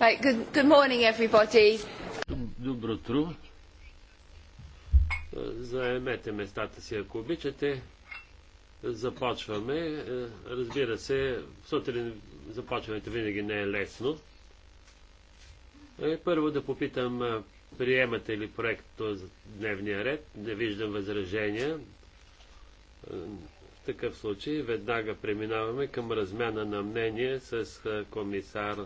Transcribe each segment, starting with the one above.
Right, good, good morning everybody. Добро утро. Е, заемете местата си, ако обичате. Започваме. Е, разбира се, сутрин започването винаги не е лесно. Е, първо да попитам, приемате ли проекто за дневния ред? Не виждам възражения. В такъв случай веднага преминаваме към размяна на мнение с комисар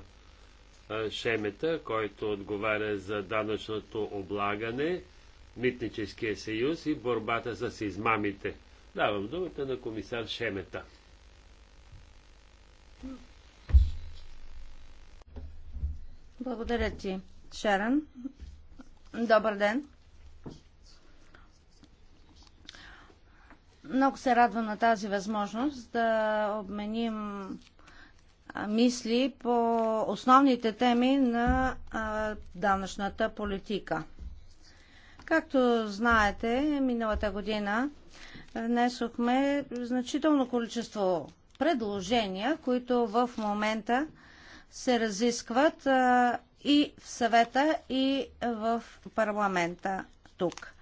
е, Шемета, който отговаря за данъчното облагане, Митническия съюз и борбата с измамите. Давам думата на комисар Шемета. Благодаря ти, Шаран. Добър ден. Много се радвам на тази възможност да обменим мисли по основните теми на данъчната политика. Както знаете, миналата година внесохме значително количество предложения, които в момента се разискват и в съвета, и в парламента тук.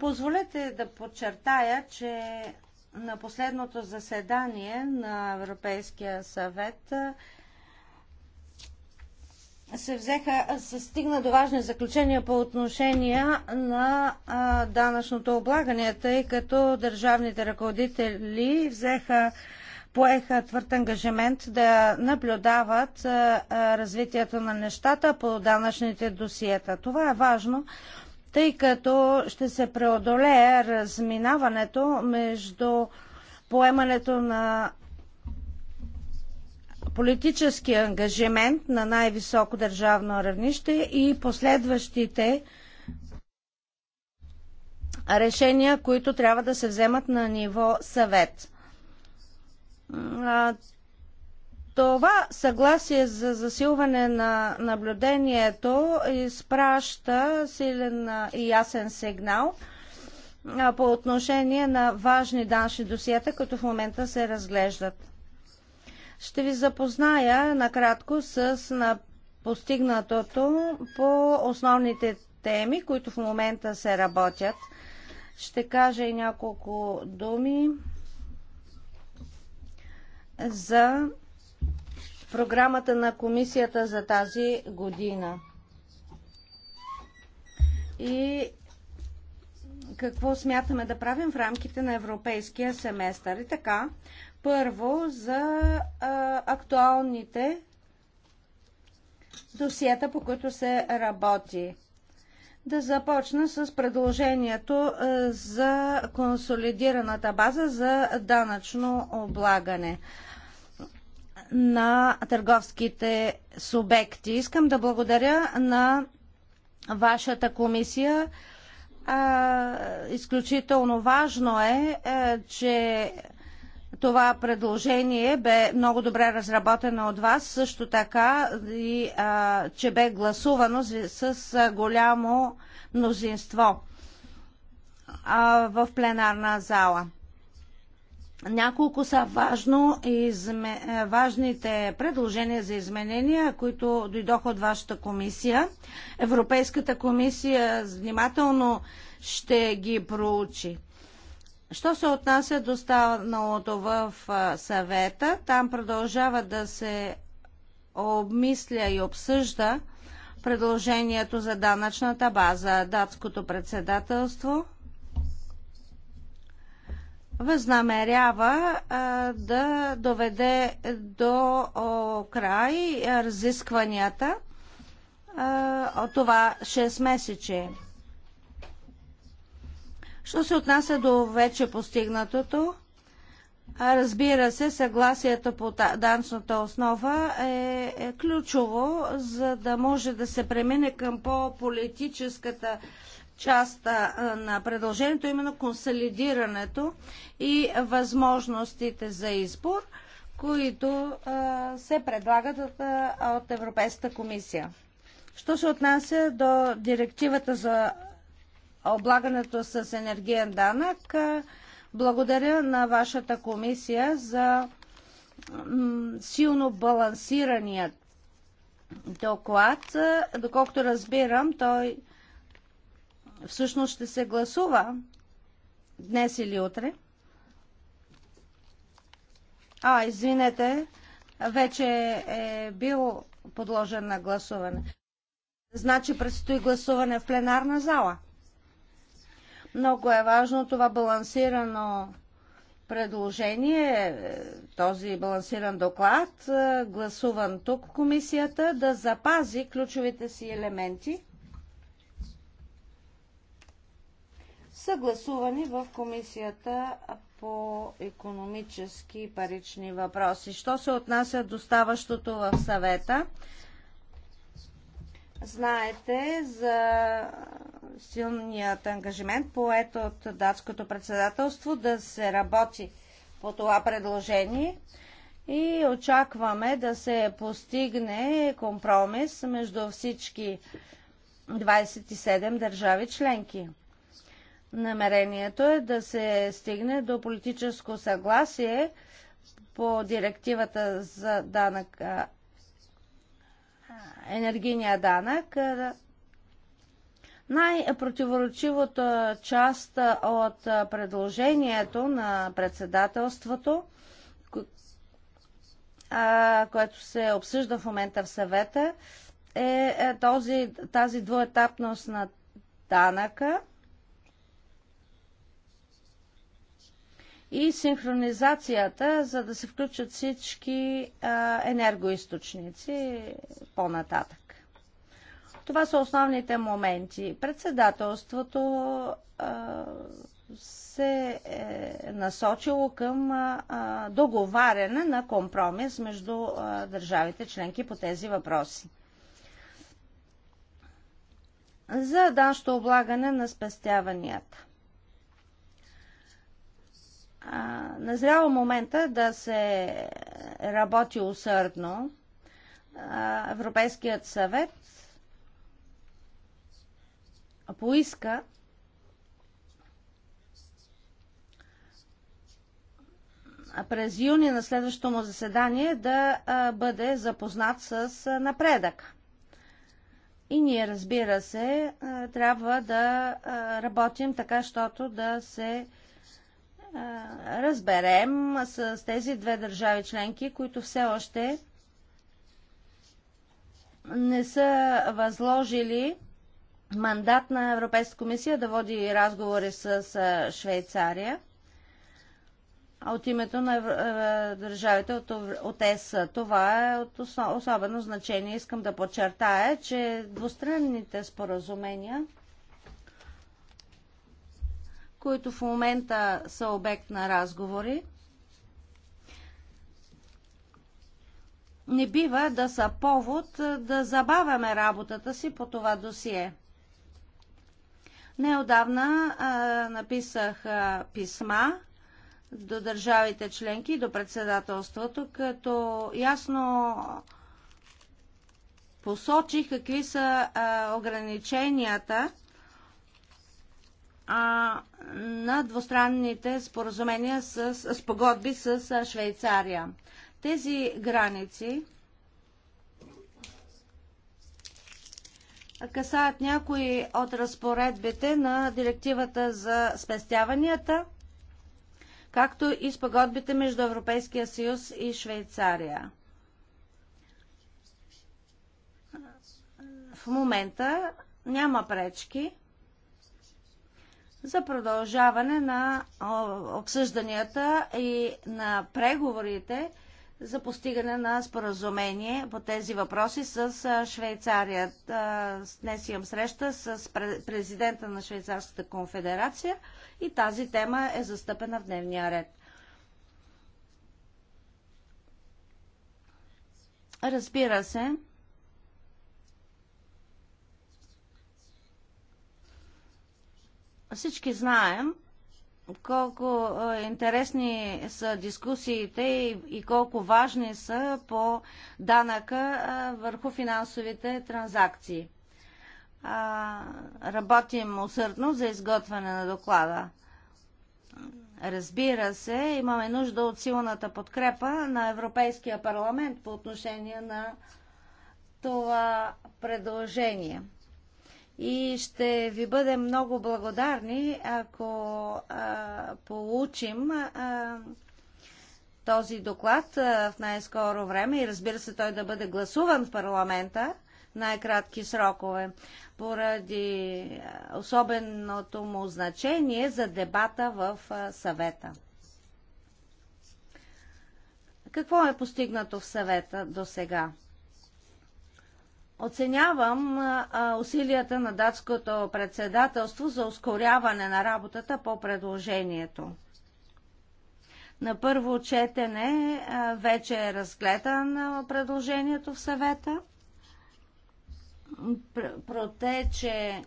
Позволете да подчертая, че на последното заседание на Европейския съвет се взеха, се стигна до важни заключения по отношение на а, данъчното облагане, тъй като държавните ръководители взеха поеха твърд ангажимент да наблюдават а, развитието на нещата по данъчните досиета. Това е важно, тъй като ще се преодолее разминаването между поемането на политически ангажимент на най-високо държавно равнище и последващите решения, които трябва да се вземат на ниво съвет. Това съгласие за засилване на наблюдението изпраща силен и ясен сигнал по отношение на важни данши досиета, които в момента се разглеждат. Ще ви запозная накратко с на постигнатото по основните теми, които в момента се работят. Ще кажа и няколко думи за програмата на комисията за тази година. И какво смятаме да правим в рамките на европейския семестър. И така, първо за а, актуалните досиета, по които се работи. Да започна с предложението за консолидираната база за данъчно облагане на търговските субекти. Искам да благодаря на вашата комисия. Изключително важно е, е, че това предложение бе много добре разработено от вас, също така и че бе гласувано с, голямо мнозинство в пленарна зала. Няколко са важно изме... важните предложения за изменения, които дойдоха от вашата комисия. Европейската комисия внимателно ще ги проучи. Що се отнася до станалото в съвета, там продължава да се обмисля и обсъжда предложението за данъчната база, датското председателство – възнамерява а, да доведе до о, край разискванията а, от това 6 месече. Що се отнася до вече постигнатото, разбира се, съгласието по данчната основа е, е ключово, за да може да се премине към по-политическата политическата част на предложението, именно консолидирането и възможностите за избор, които се предлагат от Европейската комисия. Що се отнася до директивата за облагането с енергиен данък, благодаря на вашата комисия за силно балансираният доклад. Доколкото разбирам, той всъщност ще се гласува днес или утре. А, извинете, вече е бил подложен на гласуване. Значи предстои гласуване в пленарна зала. Много е важно това балансирано предложение, този балансиран доклад, гласуван тук в комисията, да запази ключовите си елементи Съгласувани в Комисията по економически и парични въпроси. Що се отнася до ставащото в съвета? Знаете за силният ангажимент, поет от датското председателство, да се работи по това предложение и очакваме да се постигне компромис между всички 27 държави членки. Намерението е да се стигне до политическо съгласие по директивата за данък, енергийния данък. Най-противоречивата част от предложението на председателството, което се обсъжда в момента в съвета, е, е този, тази двуетапност на данъка – и синхронизацията, за да се включат всички а, енергоисточници по-нататък. Това са основните моменти. Председателството а, се е насочило към а, договаряне на компромис между а, държавите членки по тези въпроси. За данщо облагане на спестяванията назрява момента да се работи усърдно. Европейският съвет поиска през юни на следващото му заседание да бъде запознат с напредък. И ние, разбира се, трябва да работим така, щото да се разберем с тези две държави членки, които все още не са възложили мандат на Европейската комисия да води разговори с Швейцария от името на държавите от ЕС. Това е от особено значение. Искам да подчертая, че двустранните споразумения които в момента са обект на разговори, не бива да са повод да забавяме работата си по това досие. Неодавна а, написах а, писма до държавите членки и до председателството, като ясно посочих какви са а, ограниченията на двустранните споразумения с спогодби с Швейцария. Тези граници касаят някои от разпоредбите на директивата за спестяванията, както и спогодбите между Европейския съюз и Швейцария. В момента няма пречки за продължаване на обсъжданията и на преговорите за постигане на споразумение по тези въпроси с Швейцария. Днес имам среща с президента на Швейцарската конфедерация и тази тема е застъпена в дневния ред. Разбира се, Всички знаем колко интересни са дискусиите и колко важни са по данъка върху финансовите транзакции. Работим усърдно за изготвяне на доклада. Разбира се, имаме нужда от силната подкрепа на Европейския парламент по отношение на това предложение и ще ви бъдем много благодарни, ако а, получим а, този доклад а, в най-скоро време и разбира се той да бъде гласуван в парламента най-кратки срокове, поради особеното му значение за дебата в съвета. Какво е постигнато в съвета до сега? Оценявам а, усилията на датското председателство за ускоряване на работата по предложението. На първо четене а, вече е разгледан а, предложението в съвета. Пр протече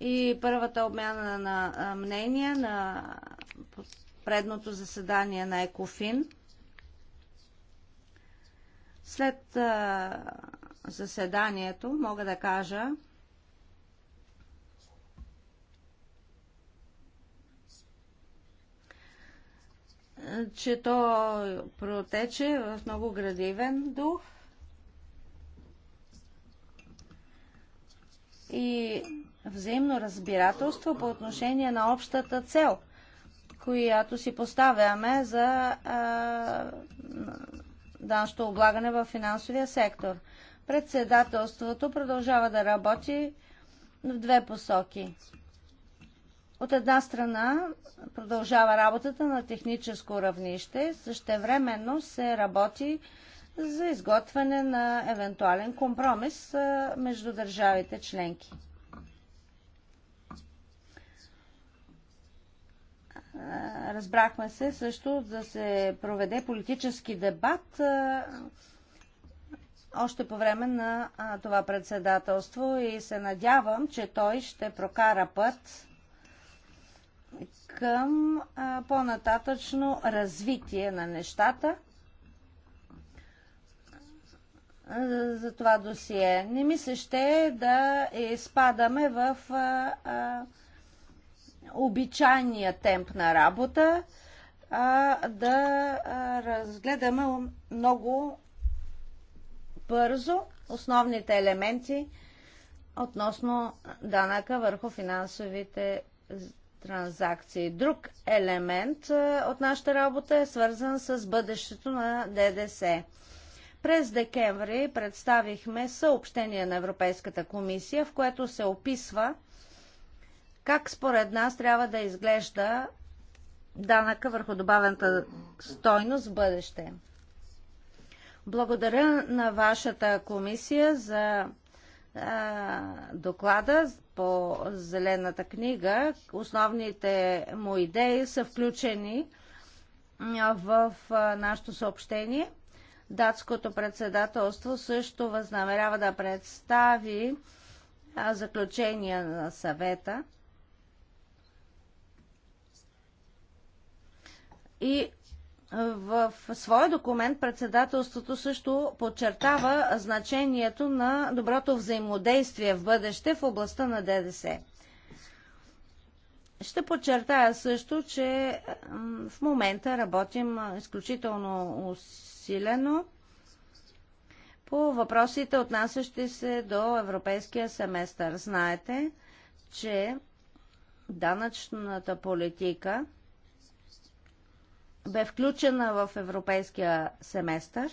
и първата обмяна на мнения на предното заседание на Екофин. След а, заседанието мога да кажа, че то протече в много градивен дух и взаимно разбирателство по отношение на общата цел, която си поставяме за данъчно облагане в финансовия сектор – Председателството продължава да работи в две посоки. От една страна продължава работата на техническо равнище, същевременно се работи за изготвяне на евентуален компромис между държавите членки. Разбрахме се също да се проведе политически дебат още по време на а, това председателство и се надявам, че той ще прокара път към по-нататъчно развитие на нещата за, за това досие. Не ми се ще да изпадаме в а, а, обичайния темп на работа, а да а, разгледаме много бързо основните елементи относно данъка върху финансовите транзакции. Друг елемент е, от нашата работа е свързан с бъдещето на ДДС. През декември представихме съобщение на Европейската комисия, в което се описва как според нас трябва да изглежда данъка върху добавената стойност в бъдеще. Благодаря на вашата комисия за доклада по Зелената книга. Основните му идеи са включени в нашето съобщение. Датското председателство също възнамерява да представи заключения на съвета. И в своя документ председателството също подчертава значението на доброто взаимодействие в бъдеще в областта на ДДС. Ще подчертая също, че в момента работим изключително усилено по въпросите, отнасящи се до европейския семестър. Знаете, че данъчната политика – бе включена в европейския семестър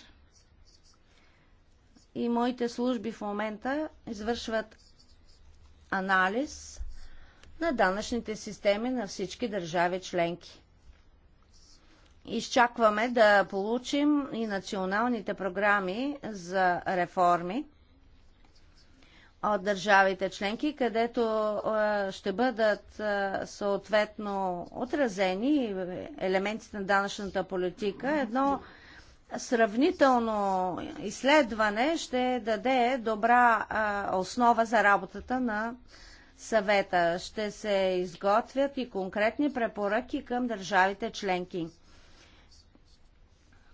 и моите служби в момента извършват анализ на данъчните системи на всички държави членки. Изчакваме да получим и националните програми за реформи от държавите членки, където ще бъдат съответно отразени елементите на данъчната политика. Едно сравнително изследване ще даде добра основа за работата на съвета. Ще се изготвят и конкретни препоръки към държавите членки.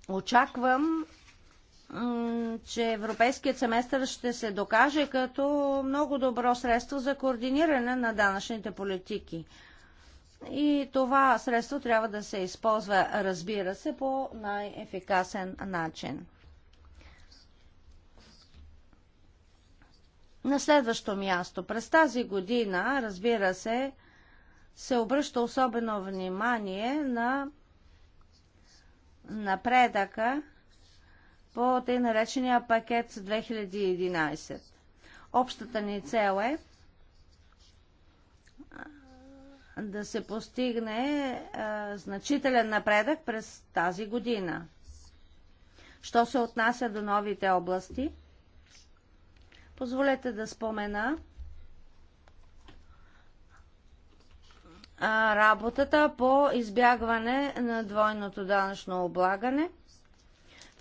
Очаквам че европейският семестър ще се докаже като много добро средство за координиране на данъчните политики. И това средство трябва да се използва, разбира се, по най-ефикасен начин. На следващо място, през тази година, разбира се, се обръща особено внимание на напредъка по тъй наречения пакет 2011. Общата ни цел е да се постигне а, значителен напредък през тази година. Що се отнася до новите области, позволете да спомена а, работата по избягване на двойното данъчно облагане –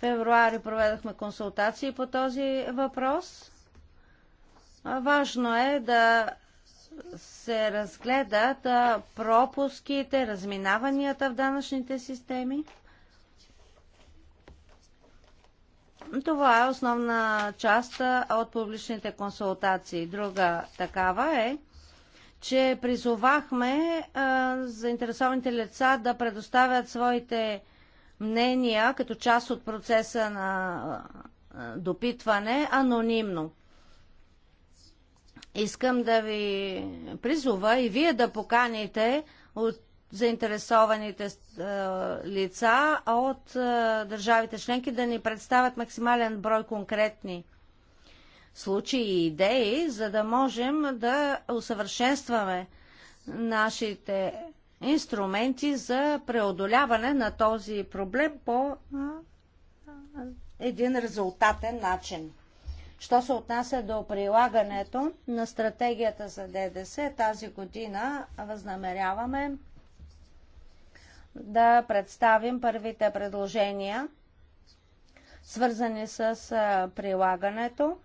февруари проведохме консултации по този въпрос. Важно е да се разгледат пропуските, разминаванията в данъчните системи. Това е основна част от публичните консултации. Друга такава е, че призовахме заинтересованите лица да предоставят своите мнения като част от процеса на допитване анонимно. Искам да ви призова и вие да поканите от заинтересованите лица от държавите членки да ни представят максимален брой конкретни случаи и идеи, за да можем да усъвършенстваме нашите инструменти за преодоляване на този проблем по един резултатен начин. Що се отнася до прилагането на стратегията за ДДС, тази година възнамеряваме да представим първите предложения, свързани с прилагането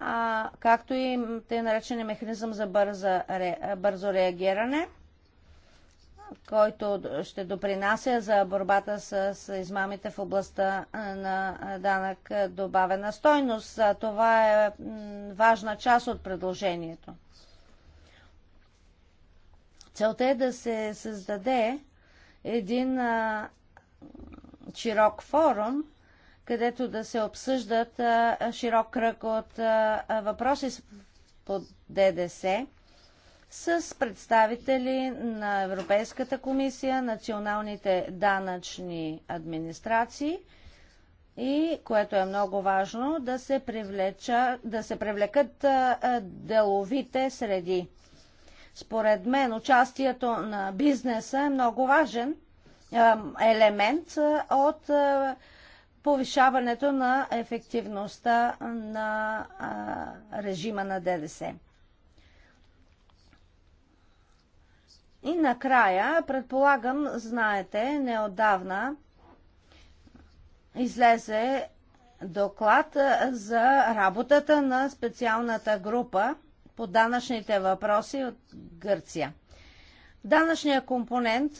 а, както и те наречени механизъм за бърза, ре, бързо реагиране, който ще допринася за борбата с, с измамите в областта на данък добавена стойност. Това е важна част от предложението. Целта е да се създаде един а, широк форум, където да се обсъждат широк кръг от въпроси под ДДС с представители на Европейската комисия, националните данъчни администрации и, което е много важно, да се, привлеча, да се привлекат деловите среди. Според мен участието на бизнеса е много важен елемент от повишаването на ефективността на а, режима на ДДС. И накрая, предполагам, знаете, неодавна излезе доклад за работата на специалната група по данъчните въпроси от Гърция. Данъчният компонент,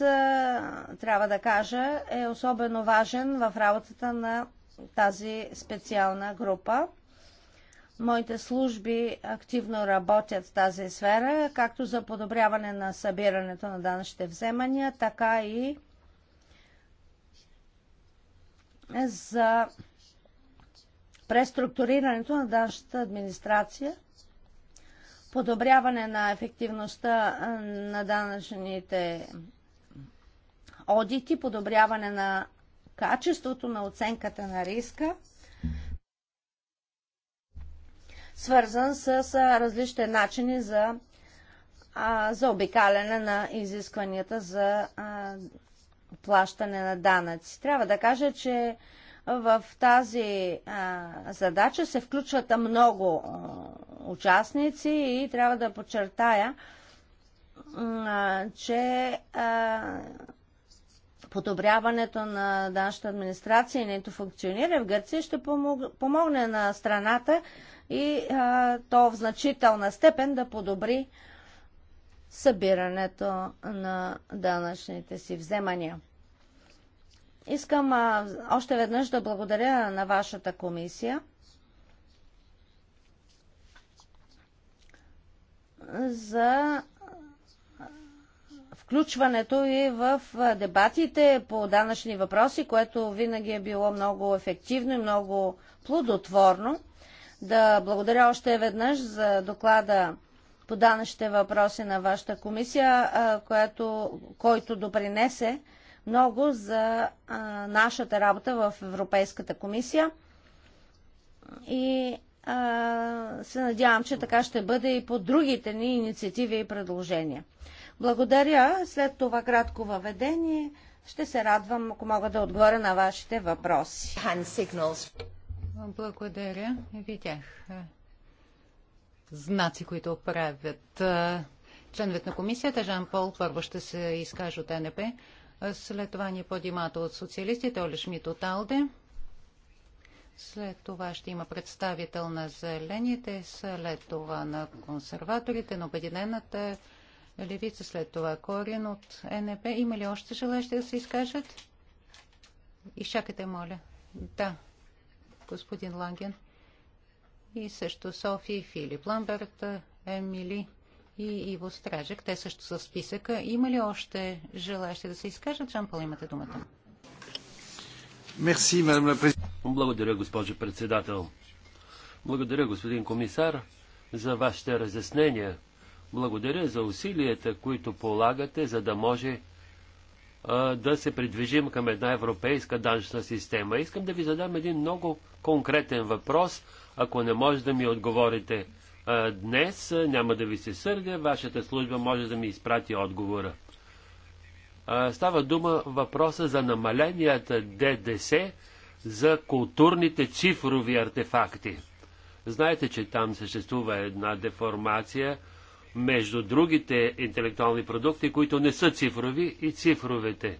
трябва да кажа, е особено важен в работата на тази специална група. Моите служби активно работят в тази сфера, както за подобряване на събирането на данъчните вземания, така и за преструктурирането на данъчната администрация – подобряване на ефективността на данъчните одити, подобряване на качеството на оценката на риска, свързан с различни начини за, за обикаляне на изискванията за плащане на данъци. Трябва да кажа, че в тази задача се включват много участници и трябва да подчертая, че подобряването на данъчната администрация и нето функциониране в Гърция ще помогне на страната и то в значителна степен да подобри събирането на данъчните си вземания. Искам а, още веднъж да благодаря на вашата комисия за включването и в дебатите по данъчни въпроси, което винаги е било много ефективно и много плодотворно. Да благодаря още веднъж за доклада по данъчните въпроси на вашата комисия, която, който допринесе много за а, нашата работа в Европейската комисия и а, се надявам, че така ще бъде и по другите ни инициативи и предложения. Благодаря. След това кратко въведение ще се радвам, ако мога да отговоря на вашите въпроси. Благодаря. Видях знаци, които правят членовете на комисията. Жан Пол първо ще се изкаже от НП. След това ни подимата от социалистите Оли Шмидт от Алде. След това ще има представител на зелените, след това на консерваторите, на обединената левица, след това Корин от НП. Има ли още желащи да се изкажат? Изчакайте, моля. Да, господин Ланген. И също Софи, Филип Ламберт, Емили и Иво Стражек. Те също са в списъка. Има ли още желаящи да се изкажат? Жан Пол, имате думата. Мерси, Благодаря, госпожо председател. Благодаря, господин комисар, за вашите разяснения. Благодаря за усилията, които полагате, за да може а, да се придвижим към една европейска данъчна система. Искам да ви задам един много конкретен въпрос, ако не може да ми отговорите днес, няма да ви се сърдя, вашата служба може да ми изпрати отговора. Става дума въпроса за намаленията ДДС за културните цифрови артефакти. Знаете, че там съществува една деформация между другите интелектуални продукти, които не са цифрови и цифровете.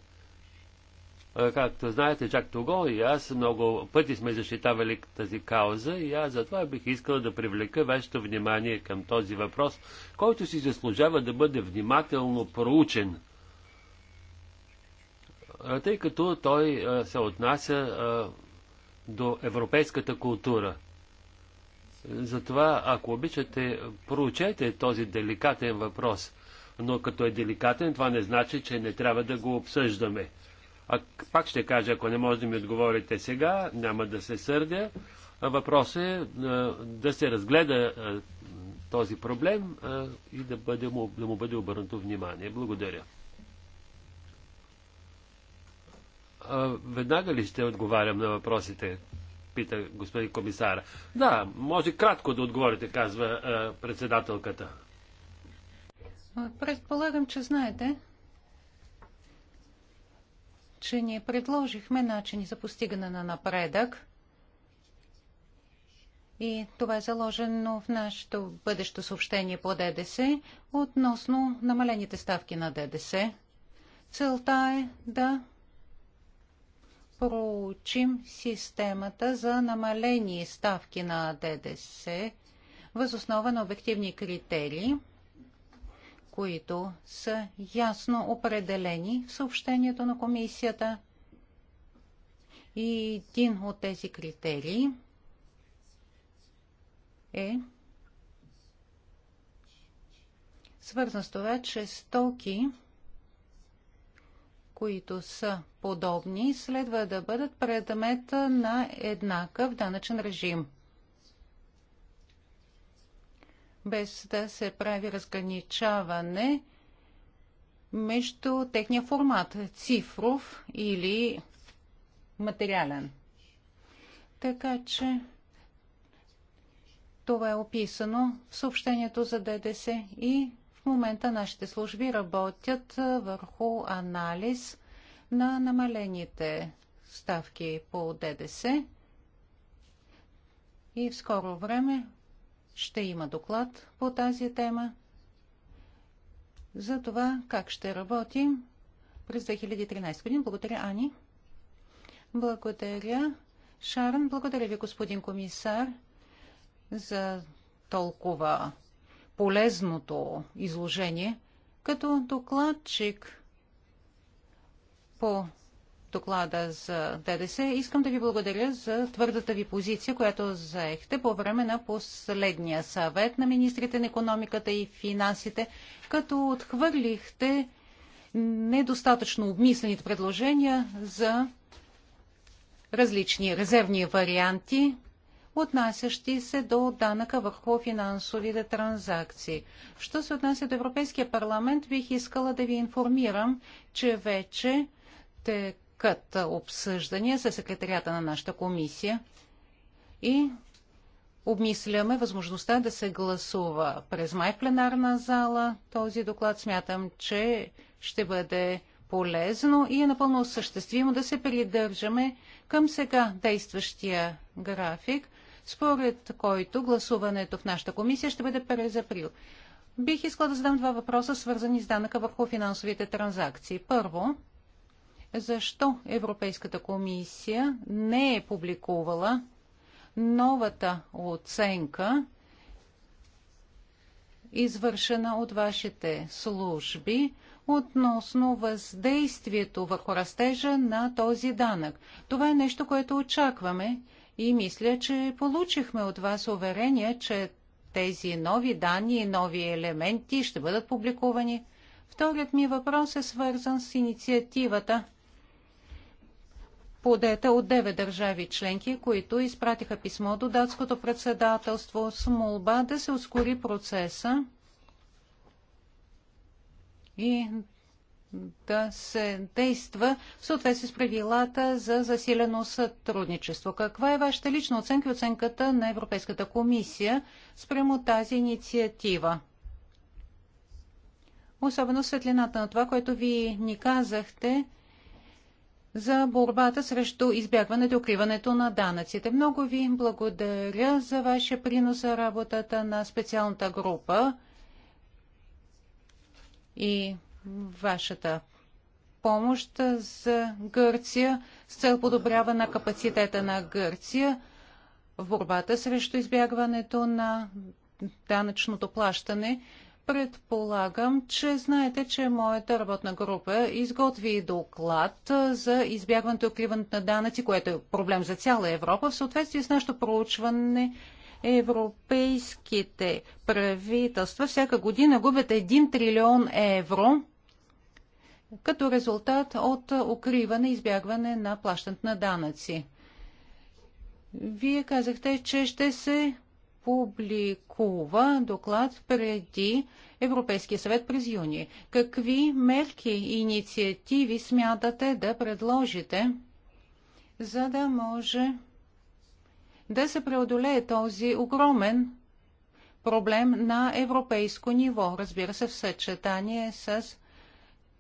Както знаете, Жак Того и аз много пъти сме защитавали тази кауза и аз затова бих искал да привлека вашето внимание към този въпрос, който си заслужава да бъде внимателно проучен. Тъй като той се отнася до европейската култура. Затова, ако обичате, проучете този деликатен въпрос. Но като е деликатен, това не значи, че не трябва да го обсъждаме. А пак ще кажа, ако не може да ми отговорите сега, няма да се сърдя. Въпрос е да се разгледа този проблем и да, бъде му, да му бъде обърнато внимание. Благодаря. Веднага ли ще отговарям на въпросите? Пита господин комисара. Да, може кратко да отговорите, казва председателката. Предполагам, че знаете, че ние предложихме начини за постигане на напредък и това е заложено в нашето бъдещо съобщение по ДДС относно намалените ставки на ДДС. Целта е да проучим системата за намалени ставки на ДДС възоснова на обективни критерии – които са ясно определени в съобщението на комисията. И един от тези критерии е свързан с това, че стоки, които са подобни, следва да бъдат предмет на еднакъв данъчен режим. без да се прави разграничаване между техния формат цифров или материален. Така че това е описано в съобщението за ДДС и в момента нашите служби работят върху анализ на намалените ставки по ДДС и в скоро време ще има доклад по тази тема за това как ще работим през 2013 година. Благодаря, Ани. Благодаря, Шарен. Благодаря ви, господин комисар, за толкова полезното изложение. Като докладчик по доклада за ДДС. Искам да ви благодаря за твърдата ви позиция, която заехте по време на последния съвет на министрите на економиката и финансите, като отхвърлихте недостатъчно обмислените предложения за различни резервни варианти, отнасящи се до данъка върху финансовите транзакции. Що се отнася до Европейския парламент, бих искала да ви информирам, че вече те текат обсъждания със секретарията на нашата комисия и обмисляме възможността да се гласува през май пленарна зала. Този доклад смятам, че ще бъде полезно и е напълно осъществимо да се придържаме към сега действащия график, според който гласуването в нашата комисия ще бъде през април. Бих искала да задам два въпроса, свързани с данъка върху финансовите транзакции. Първо, защо Европейската комисия не е публикувала новата оценка, извършена от вашите служби относно въздействието върху растежа на този данък. Това е нещо, което очакваме и мисля, че получихме от вас уверение, че тези нови данни и нови елементи ще бъдат публикувани. Вторият ми въпрос е свързан с инициативата – подета от девет държави членки, които изпратиха писмо до датското председателство с молба да се ускори процеса и да се действа в съответствие с правилата за засилено сътрудничество. Каква е вашата лична оценка и оценката на Европейската комисия спрямо тази инициатива? Особено светлината на това, което вие ни казахте – за борбата срещу избягването и укриването на данъците. Много ви благодаря за ваше принос за работата на специалната група и вашата помощ за Гърция с цел подобряване на капацитета на Гърция в борбата срещу избягването на данъчното плащане. Предполагам, че знаете, че моята работна група изготви доклад за избягването и укриването на данъци, което е проблем за цяла Европа. В съответствие с нашето проучване, европейските правителства всяка година губят 1 трилион евро като резултат от укриване и избягване на плащането на данъци. Вие казахте, че ще се публикува доклад преди Европейския съвет през юни. Какви мерки и инициативи смятате да предложите, за да може да се преодолее този огромен проблем на европейско ниво, разбира се, в съчетание с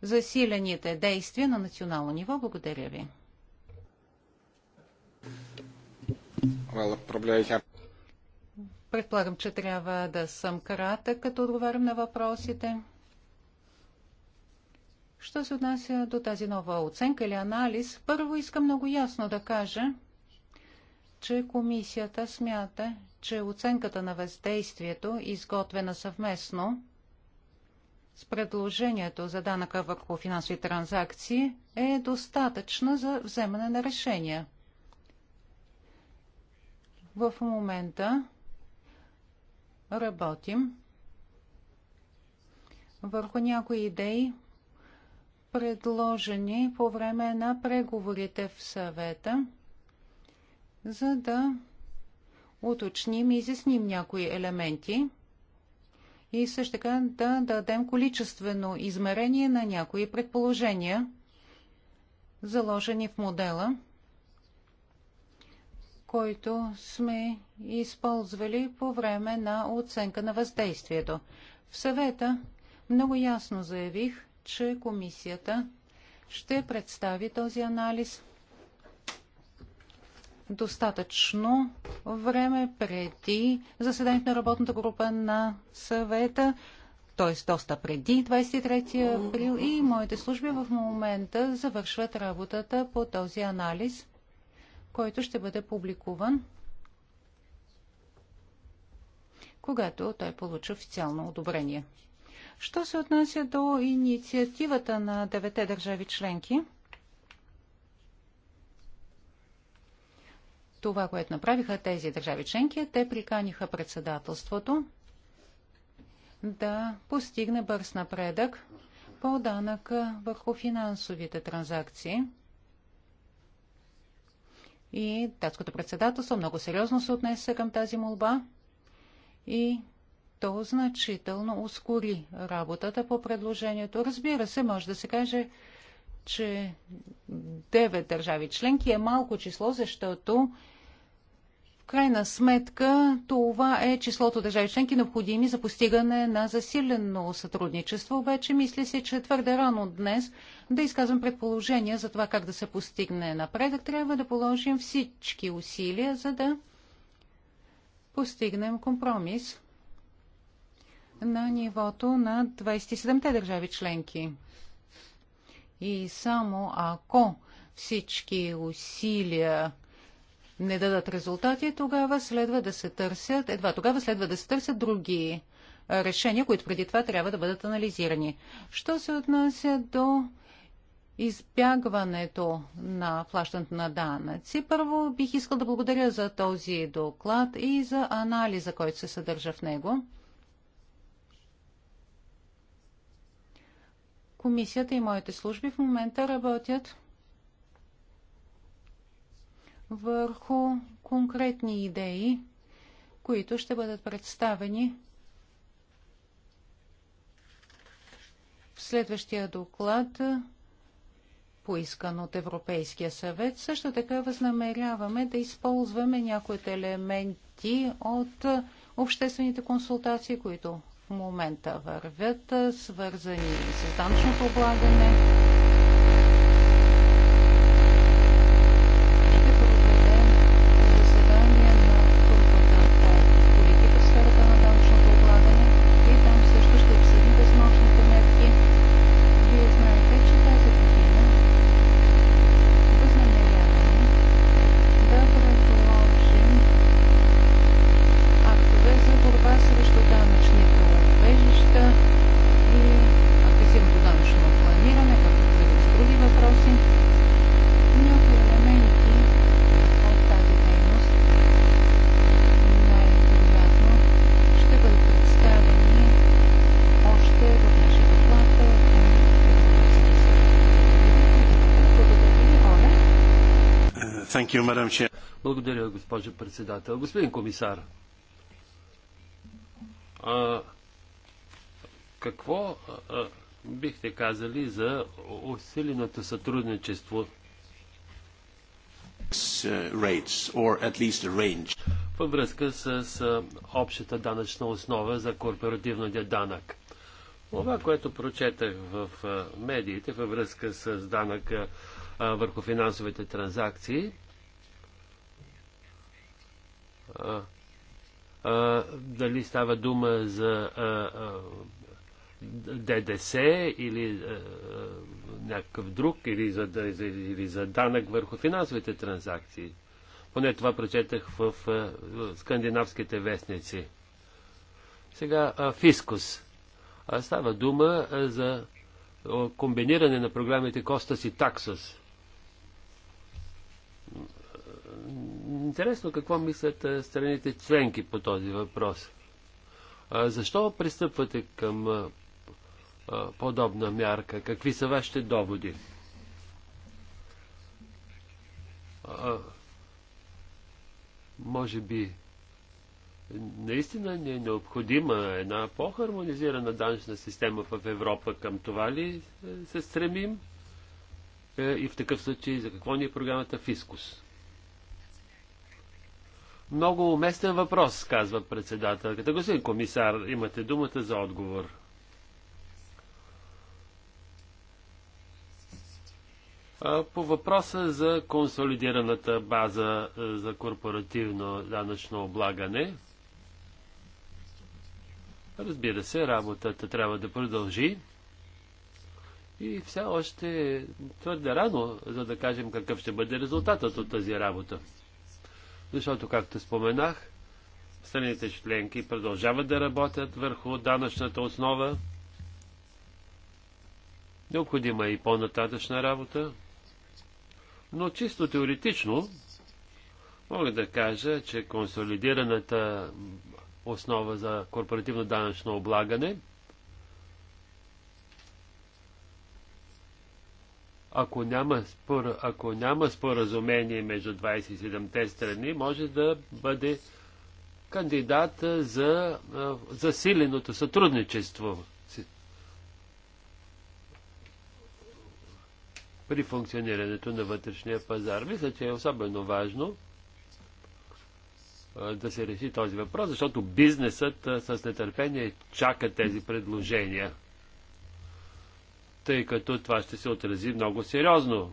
засилените действия на национално ниво. Благодаря ви. Предполагам, че трябва да съм кратък, като отговарям на въпросите. Що се отнася до тази нова оценка или анализ, първо искам много ясно да кажа, че комисията смята, че оценката на въздействието, изготвена съвместно с предложението за данъка върху финансови транзакции, е достатъчна за вземане на решения. В момента работим върху някои идеи, предложени по време на преговорите в съвета, за да уточним и изясним някои елементи и също така да дадем количествено измерение на някои предположения, заложени в модела – който сме използвали по време на оценка на въздействието. В съвета много ясно заявих, че комисията ще представи този анализ достатъчно време преди заседанието на работната група на съвета, т.е. доста преди 23 април и моите служби в момента завършват работата по този анализ – който ще бъде публикуван, когато той получи официално одобрение. Що се отнася до инициативата на девете държави членки, това, което направиха тези държави членки, е, те приканиха председателството да постигне бърз напредък по данък върху финансовите транзакции – и датското председателство много сериозно се отнесе към тази молба и то значително ускори работата по предложението. Разбира се, може да се каже, че 9 държави членки е малко число, защото крайна сметка това е числото държави членки необходими за постигане на засилено сътрудничество. Обаче мисля се, че твърде рано днес да изказвам предположения за това как да се постигне напредък. Трябва да положим всички усилия, за да постигнем компромис на нивото на 27-те държави членки. И само ако всички усилия не дадат резултати, тогава следва да се търсят, едва тогава следва да се търсят други решения, които преди това трябва да бъдат анализирани. Що се отнася до избягването на плащането на данъци. Първо бих искал да благодаря за този доклад и за анализа, който се съдържа в него. Комисията и моите служби в момента работят върху конкретни идеи, които ще бъдат представени в следващия доклад, поискан от Европейския съвет. Също така възнамеряваме да използваме някои от елементи от обществените консултации, които в момента вървят, свързани с данъчното облагане, Благодаря, госпожо председател. Господин комисар, а, какво а, бихте казали за усиленото сътрудничество във връзка с, а, общата данъчна основа за корпоративния данък. Това, което прочетах в медиите във връзка с данъка върху финансовите транзакции, а, а, дали става дума за а, ДДС или някакъв друг, или за, или за данък върху финансовите транзакции. Поне това прочетах в скандинавските вестници. Сега фискус. Става дума за комбиниране на програмите Костас и Таксус интересно какво мислят страните членки по този въпрос. Защо пристъпвате към подобна мярка? Какви са вашите доводи? Може би наистина ни е необходима една по-хармонизирана данъчна система в Европа. Към това ли се стремим? Е, и в такъв случай за какво ни е програмата Фискус? Много уместен въпрос, казва председателката. Господин комисар, имате думата за отговор. По въпроса за консолидираната база за корпоративно данъчно облагане, разбира се, работата трябва да продължи. И все още е твърде рано, за да кажем какъв ще бъде резултатът от тази работа защото, както споменах, страните членки продължават да работят върху данъчната основа. Необходима е и по-нататъчна работа. Но чисто теоретично мога да кажа, че консолидираната основа за корпоративно данъчно облагане – Ако няма, спор, ако няма споразумение между 27-те страни, може да бъде кандидат за засиленото сътрудничество при функционирането на вътрешния пазар. Мисля, че е особено важно да се реши този въпрос, защото бизнесът с нетърпение чака тези предложения тъй като това ще се отрази много сериозно.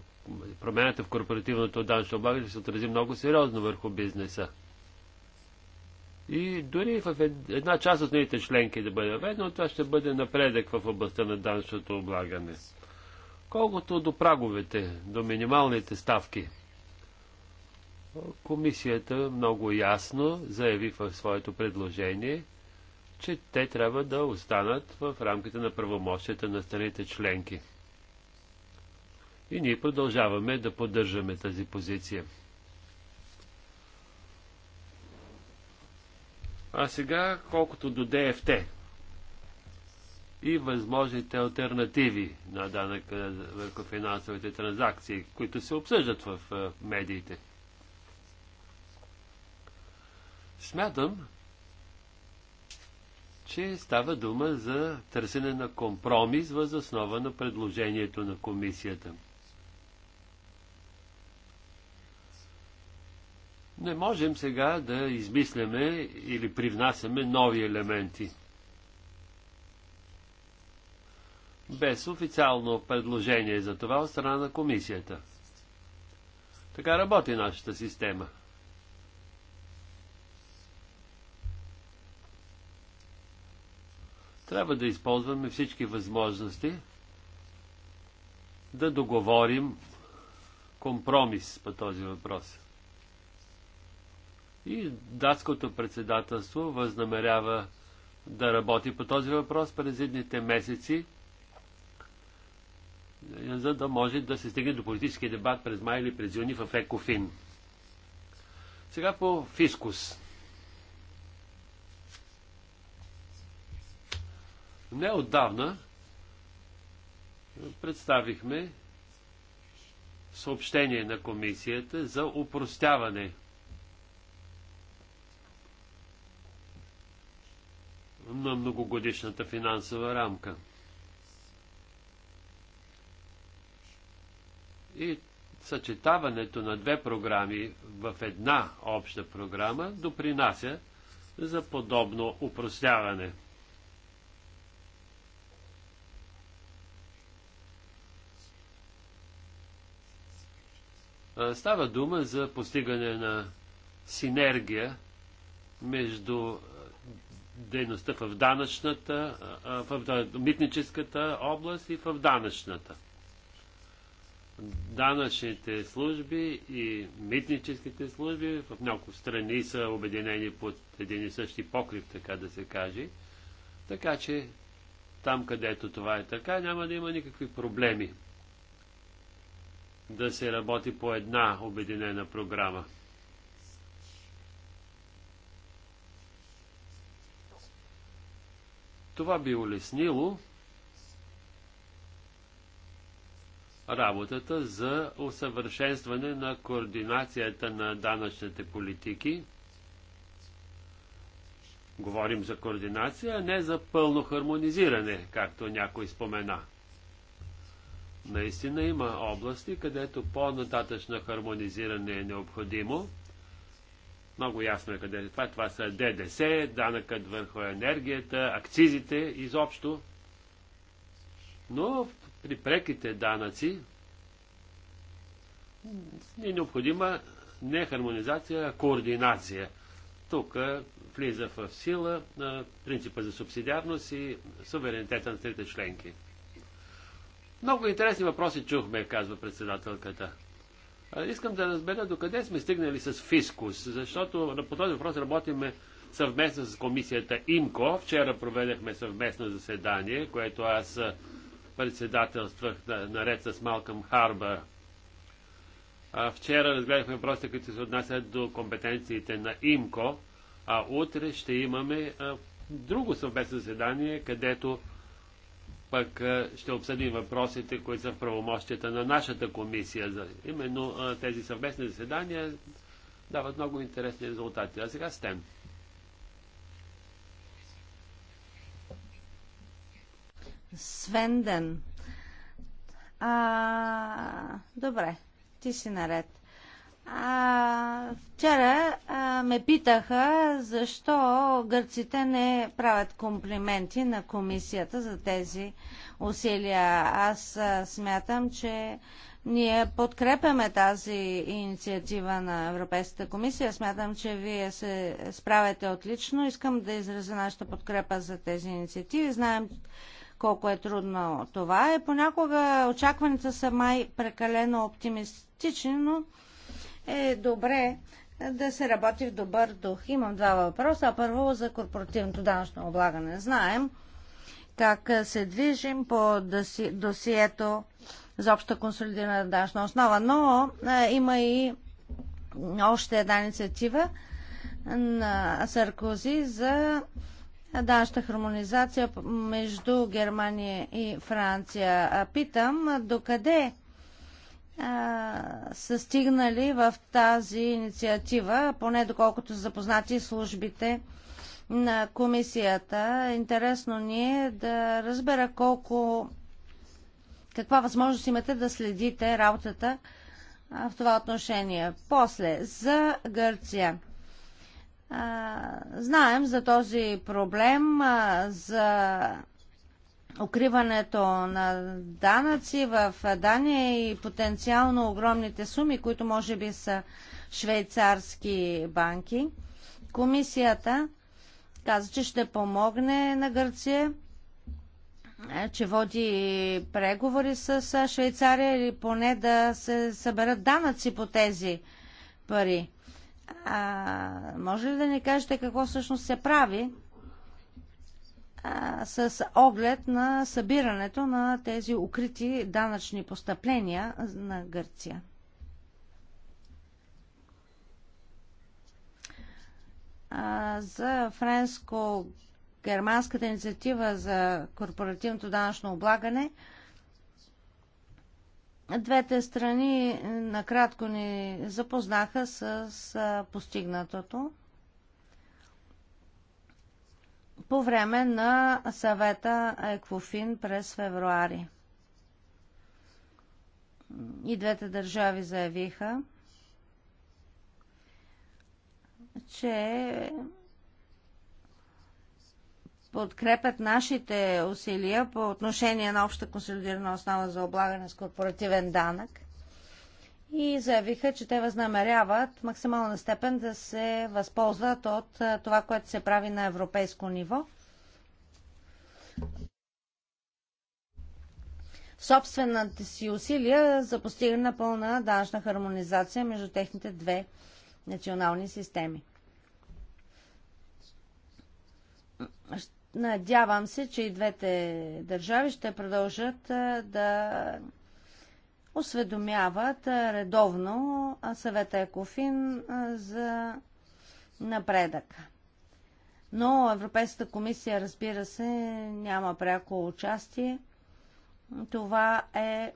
Промената в корпоративното данъчно облагане ще се отрази много сериозно върху бизнеса. И дори в една част от нейните членки да бъде въведено, това ще бъде напредък в областта на данъчното облагане. Колкото до праговете, до минималните ставки, комисията много ясно заяви в своето предложение – че те трябва да останат в рамките на правомощията на страните членки. И ние продължаваме да поддържаме тази позиция. А сега, колкото до ДФТ и възможните альтернативи на данък върху финансовите транзакции, които се обсъждат в медиите. Смятам, че става дума за търсене на компромис въз основа на предложението на комисията. Не можем сега да измисляме или привнасяме нови елементи. Без официално предложение за това от страна на комисията. Така работи нашата система. Трябва да използваме всички възможности да договорим компромис по този въпрос. И датското председателство възнамерява да работи по този въпрос през едните месеци, за да може да се стигне до политически дебат през май или през юни в Екофин. Сега по фискус. Не отдавна представихме съобщение на комисията за упростяване на многогодишната финансова рамка. И съчетаването на две програми в една обща програма допринася за подобно упростяване – Става дума за постигане на синергия между дейността в данъчната, в митническата област и в данъчната. Данъчните служби и митническите служби в няколко страни са обединени под един и същи покрив, така да се каже. Така че там, където това е така, няма да има никакви проблеми да се работи по една обединена програма. Това би улеснило работата за усъвършенстване на координацията на данъчните политики. Говорим за координация, а не за пълно хармонизиране, както някой спомена. Наистина има области, където по-нататъчно хармонизиране е необходимо. Много ясно е къде е това. Това са ДДС, данъкът върху енергията, акцизите изобщо. Но при преките данъци е необходима не хармонизация, а координация. Тук влиза в сила принципа за субсидиарност и суверенитета на трите членки. Много интересни въпроси чухме, казва председателката. Искам да разбера докъде сме стигнали с фискус, защото по този въпрос работиме съвместно с комисията ИМКО. Вчера проведехме съвместно заседание, което аз председателствах наред с Малкъм Харба. вчера разгледахме въпросите, които се отнасят до компетенциите на ИМКО, а утре ще имаме друго съвместно заседание, където пък ще обсъдим въпросите, които са в правомощията на нашата комисия. Именно тези съвместни заседания дават много интересни резултати. А сега Свен Свенден. А, добре, ти си наред. А, вчера а, ме питаха защо гърците не правят комплименти на комисията за тези усилия. Аз а, смятам, че ние подкрепяме тази инициатива на Европейската комисия. Смятам, че вие се справяте отлично. Искам да изразя нашата подкрепа за тези инициативи. Знаем колко е трудно това. И е, понякога очакваните са май прекалено оптимистични, но е добре да се работи в добър дух. Имам два въпроса. Първо за корпоративното данъчно облагане. Знаем как се движим по досието за обща консолидирана данъчна основа, но е, има и още една инициатива на Саркози за данъчна хармонизация между Германия и Франция. Питам, докъде са стигнали в тази инициатива, поне доколкото са запознати службите на комисията. Интересно ни е да разбера колко каква възможност имате да следите работата в това отношение. После, за Гърция. А, знаем за този проблем, а, за укриването на данъци в Дания и потенциално огромните суми, които може би са швейцарски банки. Комисията каза, че ще помогне на Гърция, е, че води преговори с Швейцария или поне да се съберат данъци по тези пари. А, може ли да ни кажете какво всъщност се прави с оглед на събирането на тези укрити данъчни постъпления на Гърция. За френско-германската инициатива за корпоративното данъчно облагане двете страни накратко ни запознаха с постигнатото по време на съвета Екофин през февруари. И двете държави заявиха, че подкрепят нашите усилия по отношение на обща консолидирана основа за облагане с корпоративен данък и заявиха, че те възнамеряват максимална степен да се възползват от това, което се прави на европейско ниво. Собствената си усилия за постигане на пълна данъчна хармонизация между техните две национални системи. Надявам се, че и двете държави ще продължат да осведомяват редовно съвета Екофин за напредъка. Но Европейската комисия, разбира се, няма пряко участие. Това е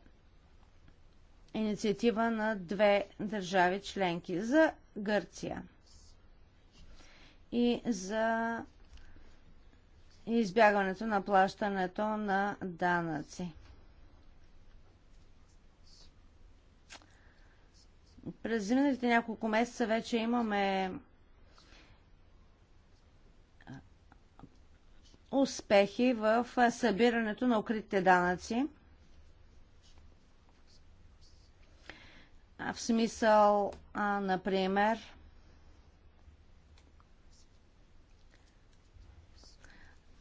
инициатива на две държави членки за Гърция и за избягването на плащането на данъци. През зимните няколко месеца вече имаме успехи в събирането на укритите данъци. В смисъл, например,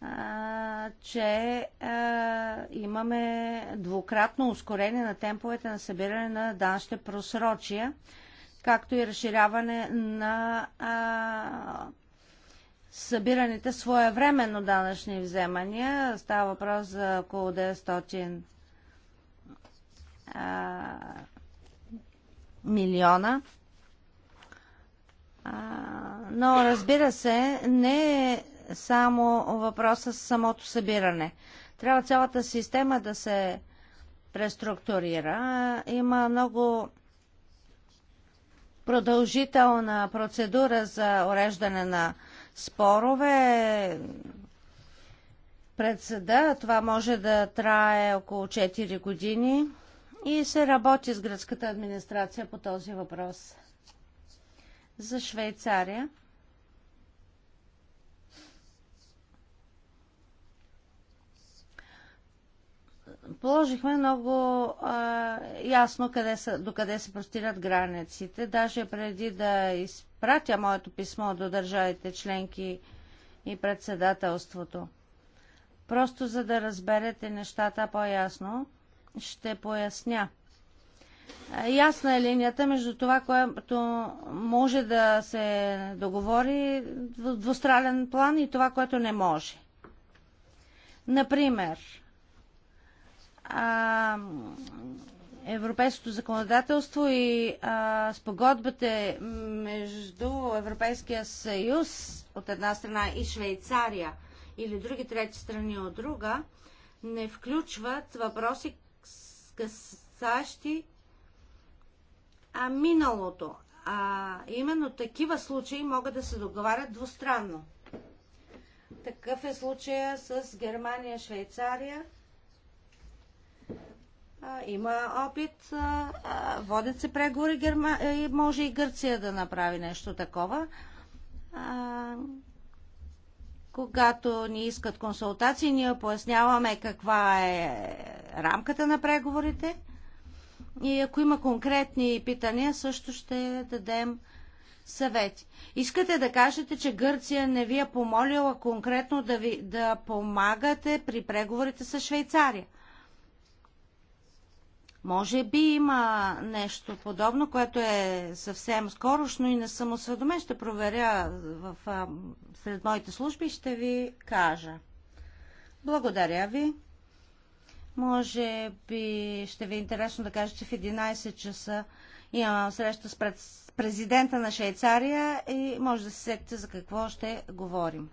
а, че а, имаме двукратно ускорение на темповете на събиране на данъчните просрочия, както и разширяване на а, събираните своевременно данъчни вземания. Става въпрос за около 900 а, милиона. А, но разбира се, не е само въпроса с самото събиране. Трябва цялата система да се преструктурира. Има много продължителна процедура за уреждане на спорове пред съда. Това може да трае около 4 години и се работи с гръцката администрация по този въпрос. За Швейцария положихме много а, ясно къде са, докъде се простират границите. Даже преди да изпратя моето писмо до държавите членки и председателството. Просто за да разберете нещата по-ясно, ще поясня. Ясна е линията между това, което може да се договори в двустрален план и това, което не може. Например, а, европейското законодателство и а, спогодбата между Европейския съюз от една страна и Швейцария или други трети страни от друга, не включват въпроси касащи а, миналото. А, именно такива случаи могат да се договарят двустранно. Такъв е случая с Германия, Швейцария има опит, водят се преговори, Герма... Е, може и Гърция да направи нещо такова. Когато ни искат консултации, ние поясняваме каква е рамката на преговорите. И ако има конкретни питания, също ще дадем съвети. Искате да кажете, че Гърция не ви е помолила конкретно да, ви, да помагате при преговорите с Швейцария? Може би има нещо подобно, което е съвсем скорошно и не съм осведомен. Ще проверя в, а, сред моите служби и ще ви кажа. Благодаря ви. Може би ще ви е интересно да кажа, че в 11 часа имам среща с президента на Швейцария и може да се сетите за какво ще говорим.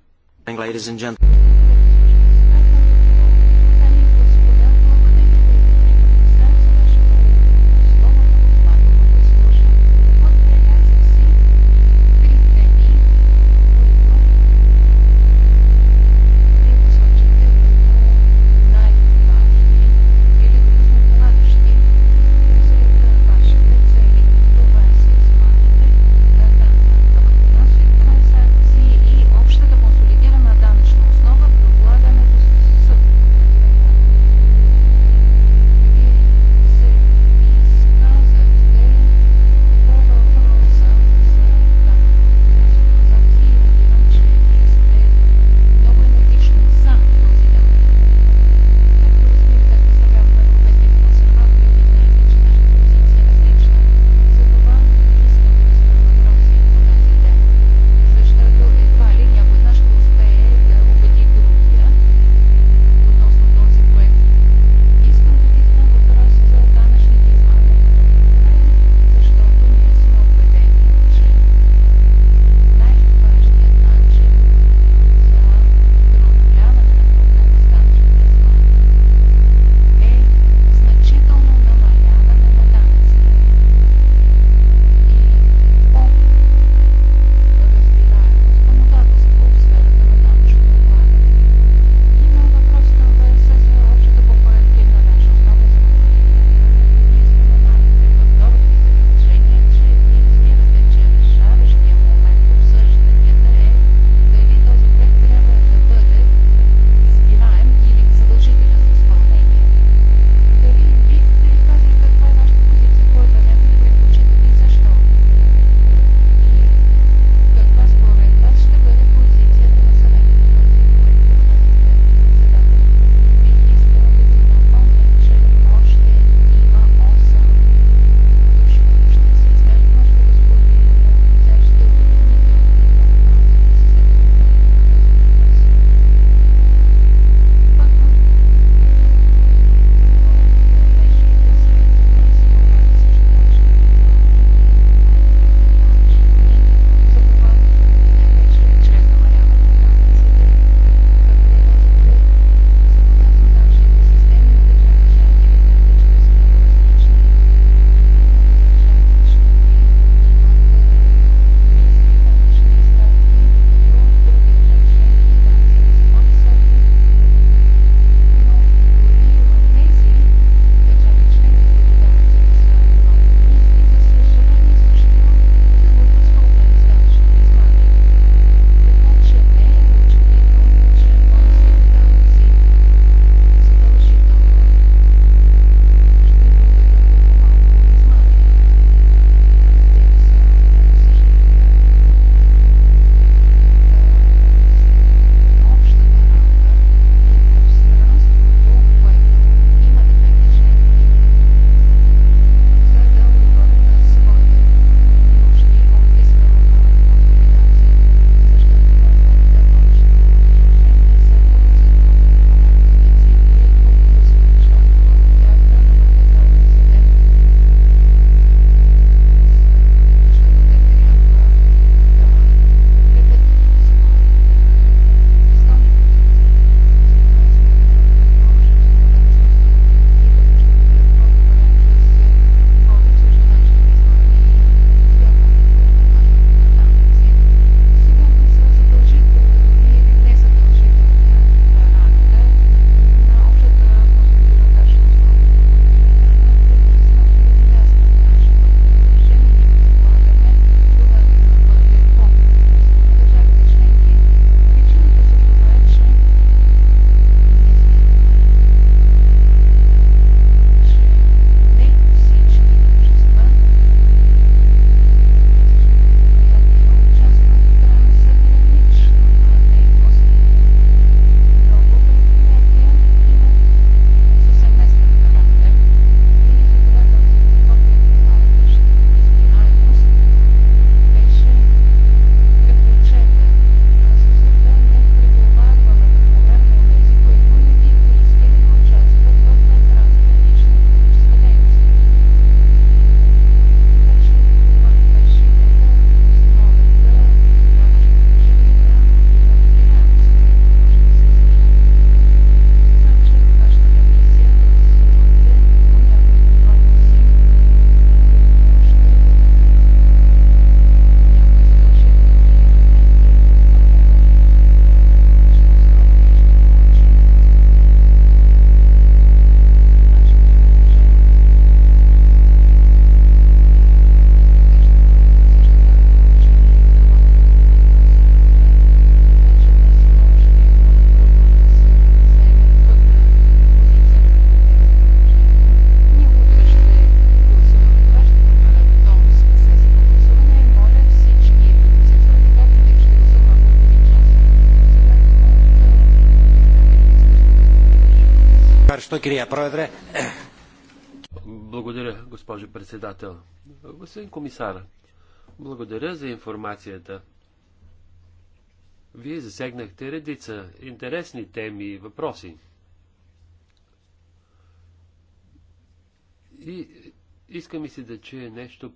Благодаря, госпожо председател. Господин комисар, благодаря за информацията. Вие засегнахте редица интересни теми и въпроси. И иска ми се да чуе нещо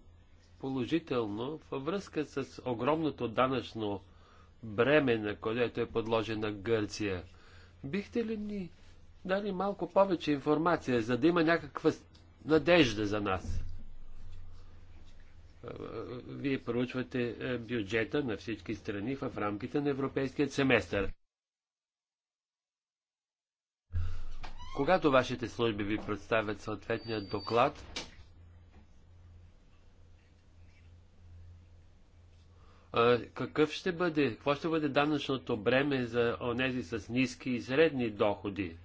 положително във връзка с огромното данъчно бреме, на което е подложена Гърция. Бихте ли ни дали малко повече информация, за да има някаква надежда за нас. Е, е, вие проучвате е, бюджета на всички страни в рамките на европейския семестър. Когато вашите служби ви представят съответния доклад, какъв ще бъде, какво ще бъде данъчното бреме за онези с ниски и средни доходи?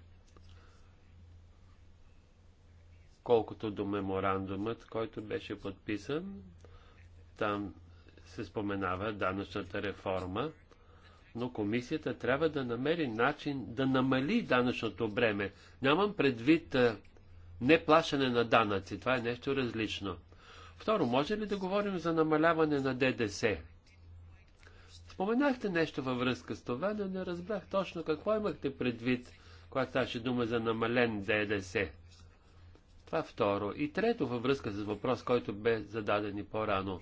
Колкото до меморандумът, който беше подписан, там се споменава данъчната реформа, но комисията трябва да намери начин да намали данъчното бреме. Нямам предвид е, неплащане на данъци. Това е нещо различно. Второ, може ли да говорим за намаляване на ДДС? Споменахте нещо във връзка с това, но не разбрах точно какво имахте предвид, когато ставаше дума за намален ДДС. Това второ. И трето във връзка с въпрос, който бе зададен и по-рано.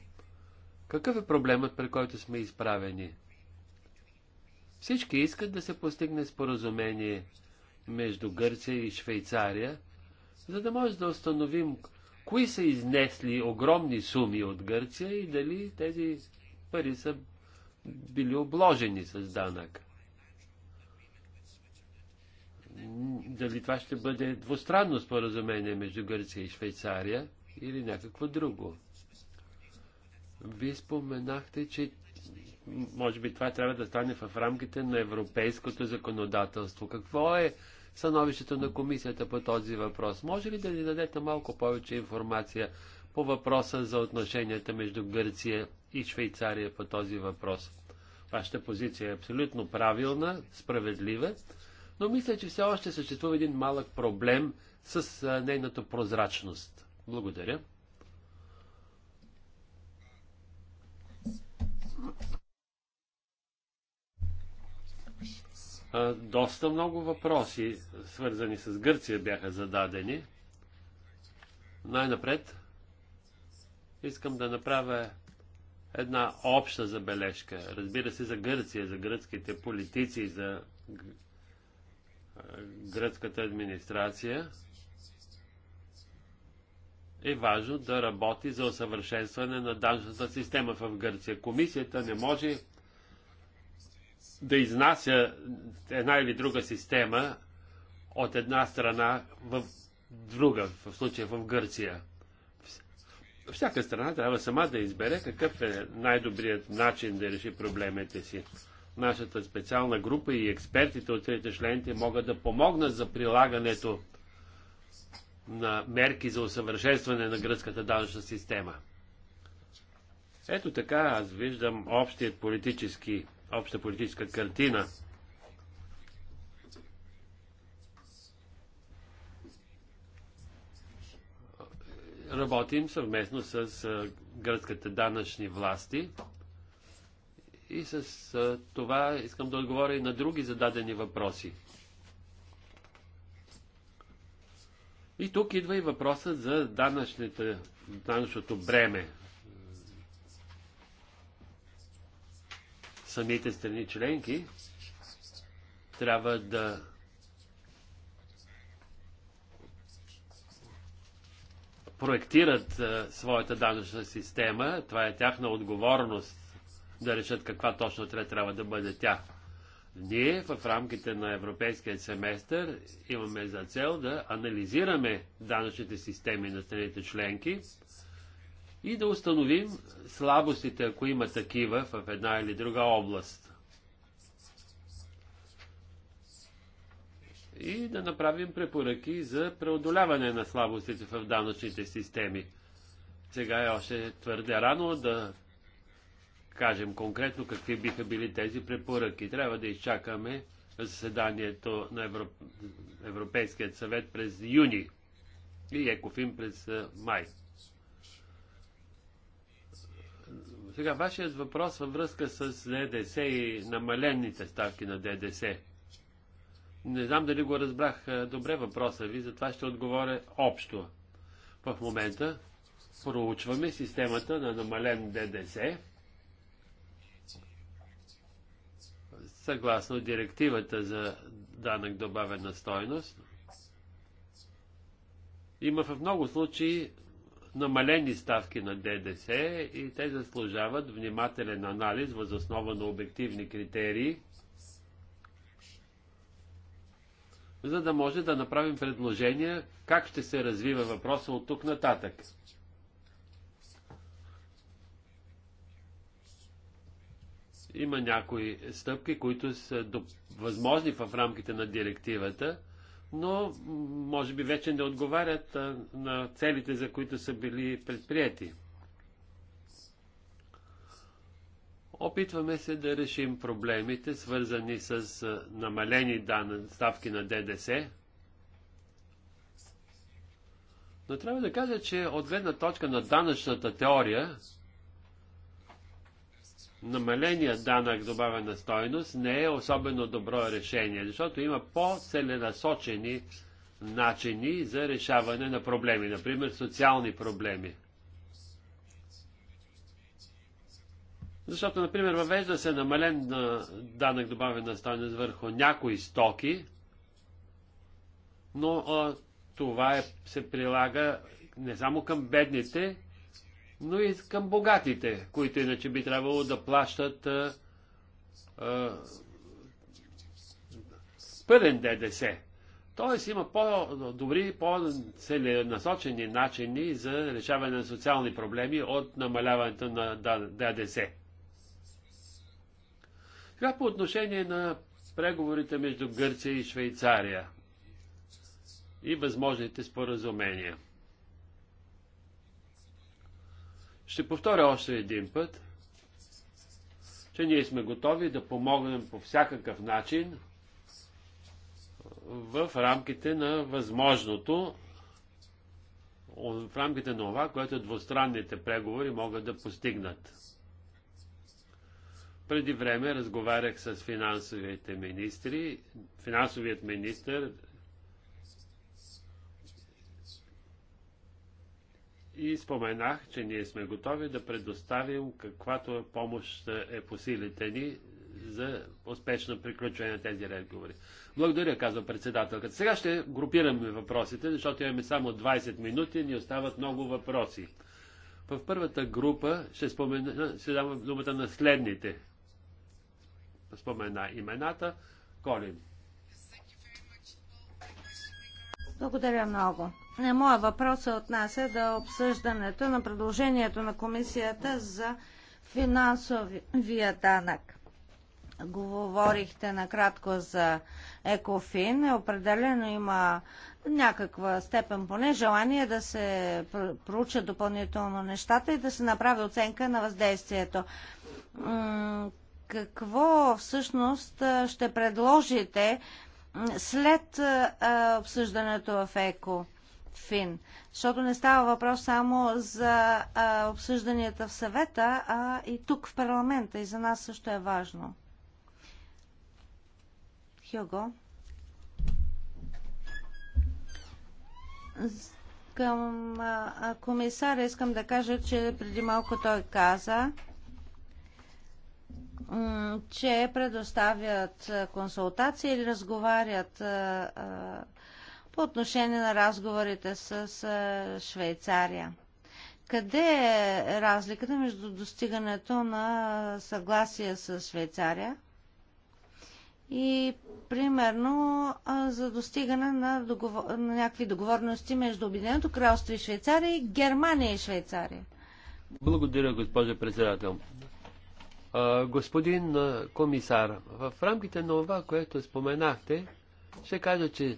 Какъв е проблемът, при който сме изправени? Всички искат да се постигне споразумение между Гърция и Швейцария, за да може да установим кои са изнесли огромни суми от Гърция и дали тези пари са били обложени с данък дали това ще бъде двустранно споразумение между Гърция и Швейцария или някакво друго. Вие споменахте, че може би това трябва да стане в рамките на европейското законодателство. Какво е становището на комисията по този въпрос? Може ли да ни дадете малко повече информация по въпроса за отношенията между Гърция и Швейцария по този въпрос? Вашата позиция е абсолютно правилна, справедлива но мисля, че все още съществува един малък проблем с нейната прозрачност. Благодаря. доста много въпроси, свързани с Гърция, бяха зададени. Най-напред искам да направя една обща забележка. Разбира се, за Гърция, за гръцките политици, за гръцката администрация, е важно да работи за усъвършенстване на данъчната система в Гърция. Комисията не може да изнася една или друга система от една страна в друга, в случая в Гърция. Всяка страна трябва сама да избере какъв е най-добрият начин да реши проблемите си нашата специална група и експертите от трите членки могат да помогнат за прилагането на мерки за усъвършенстване на гръцката данъчна система. Ето така аз виждам общият политически, обща политическа картина. Работим съвместно с гръцките данъчни власти. И с това искам да отговоря и на други зададени въпроси. И тук идва и въпросът за данъчното бреме. Самите страни членки трябва да проектират своята данъчна система. Това е тяхна отговорност да решат каква точно трябва да бъде тя. Ние в рамките на европейския семестър имаме за цел да анализираме данъчните системи на страните членки и да установим слабостите, ако има такива в една или друга област. И да направим препоръки за преодоляване на слабостите в данъчните системи. Сега е още твърде рано да кажем конкретно какви биха били тези препоръки. Трябва да изчакаме заседанието на Европ... Европейският съвет през юни и Екофин през май. Сега, вашият въпрос във връзка с ДДС и намалените ставки на ДДС. Не знам дали го разбрах добре въпроса ви, затова ще отговоря общо. В момента проучваме системата на намален ДДС съгласно директивата за данък добавена стойност. Има в много случаи намалени ставки на ДДС и те заслужават внимателен анализ възоснова на обективни критерии, за да може да направим предложения как ще се развива въпроса от тук нататък. Има някои стъпки, които са възможни в рамките на директивата, но може би вече не отговарят на целите, за които са били предприяти. Опитваме се да решим проблемите, свързани с намалени ставки на ДДС. Но трябва да кажа, че от гледна точка на данъчната теория, намаленият данък добавена стойност не е особено добро решение, защото има по-целенасочени начини за решаване на проблеми, например социални проблеми. Защото, например, въвежда се намален на данък добавена стойност върху някои стоки, но а, това е, се прилага не само към бедните, но и към богатите, които иначе би трябвало да плащат а, а, пълен ДДС. Тоест има по-добри, по-целенасочени начини за решаване на социални проблеми от намаляването на ДДС. Сега по отношение на преговорите между Гърция и Швейцария и възможните споразумения. Ще повторя още един път, че ние сме готови да помогнем по всякакъв начин в рамките на възможното, в рамките на това, което двустранните преговори могат да постигнат. Преди време разговарях с финансовите министри, финансовият министр и споменах, че ние сме готови да предоставим каквато помощ е по силите ни за успешно приключване на тези разговори. Благодаря, казва председателката. Сега ще групираме въпросите, защото имаме само 20 минути и ни остават много въпроси. В първата група ще, спомена, ще дам думата на следните. Спомена имената. Колин. Благодаря много. Е, моя въпрос се отнася до обсъждането на предложението на комисията за финансовия данък. Говорихте накратко за Екофин. Определено има някаква степен поне желание да се проуча допълнително нещата и да се направи оценка на въздействието. Какво всъщност ще предложите след обсъждането в ЕКО? Фин. Защото не става въпрос само за а, обсъжданията в съвета, а и тук в парламента. И за нас също е важно. Хюго. Към а, комисаря искам да кажа, че преди малко той каза, че предоставят консултации или разговарят а, а, по отношение на разговорите с Швейцария. Къде е разликата между достигането на съгласие с Швейцария и примерно за достигане на, договор... на някакви договорности между Обединеното кралство и Швейцария и Германия и Швейцария? Благодаря, госпожа председател. Господин комисар, в рамките на това, което споменахте, ще кажа, че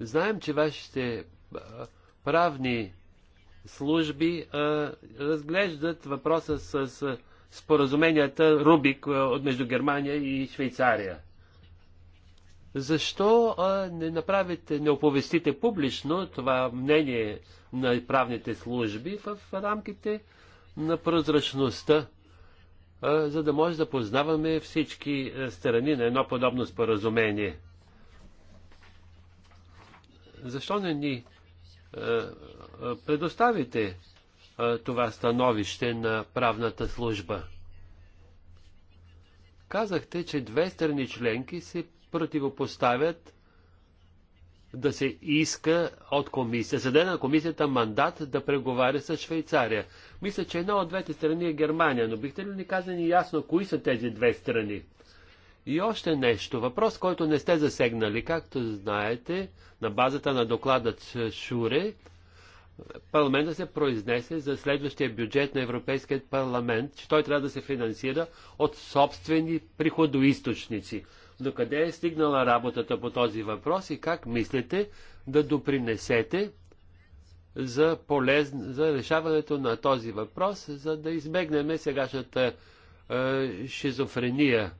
Знаем, че вашите правни служби разглеждат въпроса с споразуменията Рубик от между Германия и Швейцария. Защо а, не направите, не оповестите публично това мнение на правните служби в рамките на прозрачността, а, за да може да познаваме всички страни на едно подобно споразумение? Защо не ни е, е, предоставите е, това становище на правната служба? Казахте, че две страни членки се противопоставят да се иска от комисия, за да на комисията мандат да преговаря с Швейцария. Мисля, че една от двете страни е Германия, но бихте ли ни казали ясно кои са тези две страни? И още нещо, въпрос, който не сте засегнали, както знаете, на базата на докладът Шуре, парламента се произнесе за следващия бюджет на Европейският парламент, че той трябва да се финансира от собствени приходоисточници. До къде е стигнала работата по този въпрос и как мислите да допринесете за, полезн, за решаването на този въпрос, за да избегнем сегашната е, шизофрения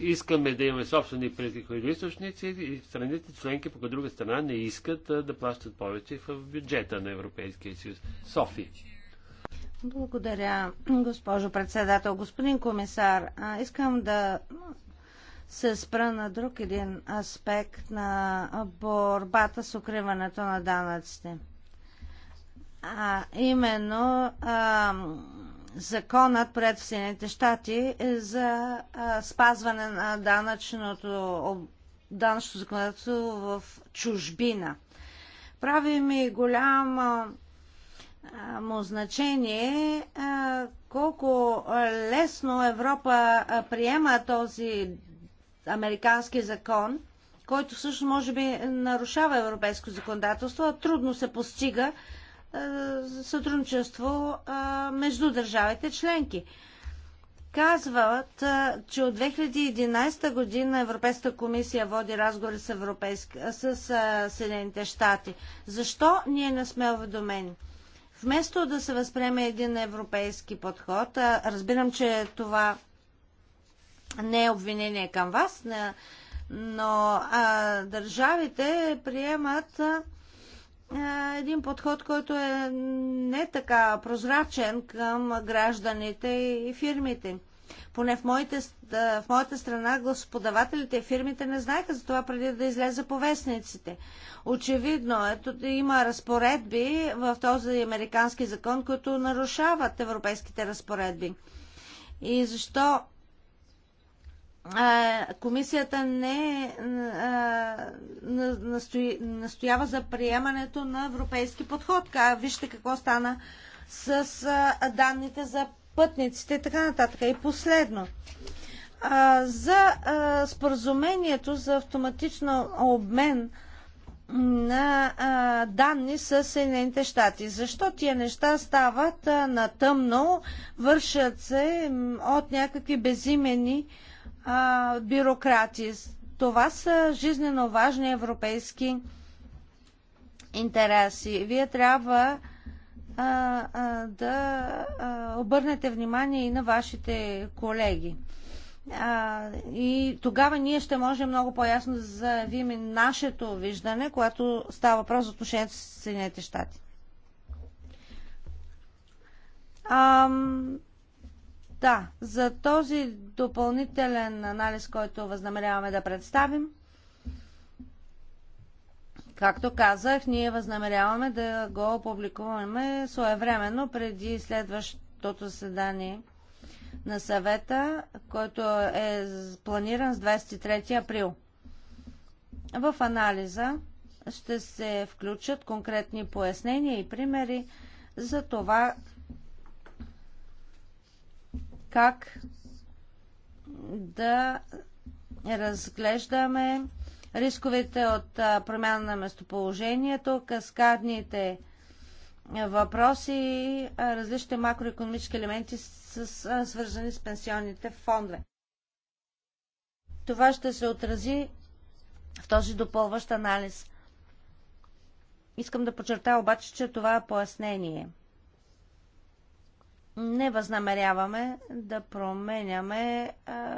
искаме да имаме собствени приходоисточници и страните членки, по друга страна, не искат да плащат повече в бюджета на Европейския съюз. Софи. Благодаря, госпожо председател. Господин комисар, искам да се спра на друг един аспект на борбата с укриването на данъците. А, именно а, законът пред Съединените щати е за спазване на данъчното, данъчното законодателство в чужбина. Прави ми голямо му значение колко лесно Европа приема този американски закон, който всъщност може би нарушава европейско законодателство, а трудно се постига е, сътрудничество е, между държавите членки. Казват, е, че от 2011 година Европейската комисия води разговори с, Европейск... с Съединените щати. Защо ние не сме уведомени? Вместо да се възприеме един европейски подход, разбирам, че това не е обвинение към вас, но а, държавите приемат а, е, един подход, който е не така прозрачен към гражданите и фирмите. Поне в, моите, в моята страна господавателите и фирмите не знаеха за това преди да излезе по вестниците. Очевидно, ето има разпоредби в този американски закон, които нарушават европейските разпоредби. И защо а, комисията не а, настои, настоява за приемането на европейски подход. Ка, вижте какво стана с а, данните за пътниците и така нататък. И последно. А, за а, споразумението за автоматично обмен на а, данни с Съединените щати. Защо тия неща стават а, на тъмно, вършат се от някакви безимени а, а, бюрократи. Това са жизненно важни европейски интереси. Вие трябва а, а, да а, обърнете внимание и на вашите колеги. А, и тогава ние ще можем много по-ясно да заявим нашето виждане, което става въпрос за отношението с Съединените щати. Да, за този допълнителен анализ, който възнамеряваме да представим, както казах, ние възнамеряваме да го опубликуваме своевременно преди следващото заседание на съвета, който е планиран с 23 април. В анализа ще се включат конкретни пояснения и примери за това как да разглеждаме рисковете от промяна на местоположението, каскадните въпроси и различните макроекономически елементи свързани с пенсионните фондове. Това ще се отрази в този допълващ анализ. Искам да подчертая обаче, че това е пояснение – не възнамеряваме да променяме а,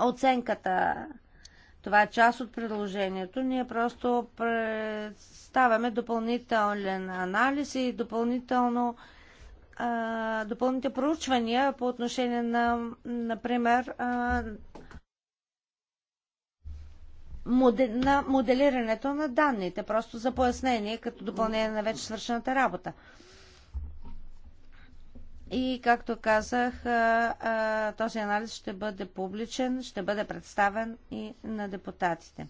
оценката. Това е част от предложението. Ние просто представяме допълнителен анализ и допълнително а, допълните проучвания по отношение на, например, а, на моделирането на данните, просто за пояснение, като допълнение на вече свършената работа. И, както казах, този анализ ще бъде публичен, ще бъде представен и на депутатите.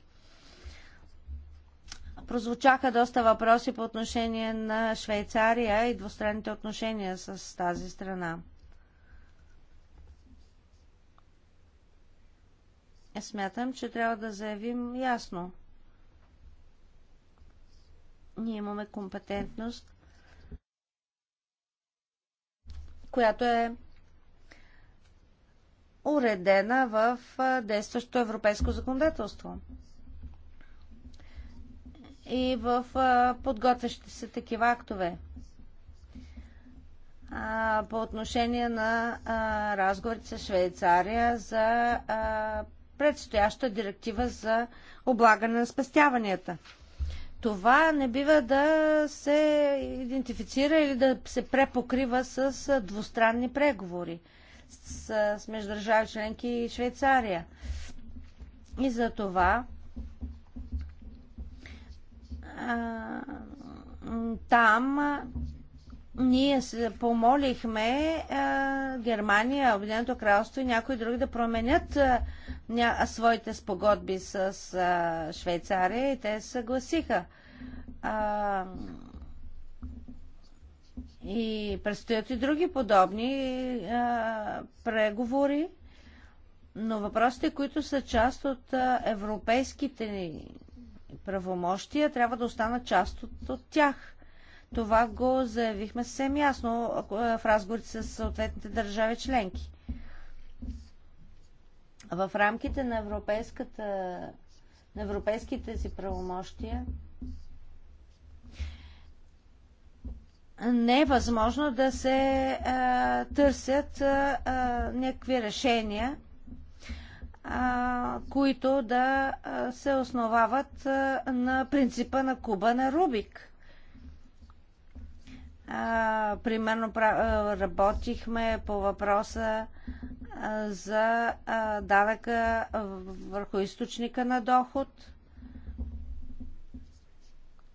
Прозвучаха доста въпроси по отношение на Швейцария и двустранните отношения с тази страна. Смятам, че трябва да заявим ясно. Ние имаме компетентност която е уредена в действащото европейско законодателство. И в подготвящите се такива актове. По отношение на разговорите с Швейцария за предстояща директива за облагане на спестяванията това не бива да се идентифицира или да се препокрива с двустранни преговори с, с между държави членки и Швейцария. И за това а, там ние помолихме а, Германия, Обединеното кралство и някои други да променят а, а, своите спогодби с а, Швейцария и те съгласиха. А, и предстоят и други подобни а, преговори, но въпросите, които са част от а, европейските ни правомощия, трябва да останат част от, от тях това го заявихме съвсем ясно е, в разговорите с съответните държави членки. В рамките на, европейската, на европейските си правомощия не е възможно да се а, е, търсят а, е, а, някакви решения, а, които да се основават а, на принципа на Куба на Рубик. А, примерно работихме по въпроса за данъка върху източника на доход.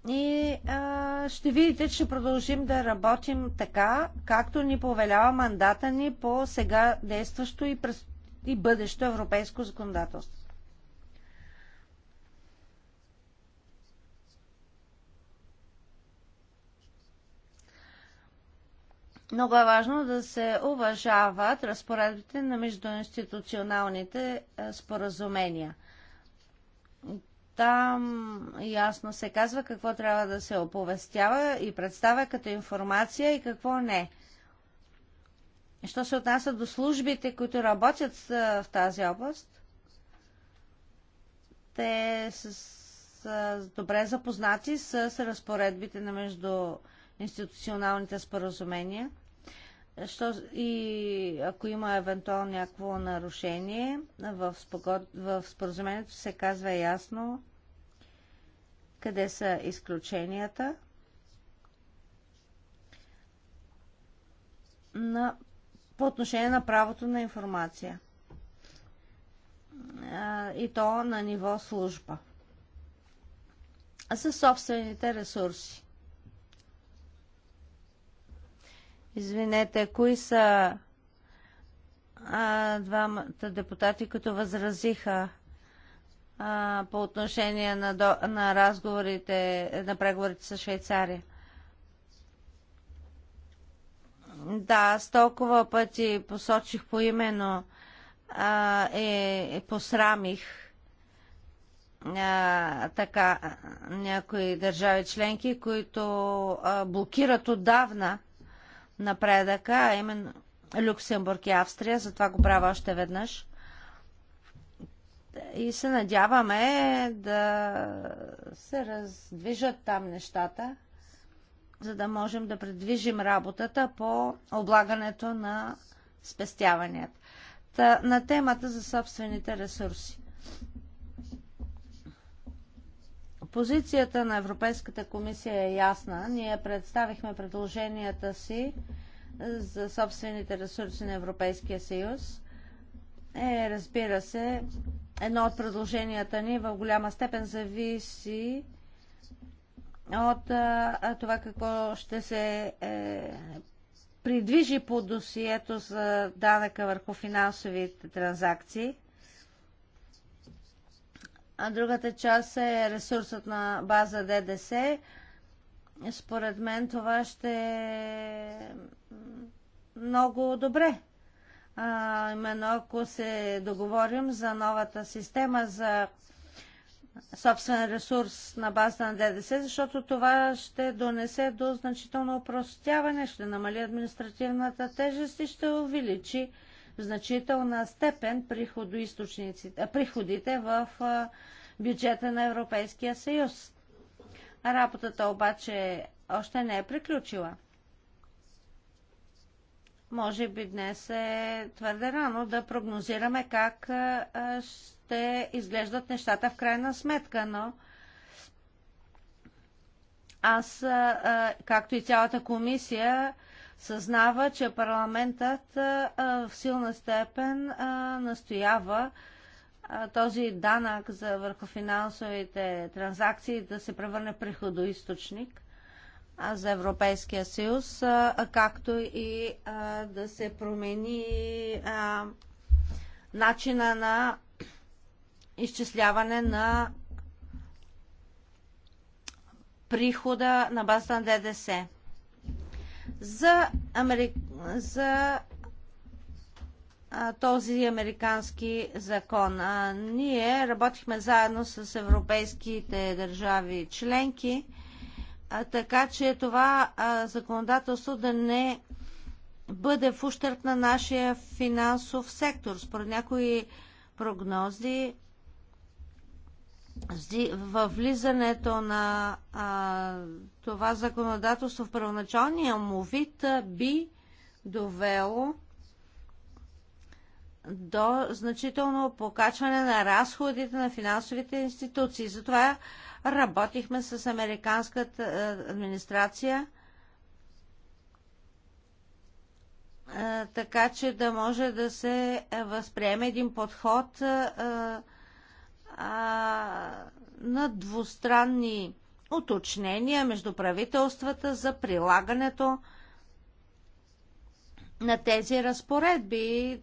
И а, ще видите, че продължим да работим така, както ни повелява мандата ни по сега действащо и, през, и бъдещо европейско законодателство. Много е важно да се уважават разпоредбите на междуинституционалните е, споразумения. Там ясно се казва какво трябва да се оповестява и представя като информация и какво не. Що се отнася до службите, които работят е, в тази област, те са добре запознати с разпоредбите на междуинституционалните институционалните споразумения. Що, и ако има евентуално някакво нарушение, в, спогод... в споразумението се казва ясно къде са изключенията на... по отношение на правото на информация. и то на ниво служба. А със собствените ресурси. Извинете, кои са а, двамата депутати, които възразиха а, по отношение на, до, на разговорите, на преговорите с Швейцария? Да, с толкова пъти посочих поименно а, е, е, посрамих а, така някои държави членки, които а, блокират отдавна напредъка, а именно Люксембург и Австрия, затова го правя още веднъж. И се надяваме да се раздвижат там нещата, за да можем да предвижим работата по облагането на спестяванията. на темата за собствените ресурси. Позицията на Европейската комисия е ясна. Ние представихме предложенията си за собствените ресурси на Европейския съюз. Е, разбира се, едно от предложенията ни в голяма степен зависи от а, това какво ще се е, придвижи по досието за данъка върху финансовите транзакции – а другата част е ресурсът на база ДДС. Според мен това ще е много добре. А, именно ако се договорим за новата система за собствен ресурс на база на ДДС, защото това ще донесе до значително упростяване, ще намали административната тежест и ще увеличи значителна степен приходите в бюджета на Европейския съюз. Работата обаче още не е приключила. Може би днес е твърде рано да прогнозираме как ще изглеждат нещата в крайна сметка, но аз, както и цялата комисия, съзнава, че парламентът в силна степен настоява този данък за върху финансовите транзакции да се превърне приходоисточник за Европейския съюз, както и да се промени начина на изчисляване на прихода на база на ДДС за, Америк... за а, този американски закон. А, ние работихме заедно с европейските държави членки, а, така че това а, законодателство да не бъде в ущърп на нашия финансов сектор. Според някои прогнози във влизането на а, това законодателство в първоначалния му вид би довело до значително покачване на разходите на финансовите институции. Затова работихме с американската администрация, така че да може да се възприеме един подход а, а, на двустранни уточнения между правителствата за прилагането на тези разпоредби.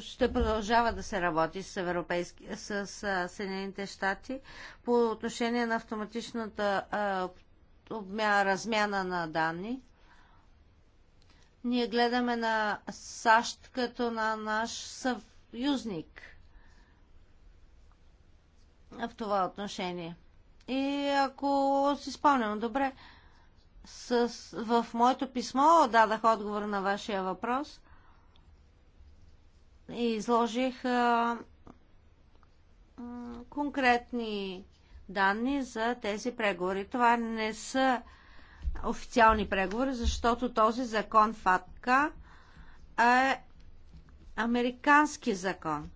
Ще продължава да се работи с, европейски, с Съединените щати по отношение на автоматичната а, размяна на данни. Ние гледаме на САЩ като на наш съюзник – в това отношение. И ако си спомням добре, с, в моето писмо дадах отговор на вашия въпрос и изложих а, конкретни данни за тези преговори. Това не са официални преговори, защото този закон ФАТКА е американски закон.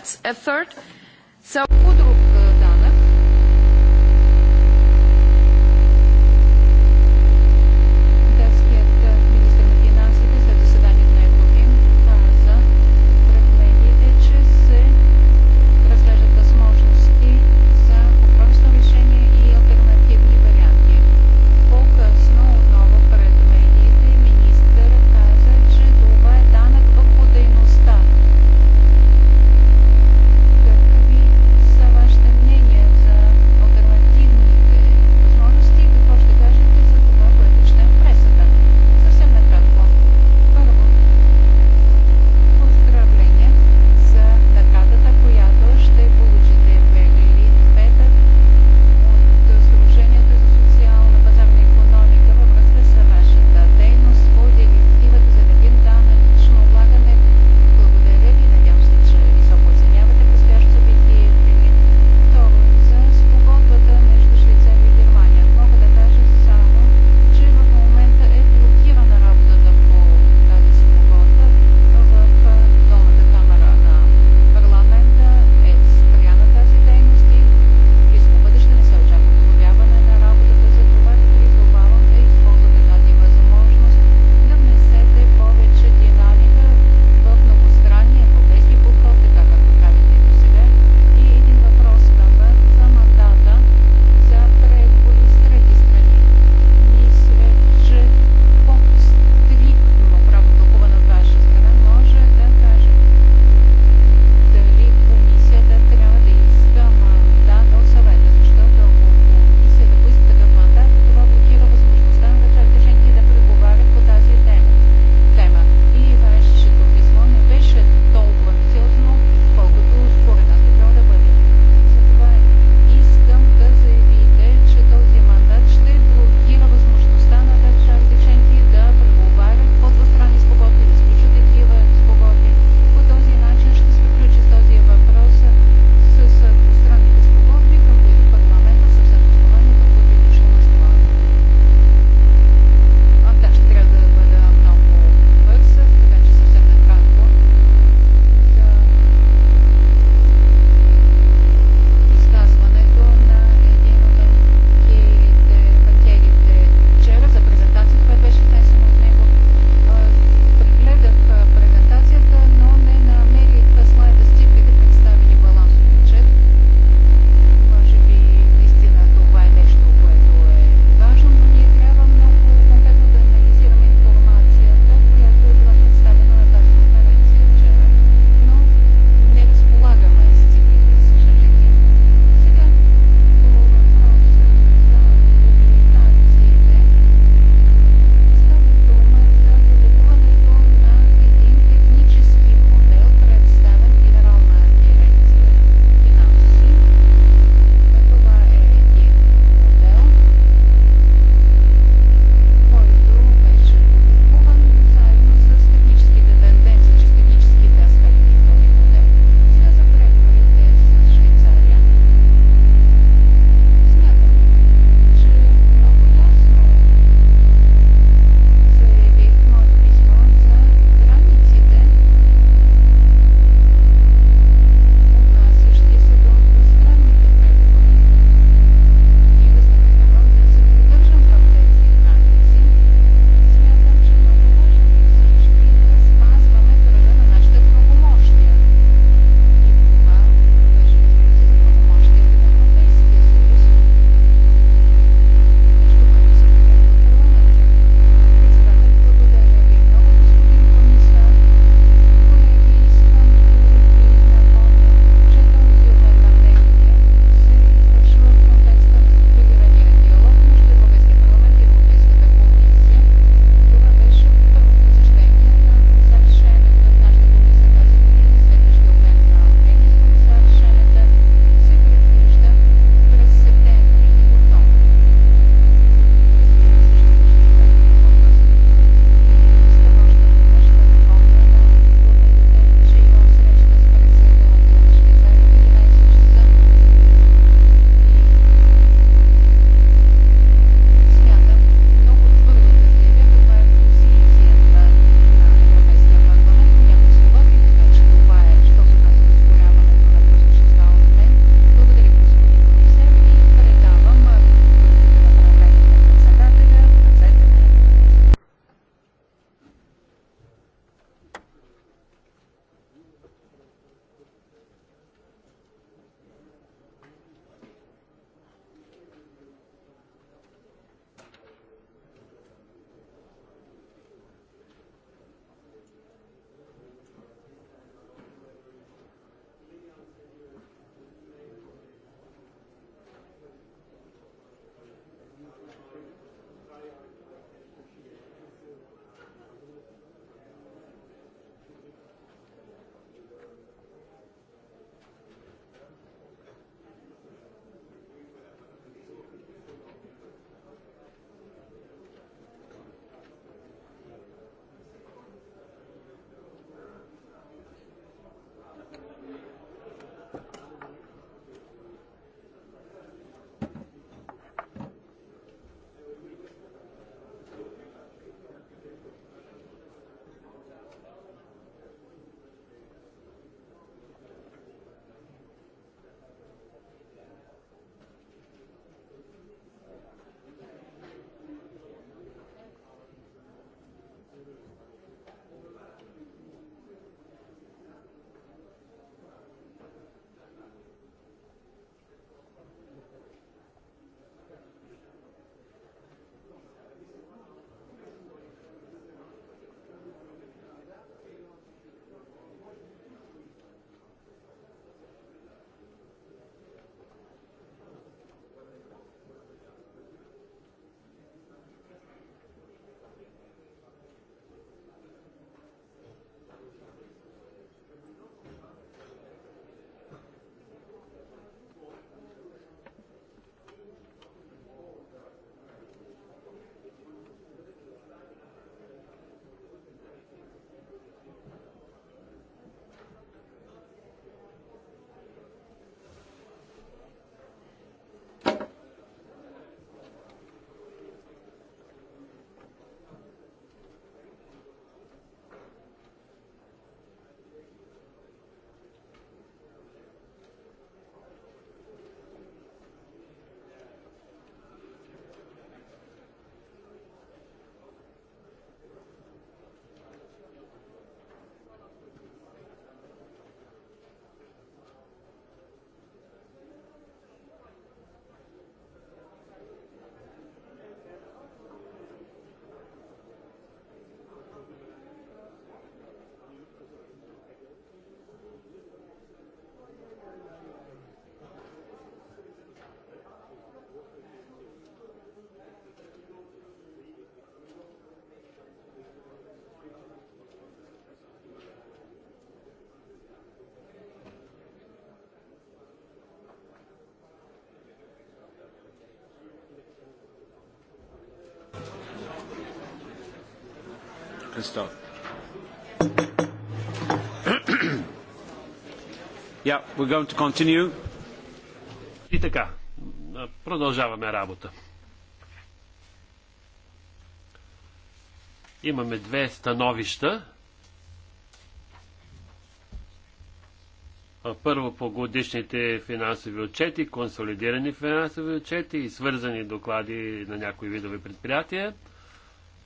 That's a third. Christoph. Yeah, we're going to continue. И така, продължаваме работа. Имаме две становища. Първо по годишните финансови отчети, консолидирани финансови отчети и свързани доклади на някои видове предприятия –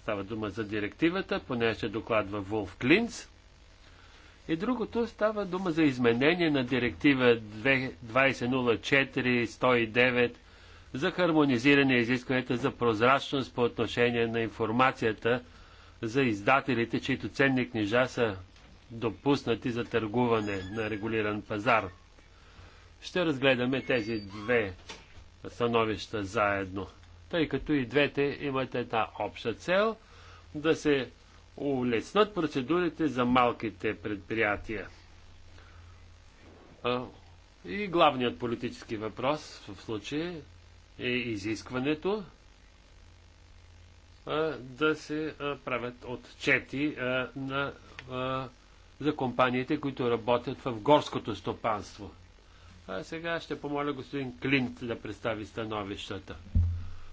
Става дума за директивата, поне ще докладва Волф Клинц. И другото става дума за изменение на директива 2004-109 за хармонизиране изискванията за прозрачност по отношение на информацията за издателите, чието ценни книжа са допуснати за търгуване на регулиран пазар. Ще разгледаме тези две становища заедно тъй като и двете имат една обща цел да се улеснат процедурите за малките предприятия. И главният политически въпрос в случая е изискването да се правят отчети на, за компаниите, които работят в горското стопанство. А сега ще помоля господин Клинт да представи становищата.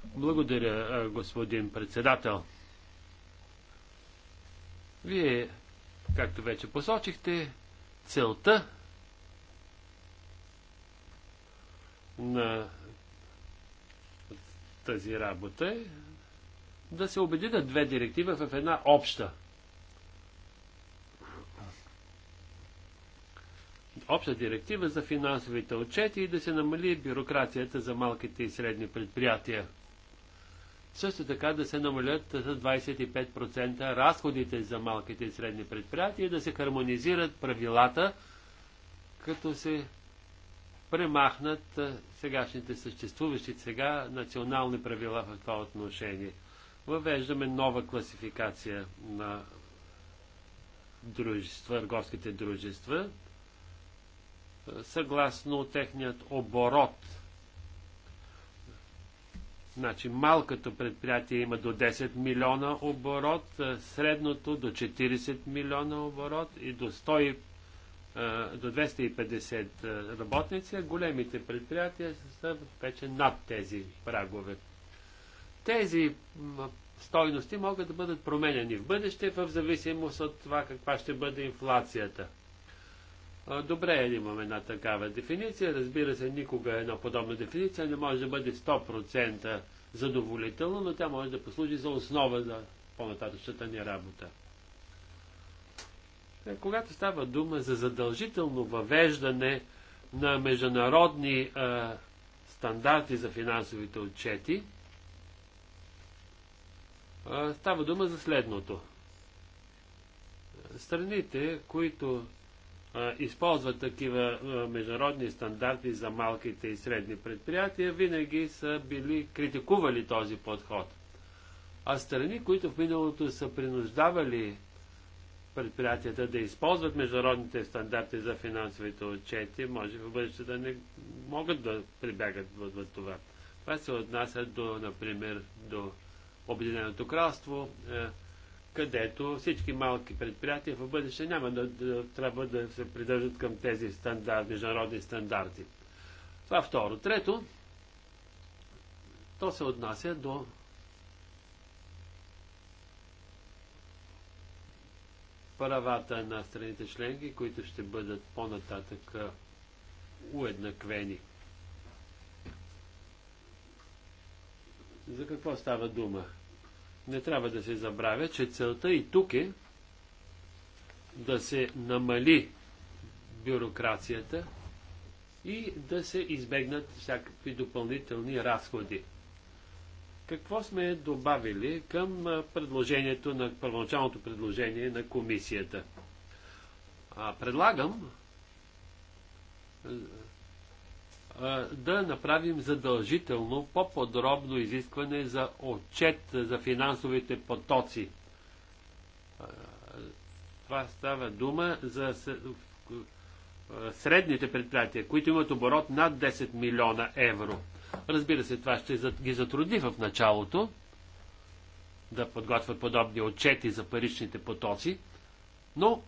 Благодаря, господин председател. Вие, както вече посочихте, целта на тази работа е да се обединят две директиви в една обща. Обща директива за финансовите отчети и да се намали бюрокрацията за малките и средни предприятия. Също така да се намалят с 25% разходите за малките и средни предприятия и да се хармонизират правилата, като се премахнат сегашните съществуващи сега национални правила в това отношение. Въвеждаме нова класификация на дружества, търговските дружества, съгласно техният оборот – Значи малкото предприятие има до 10 милиона оборот, средното до 40 милиона оборот и до 100 до 250 работници, големите предприятия са вече над тези прагове. Тези стойности могат да бъдат променени в бъдеще в зависимост от това каква ще бъде инфлацията – Добре е да имаме една такава дефиниция. Разбира се, никога една подобна дефиниция не може да бъде 100% задоволителна, но тя може да послужи за основа за по-нататъчната ни работа. Е, когато става дума за задължително въвеждане на международни а, стандарти за финансовите отчети, а, става дума за следното. Страните, които използват такива международни стандарти за малките и средни предприятия, винаги са били критикували този подход. А страни, които в миналото са принуждавали предприятията да използват международните стандарти за финансовите отчети, може в бъдеще да не могат да прибягат в това. Това се отнася до, например, до Обединеното кралство е, където всички малки предприятия в бъдеще няма да, да трябва да се придържат към тези стандарти, международни стандарти. Това е второ. Трето, то се отнася до правата на страните членки, които ще бъдат по-нататък уеднаквени. За какво става дума? не трябва да се забравя, че целта и тук е да се намали бюрокрацията и да се избегнат всякакви допълнителни разходи. Какво сме добавили към предложението на първоначалното предложение на комисията? А, предлагам да направим задължително по-подробно изискване за отчет за финансовите потоци. Това става дума за средните предприятия, които имат оборот над 10 милиона евро. Разбира се, това ще ги затрудни в началото да подготвят подобни отчети за паричните потоци, но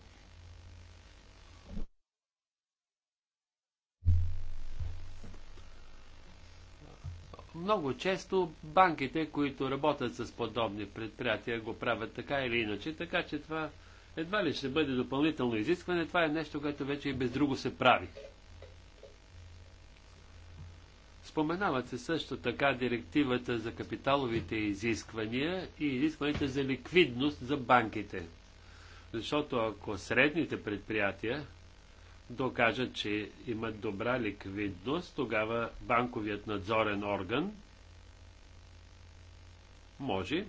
Много често банките, които работят с подобни предприятия, го правят така или иначе, така че това едва ли ще бъде допълнително изискване. Това е нещо, което вече и без друго се прави. Споменават се също така директивата за капиталовите изисквания и изискванията за ликвидност за банките. Защото ако средните предприятия докажат, че имат добра ликвидност, тогава банковият надзорен орган може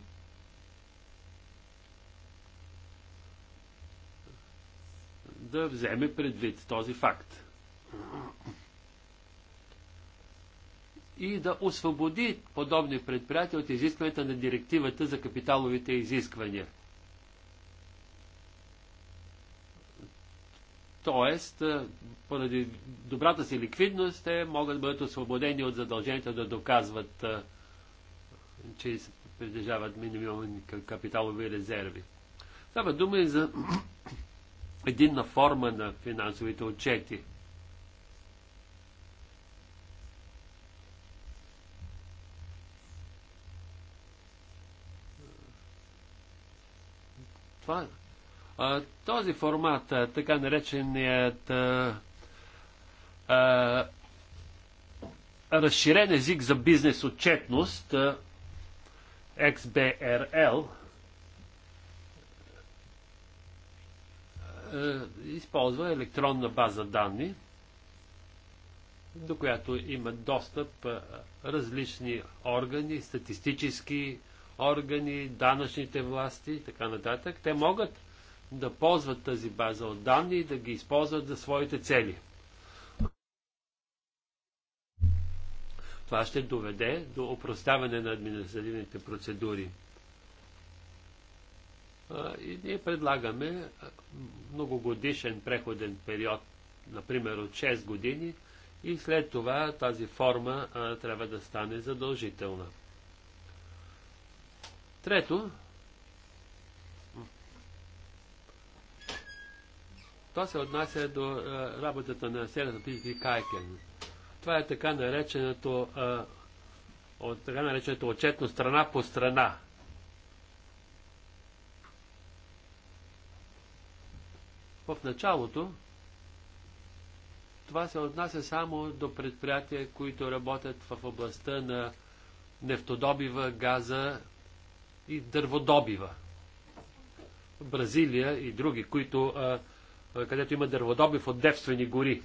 да вземе предвид този факт. И да освободи подобни предприятия от изискванията на директивата за капиталовите изисквания – Тоест, поради добрата си ликвидност, те могат да бъдат освободени от задължението да доказват, че притежават минимални капиталови резерви. Става дума и за единна форма на финансовите отчети. Това този формат, така нареченият разширен език за бизнес отчетност, XBRL, използва електронна база данни, до която имат достъп различни органи, статистически органи, данъчните власти и така нататък. Те могат да ползват тази база от данни и да ги използват за своите цели. Това ще доведе до опростяване на административните процедури. И ние предлагаме многогодишен преходен период, например от 6 години, и след това тази форма трябва да стане задължителна. Трето, Това се отнася до а, е, работата на серията Пити Кайкен. Това е така нареченото, а, е, от, така нареченото отчетно страна по страна. В началото това се отнася само до предприятия, които работят в областта на нефтодобива, газа и дърводобива. Бразилия и други, които а, е, е където има дърводобив от девствени гори.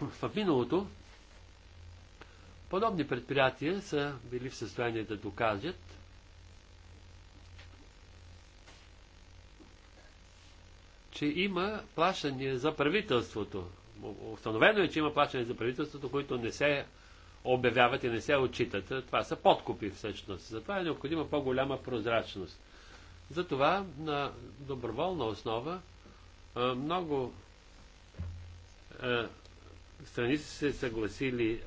В миналото подобни предприятия са били в състояние да докажат, че има плащания за правителството. Остановено е, че има плащания за правителството, които не се обявяват и не се отчитат. Това са подкупи всъщност. Затова е необходима по-голяма прозрачност. Затова на доброволна основа много страни са се съгласили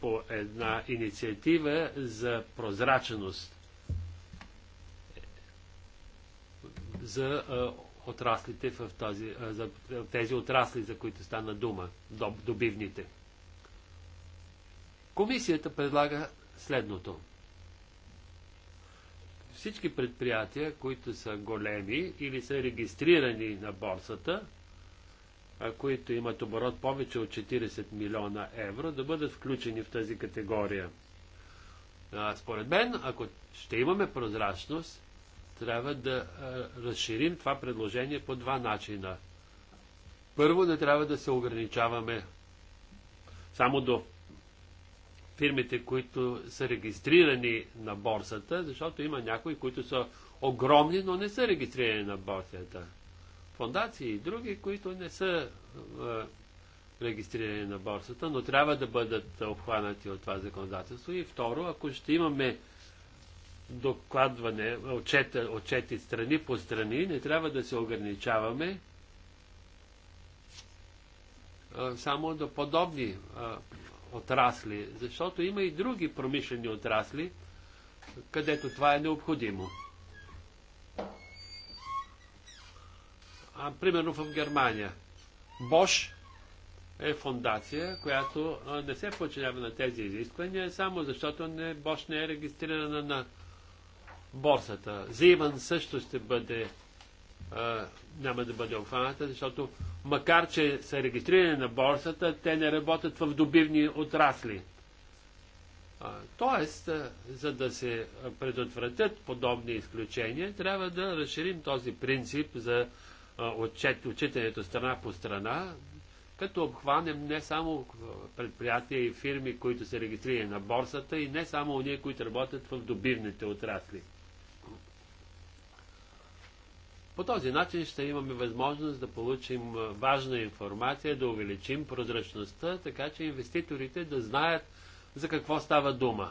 по една инициатива за прозрачност за отраслите в тази, за тези отрасли, за които стана дума, добивните. Комисията предлага следното – всички предприятия, които са големи или са регистрирани на борсата, а които имат оборот повече от 40 милиона евро, да бъдат включени в тази категория. А, според мен, ако ще имаме прозрачност, трябва да разширим това предложение по два начина. Първо, не трябва да се ограничаваме само до фирмите, които са регистрирани на борсата, защото има някои, които са огромни, но не са регистрирани на борсата. Фондации и други, които не са регистрирани на борсата, но трябва да бъдат обхванати от това законодателство. И второ, ако ще имаме докладване, отчета, отчети страни по страни, не трябва да се ограничаваме само до подобни отрасли, защото има и други промишлени отрасли, където това е необходимо. А, примерно в Германия. Бош е фундация, която не се подчинява на тези изисквания, само защото не, Бош не е регистрирана на борсата. Зиман също ще бъде, а, няма да бъде обхваната, защото макар че са регистрирани на борсата, те не работят в добивни отрасли. Тоест, за да се предотвратят подобни изключения, трябва да разширим този принцип за отчет, отчитането страна по страна, като обхванем не само предприятия и фирми, които са регистрирани на борсата и не само уния, които работят в добивните отрасли. По този начин ще имаме възможност да получим важна информация, да увеличим прозрачността, така че инвеститорите да знаят за какво става дума.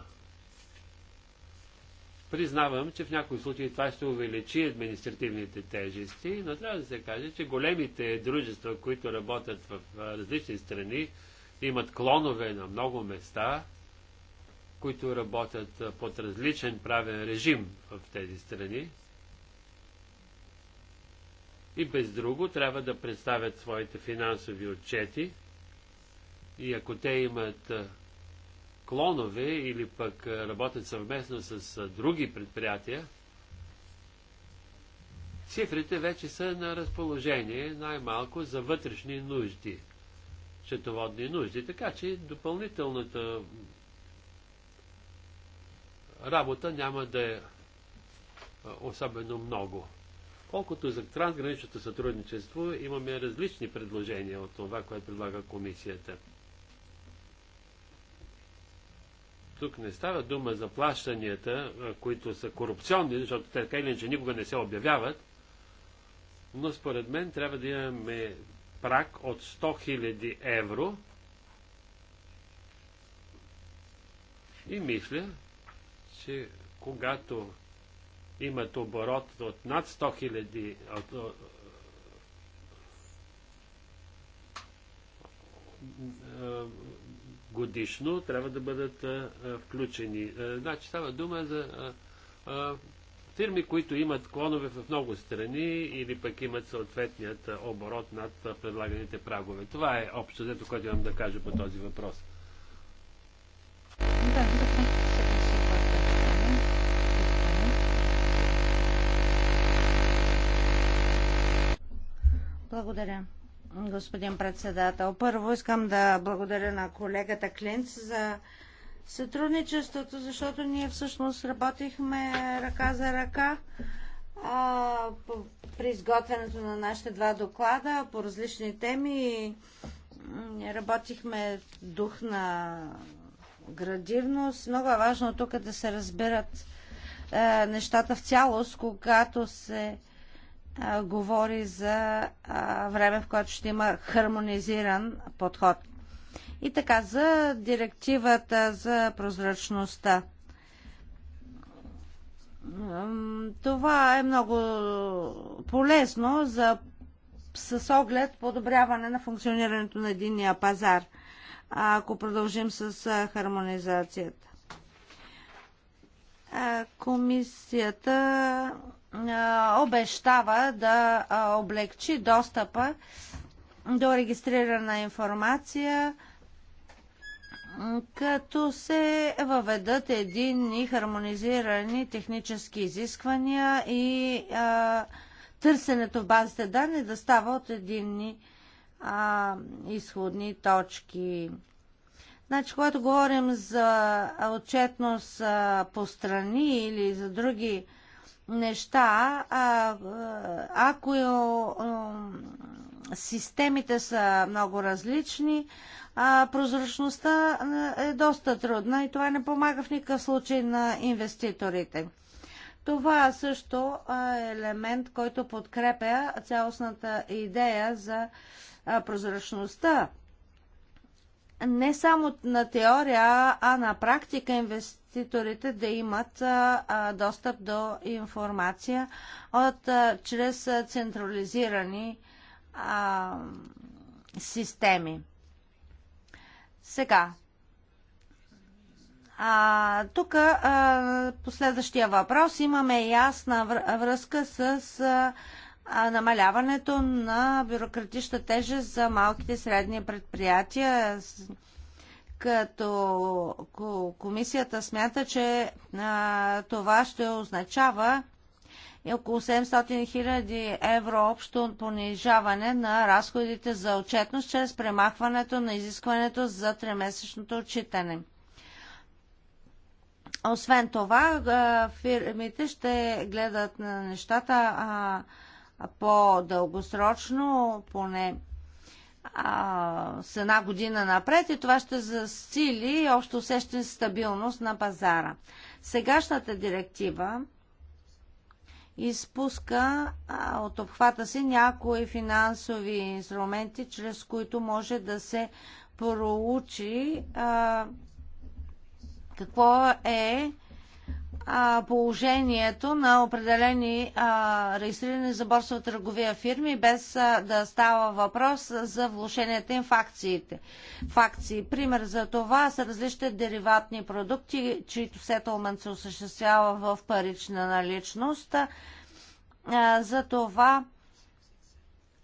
Признавам, че в някои случаи това ще увеличи административните тежести, но трябва да се каже, че големите дружества, които работят в различни страни, имат клонове на много места, които работят под различен правен режим в тези страни и без друго трябва да представят своите финансови отчети и ако те имат клонове или пък работят съвместно с други предприятия, цифрите вече са на разположение най-малко за вътрешни нужди, счетоводни нужди, така че допълнителната работа няма да е особено много. Колкото за трансграничното сътрудничество, имаме различни предложения от това, което предлага комисията. Тук не става дума за плащанията, които са корупционни, защото те така или иначе никога не се обявяват, но според мен трябва да имаме прак от 100 000 евро и мисля, че когато имат оборот от над 100 хиляди, е, годишно трябва да бъдат е, е, включени. значи става дума за фирми, които имат клонове в много страни или пък имат съответният оборот над предлаганите прагове. Това е общо, което имам да кажа по този въпрос. Да, Благодаря, господин председател. Първо искам да благодаря на колегата Клинц за сътрудничеството, защото ние всъщност работихме ръка за ръка а, при изготвянето на нашите два доклада по различни теми. Работихме в дух на градивност. Много е важно тук да се разбират е, нещата в цялост, когато се говори за време, в което ще има хармонизиран подход. И така, за директивата за прозрачността. Това е много полезно за, с оглед подобряване на функционирането на единния пазар, ако продължим с хармонизацията. Комисията обещава да облегчи достъпа до регистрирана информация, като се въведат единни хармонизирани технически изисквания и а, търсенето в базите данни да става от единни а, изходни точки. Значи, когато говорим за отчетност по страни или за други а, неща, ако е, системите са много различни, а прозрачността е доста трудна и това не помага в никакъв случай на инвеститорите. Това също е елемент, който подкрепя цялостната идея за прозрачността. Не само на теория, а на практика инвеститорите инвеститорите да имат достъп до информация от, чрез централизирани а, системи. Сега, а, тук а, последващия въпрос имаме ясна връзка с а, намаляването на бюрократична тежест за малките и средни предприятия като комисията смята, че а, това ще означава около 700 000 евро общо понижаване на разходите за отчетност чрез премахването на изискването за тримесечното отчитане. Освен това, фирмите ще гледат на нещата по-дългосрочно, поне а, с една година напред и това ще засили общо усещане стабилност на пазара. Сегашната директива изпуска а, от обхвата си някои финансови инструменти, чрез които може да се проучи а, какво е положението на определени а, регистрирани за борсова търговия фирми, без а, да става въпрос за влушенията им в акциите. В акции. Пример за това са различни дериватни продукти, чието сетълмент се осъществява в парична наличност. А, за това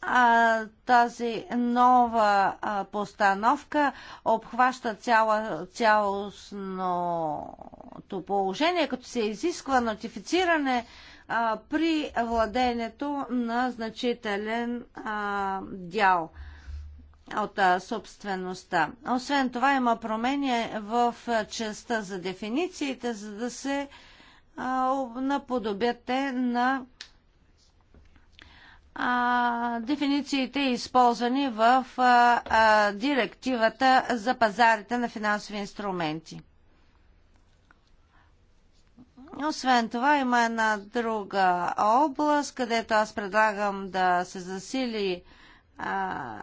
а, тази нова а, постановка обхваща цяло, цялостното положение, като се изисква нотифициране а, при владението на значителен а, дял от собствеността. Освен това има промени в частта за дефинициите, за да се наподобят те на а, дефинициите, използвани в а, а, директивата за пазарите на финансови инструменти. Освен това, има една друга област, където аз предлагам да се засили а,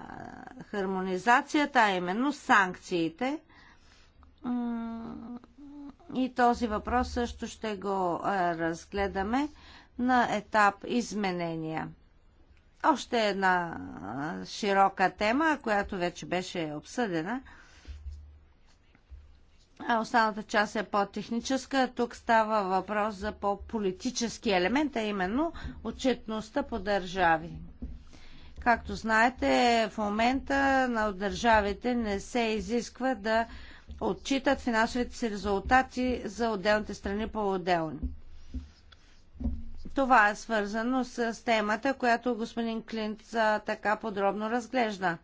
хармонизацията, а именно санкциите. И този въпрос също ще го разгледаме на етап изменения. Още една широка тема, която вече беше обсъдена. А останата част е по-техническа. Тук става въпрос за по-политически елемент, а именно отчетността по държави. Както знаете, в момента на държавите не се изисква да отчитат финансовите си резултати за отделните страни по-отделни. Това е свързано с темата, която господин Клинт така подробно разглежда.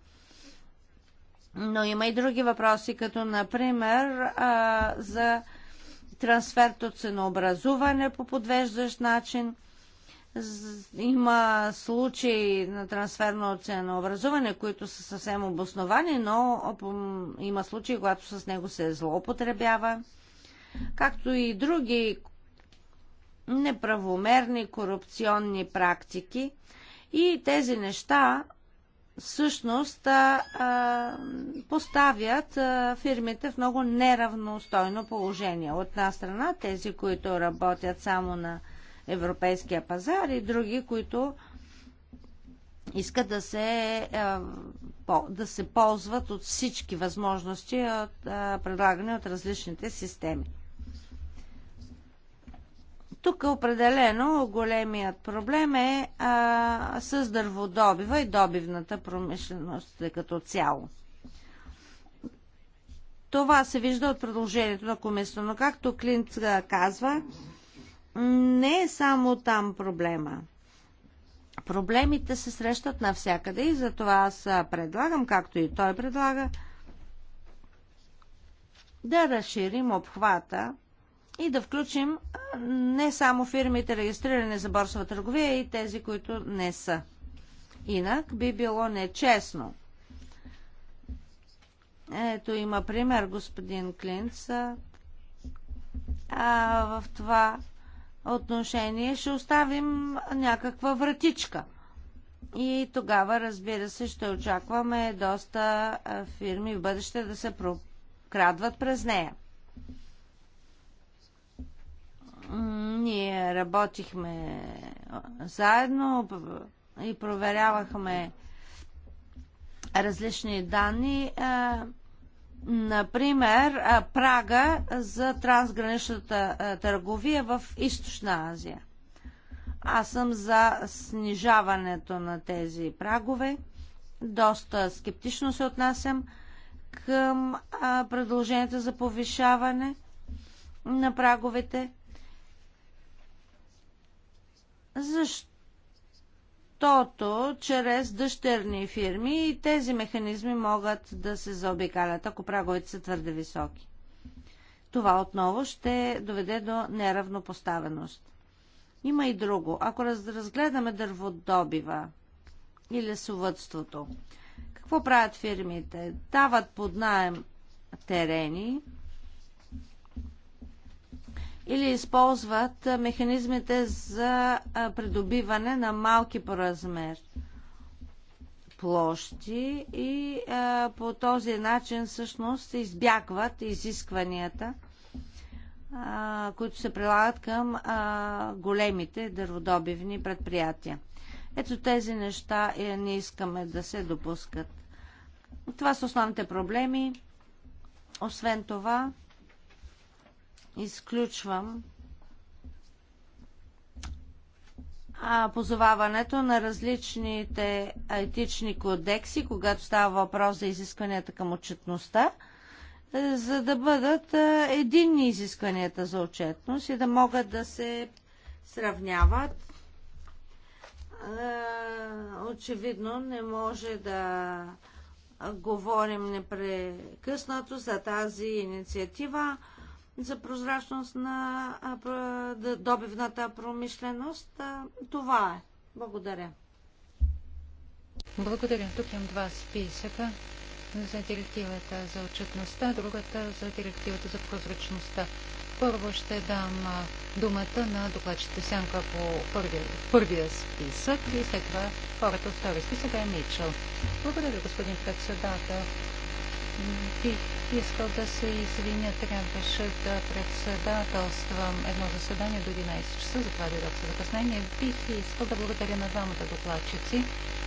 Но има и други въпроси, като например а, за трансферто ценообразуване по подвеждащ начин. Има случаи на трансферно ценообразуване, които са съвсем обосновани, но има случаи, когато с него се злоупотребява. Както и други неправомерни корупционни практики и тези неща всъщност а, а, поставят а, фирмите в много неравностойно положение. От една страна тези, които работят само на европейския пазар и други, които искат да се, а, по, да се ползват от всички възможности от, а, предлагани от различните системи. Тук определено големият проблем е а, с дърводобива и добивната промишленост като цяло. Това се вижда от продължението на комисията, но както Клинт казва, не е само там проблема. Проблемите се срещат навсякъде и затова аз предлагам, както и той предлага, да разширим обхвата и да включим не само фирмите регистрирани за борсова търговия и тези, които не са. Инак би било нечестно. Ето има пример, господин Клинц. А в това отношение ще оставим някаква вратичка. И тогава, разбира се, ще очакваме доста фирми в бъдеще да се прокрадват през нея. Ние работихме заедно и проверявахме различни данни. Например, прага за трансграничната търговия в Източна Азия. Аз съм за снижаването на тези прагове. Доста скептично се отнасям към предложенията за повишаване на праговете защото чрез дъщерни фирми и тези механизми могат да се заобикалят, ако праговете са твърде високи. Това отново ще доведе до неравнопоставеност. Има и друго. Ако разгледаме дърводобива и лесовътството, какво правят фирмите? Дават под найем терени, или използват механизмите за придобиване на малки по размер площи и а, по този начин всъщност избягват изискванията, а, които се прилагат към а, големите дърводобивни предприятия. Ето тези неща е, не искаме да се допускат. Това са основните проблеми. Освен това, изключвам а, позоваването на различните етични кодекси, когато става въпрос за изискванията към отчетността, е, за да бъдат е, единни изискванията за отчетност и да могат да се сравняват. Е, очевидно не може да говорим непрекъснато за тази инициатива за прозрачност на добивната промишленост. Това е. Благодаря. Благодаря. Тук имам два списъка за директивата за отчетността, другата за директивата за прозрачността. Първо ще дам думата на докладчите Сянка по първия, първия списък и след това хората от втори списък е Мичел. Благодаря, господин председател. Бих искал да се извиня. Трябваше да председателствам едно заседание до 11 часа, затова дойдох с закъснение. Бих искал да благодаря на двамата докладчици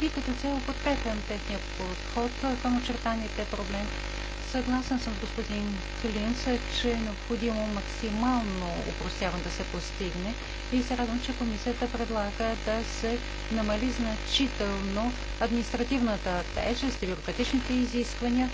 и като цяло подкрепям техния подход е към очертаните проблем. Съгласен съм с господин Клинц, че е необходимо максимално упростяване да се постигне и се радвам, че комисията предлага да се намали значително административната тежест и бюрократичните изисквания,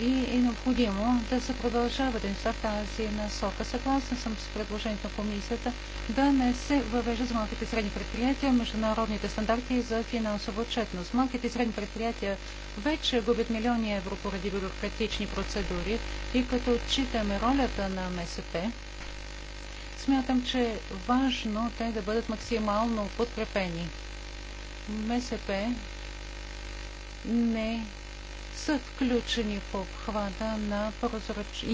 и е необходимо да се продължава дейността в тази насока. Съгласен съм с предложението на комисията да не се въвеждат за малките и средни предприятия международните стандарти за финансова отчетност. Малките и средни предприятия вече губят милиони евро поради бюрократични процедури и като отчитаме ролята на МСП, смятам, че е важно те да бъдат максимално подкрепени. МСП не са включени в обхвата на прозрач...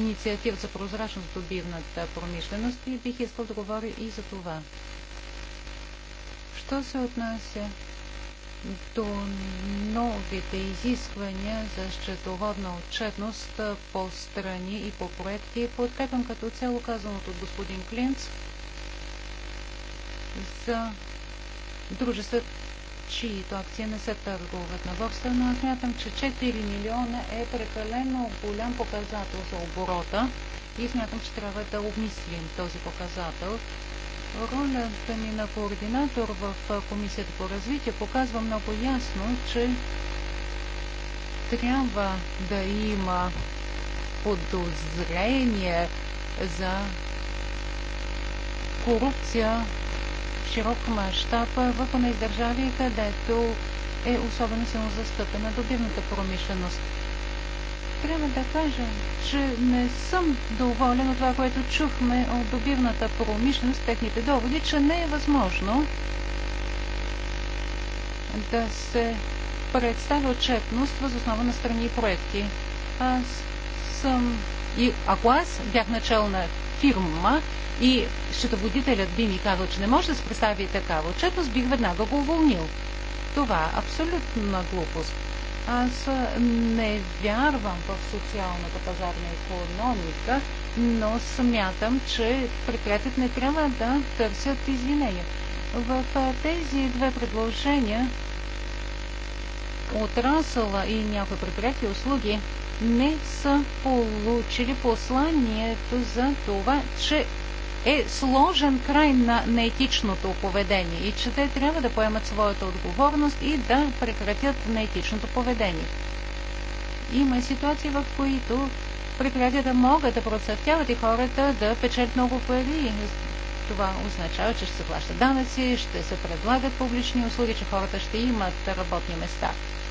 за прозрачност в добивната промишленост и бих искал да говоря и за това. Що се отнася до новите изисквания за счетоводна отчетност по страни и по проекти, подкрепям като цяло казаното от господин Клинц за дружествата чието акции не се търгуват на борса, но аз мятам, че 4 милиона е прекалено голям показател за оборота и смятам, че трябва да обмислим този показател. Ролята ми на координатор в Комисията по развитие показва много ясно, че трябва да има подозрение за корупция в широк мащаб в тези държави, където е особено силно застъпена добивната промишленост. Трябва да кажа, че не съм доволен от това, което чухме от добивната промишленост, техните доводи, че не е възможно да се представя отчетност въз основа на страни и проекти. Аз съм и ако аз бях начал на фирма и счетоводителят би ми казал, че не може да се представи такава отчетност, бих веднага го уволнил. Това е абсолютна глупост. Аз не вярвам в социалната пазарна економика, но смятам, че предприятията не трябва да търсят извинения. В тези две предложения отрасъла и някои предприятия и услуги не са получили посланието за това, че е сложен край на неетичното поведение и че те трябва да поемат своята отговорност и да прекратят неетичното поведение. Има ситуации, в които предприятията могат да процъфтяват и хората да печелят много пари. Това означава, че ще се плащат данъци, ще се предлагат публични услуги, че хората ще имат работни места.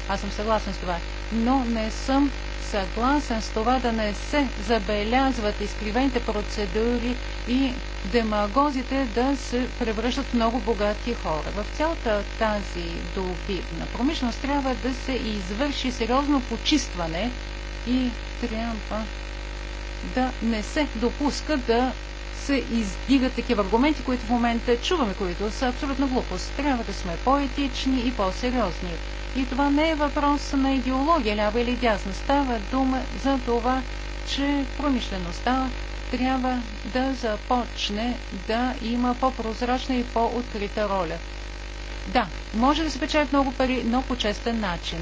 Аз съм съгласен с това, но не съм съгласен с това да не се забелязват изкривените процедури и демагозите да се превръщат в много богати хора. В цялата тази добивна промишленост трябва да се извърши сериозно почистване и трябва да не се допуска да се издигат такива аргументи, които в момента чуваме, които са абсолютно глупост. Трябва да сме по-етични и по-сериозни. И това не е въпрос на идеология, лява или дясна. Става дума за това, че промишлеността трябва да започне да има по-прозрачна и по-открита роля. Да, може да се печелят много пари, но по честен начин.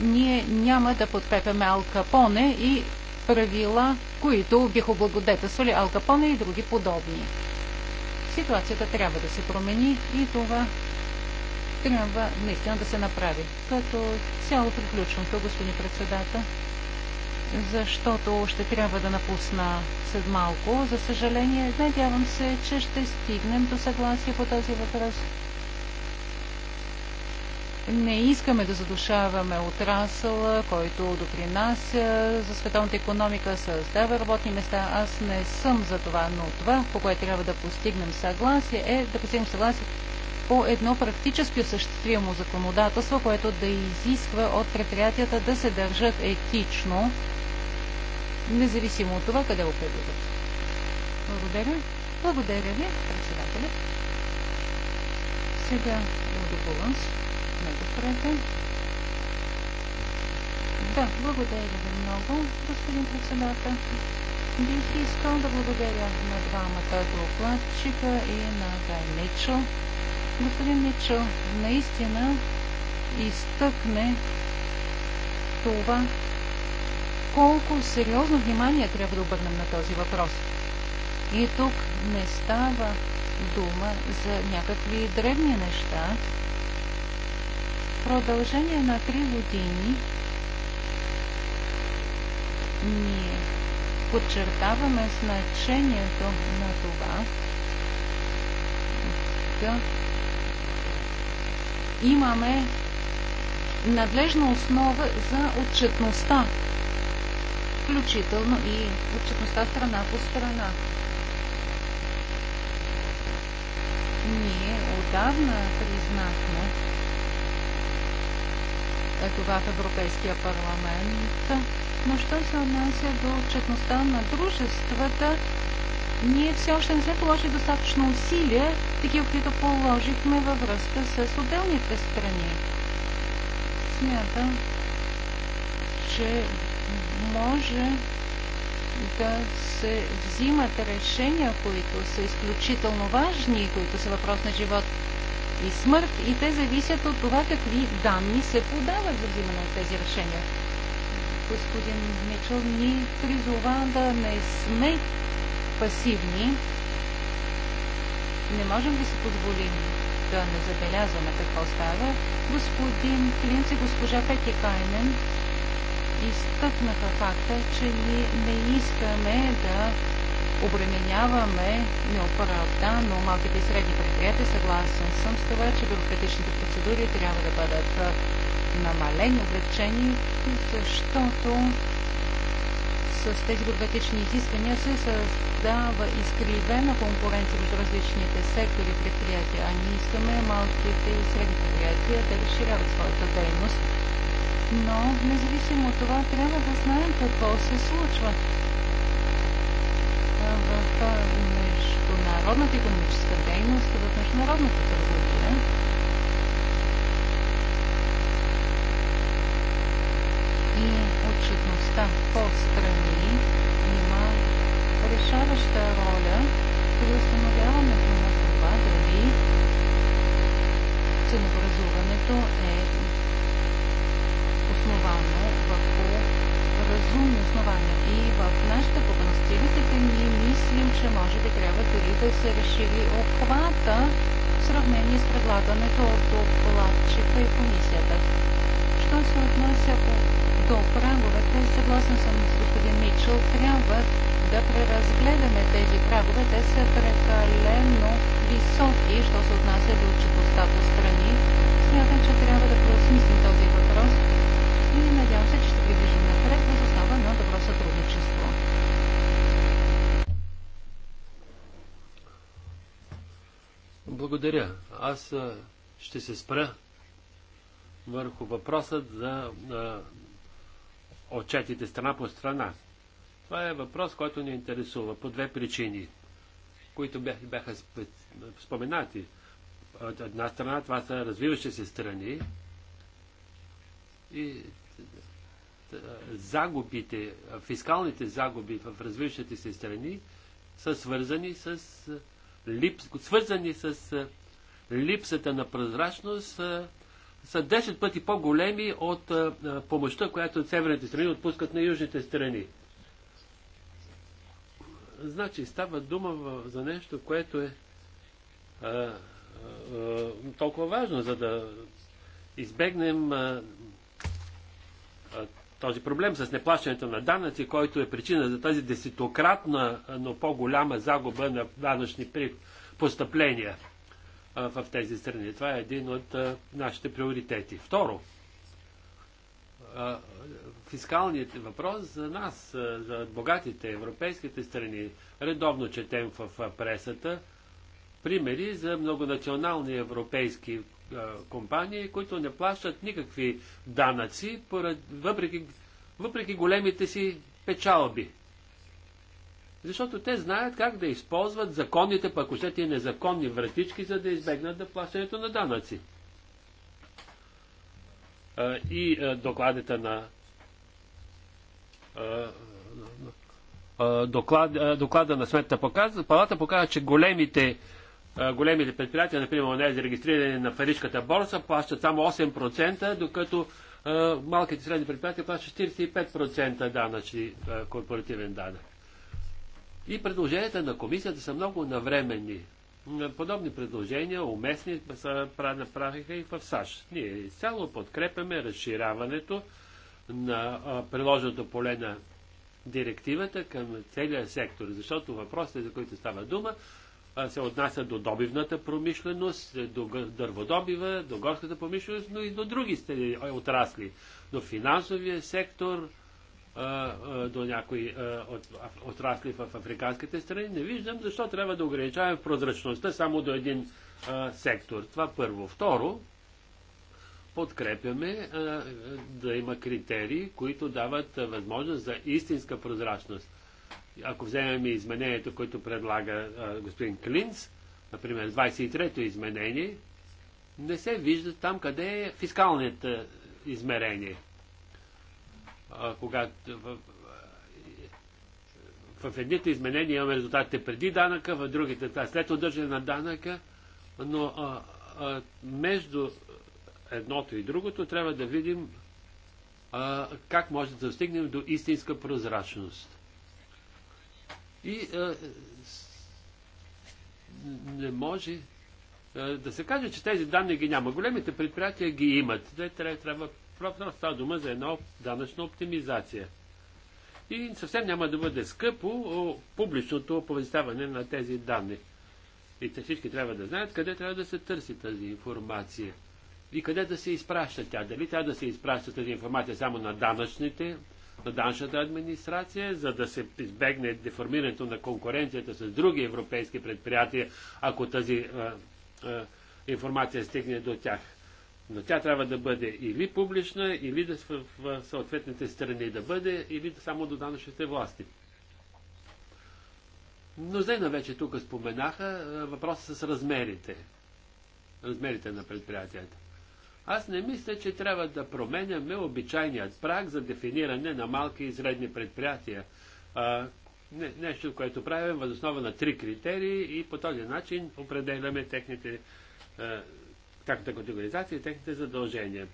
Ние няма да подкрепяме Алкапоне и правила, които биха облагодетелствали Алкапоне и други подобни. Ситуацията трябва да се промени и това трябва наистина да се направи. Като цяло приключвам тук, господин председател, защото ще трябва да напусна след малко. За съжаление, надявам се, че ще стигнем до съгласие по този въпрос. Не искаме да задушаваме отрасъла, който допринася за световната економика, създава работни места. Аз не съм за това, но това, по което трябва да постигнем съгласие, е да постигнем съгласие по едно практически осъществимо законодателство, което да изисква от предприятията да се държат етично, независимо от това къде оперират. Благодаря. Благодаря ви, председателят. Сега Лудополанс. Много прете. Да, благодаря ви много, господин председател. Бих искал да благодаря на двамата докладчика и на Гай Мичел Господин Мичо наистина изтъкне това, колко сериозно внимание трябва да обърнем на този въпрос. И тук не става дума за някакви древни неща. В продължение на три години ние подчертаваме значението на това да имаме надлежна основа за отчетността, включително и отчетността страна по страна. Ние отдавна признахме е това в Европейския парламент, но що се отнася до отчетността на дружествата, ние все още не сме положили достатъчно усилия, такива, които положихме във връзка с отделните страни. Смятам, че може да се взимат решения, които са изключително важни, които са въпрос на живот и смърт, и те зависят от това какви данни се подават за взимане на тези решения. Господин Мичел ни призова да не сме пасивни. Не можем да си позволим да не забелязваме какво става. Господин Клинц и госпожа Пети Кайнен изтъкнаха факта, че ние не искаме да обременяваме неоправдано малките и средни предприятия. Съгласен съм с това, че бюрократичните процедури трябва да бъдат намалени, облегчени, защото с тези бюрократични изисквания се създава изкривена конкуренция между различните сектори и предприятия, а ние искаме малките и средни предприятия да разширяват своята дейност. Но, независимо от това, трябва да знаем какво се случва в международната економическа дейност, в международната търговия. И отчетността по страни има решаваща роля при установяването на това дали ценообразуването е основано върху разумни основания. И в нашата група на ние мислим, че може би трябва дори да се разшири обхвата в сравнение с предлагането от докладчика и комисията. Що се отнася по до праговете, съгласна съм с господин Мичел, трябва да преразгледаме тези прагове. Те са прекалено високи, що се отнася до отчетността по страни. Смятам, че трябва да преосмислим този въпрос и надявам се, че ще придвижим напред въз основа на добро сътрудничество. Благодаря. Аз ще се спра върху въпросът за отчетите страна по страна. Това е въпрос, който ни интересува по две причини, които бяха споменати. От една страна това са развиващи се страни и загубите, фискалните загуби в развиващите се страни са свързани с, лип, свързани с липсата на прозрачност са 10 пъти по-големи от помощта, която от северните страни отпускат на южните страни. Значи става дума за нещо, което е а, а, толкова важно, за да избегнем а, а, този проблем с неплащането на данъци, който е причина за тази десетократна, но по-голяма загуба на данъчни постъпления в тези страни. Това е един от нашите приоритети. Второ, фискалният въпрос за нас, за богатите европейските страни. Редовно четем в пресата примери за многонационални европейски компании, които не плащат никакви данъци, въпреки, въпреки големите си печалби защото те знаят как да използват законните, пък и незаконни вратички, за да избегнат да плащането на данъци. И докладите на доклад, доклада на сметта показва, палата показва, че големите, големите предприятия, например, не за регистрирани на фаричката борса, плащат само 8%, докато малките и средни предприятия плащат 45% данъчни корпоративен данък. И предложенията на комисията са много навременни. Подобни предложения уместни са направиха и в САЩ. Ние изцяло подкрепяме разширяването на приложеното поле на директивата към целия сектор, защото въпросите, за които става дума, се отнася до добивната промишленост, до дърводобива, до горската промишленост, но и до други отрасли. До финансовия сектор, до някои от, отрасли в африканските страни, не виждам защо трябва да ограничаваме прозрачността само до един а, сектор. Това първо. Второ, подкрепяме а, да има критерии, които дават а, възможност за истинска прозрачност. Ако вземем изменението, което предлага господин Клинц, например 23-то изменение, не се вижда там къде е фискалният измерение когато в, в, едните изменения имаме резултатите преди данъка, в другите това е след удържане на данъка, но а, а, между едното и другото трябва да видим а, как може да достигнем до истинска прозрачност. И а, не може а, да се каже, че тези данни ги няма. Големите предприятия ги имат. Те трябва Просто става дума за една данъчна оптимизация. И съвсем няма да бъде скъпо публичното оповестяване на тези данни. И те всички трябва да знаят къде трябва да се търси тази информация и къде да се изпраща тя. Дали трябва да се изпраща тази информация само на данъчните, на данъчната администрация, за да се избегне деформирането на конкуренцията с други европейски предприятия, ако тази а, а, информация стигне до тях. Но тя трябва да бъде или публична, или да в, в съответните страни да бъде, или само до данъчните власти. Мнозина вече тук споменаха въпроса с размерите. Размерите на предприятията. Аз не мисля, че трябва да променяме обичайният праг за дефиниране на малки и средни предприятия. А, не, нещо, което правим възоснова на три критерии и по този начин определяме техните а, тяхната категоризация и техните задължения.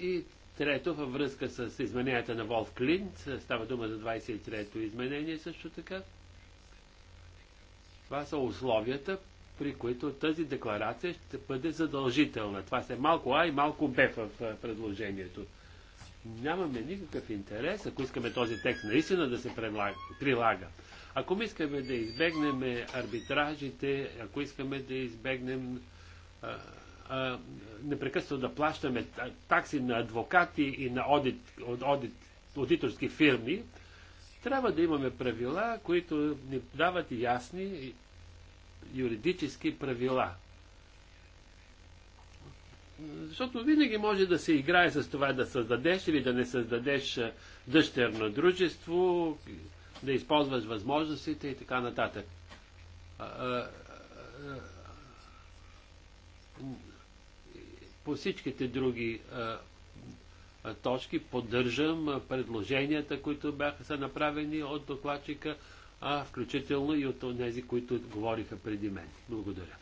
И трето, във връзка с измененията на Волф Клинт, става дума за 23-то изменение също така. Това са условията, при които тази декларация ще бъде задължителна. Това са малко А и малко Б в предложението. Нямаме никакъв интерес, ако искаме този текст наистина да се прилага. Ако искаме да избегнем арбитражите, ако искаме да избегнем а, непрекъснато да плащаме такси на адвокати и на одит, одит, аудиторски фирми, трябва да имаме правила, които ни дават ясни юридически правила. Защото винаги може да се играе с това да създадеш или да не създадеш дъщерно дружество, да използваш възможностите и така нататък по всичките други точки поддържам предложенията, които бяха са направени от докладчика, а включително и от тези, които говориха преди мен. Благодаря.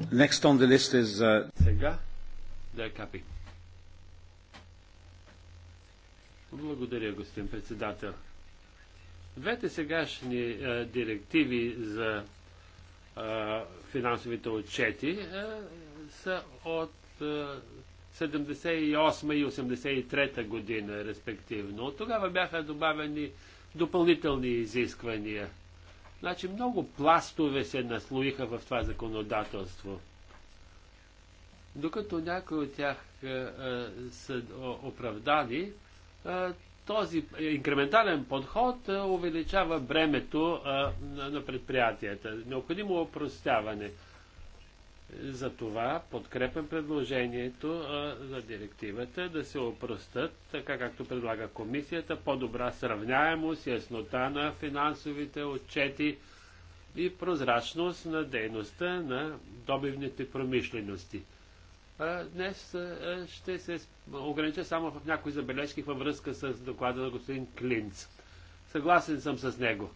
Next on the list is, uh... Сега, да капи. Благодаря, господин председател. Двете сегашни а, е, директиви за а, е, финансовите отчети а, е, са от 78 и 83 година, респективно. От тогава бяха добавени допълнителни изисквания. Значи много пластове се наслоиха в това законодателство. Докато някои от тях а, са оправдани, а, този инкрементален подход увеличава бремето на предприятията. Необходимо опростяване. За това подкрепям предложението за директивата да се опростат, така както предлага комисията, по-добра сравняемост, яснота на финансовите отчети и прозрачност на дейността на добивните промишлености. Днес ще се огранича само в някои забележки във връзка с доклада на господин Клинц. Съгласен съм с него.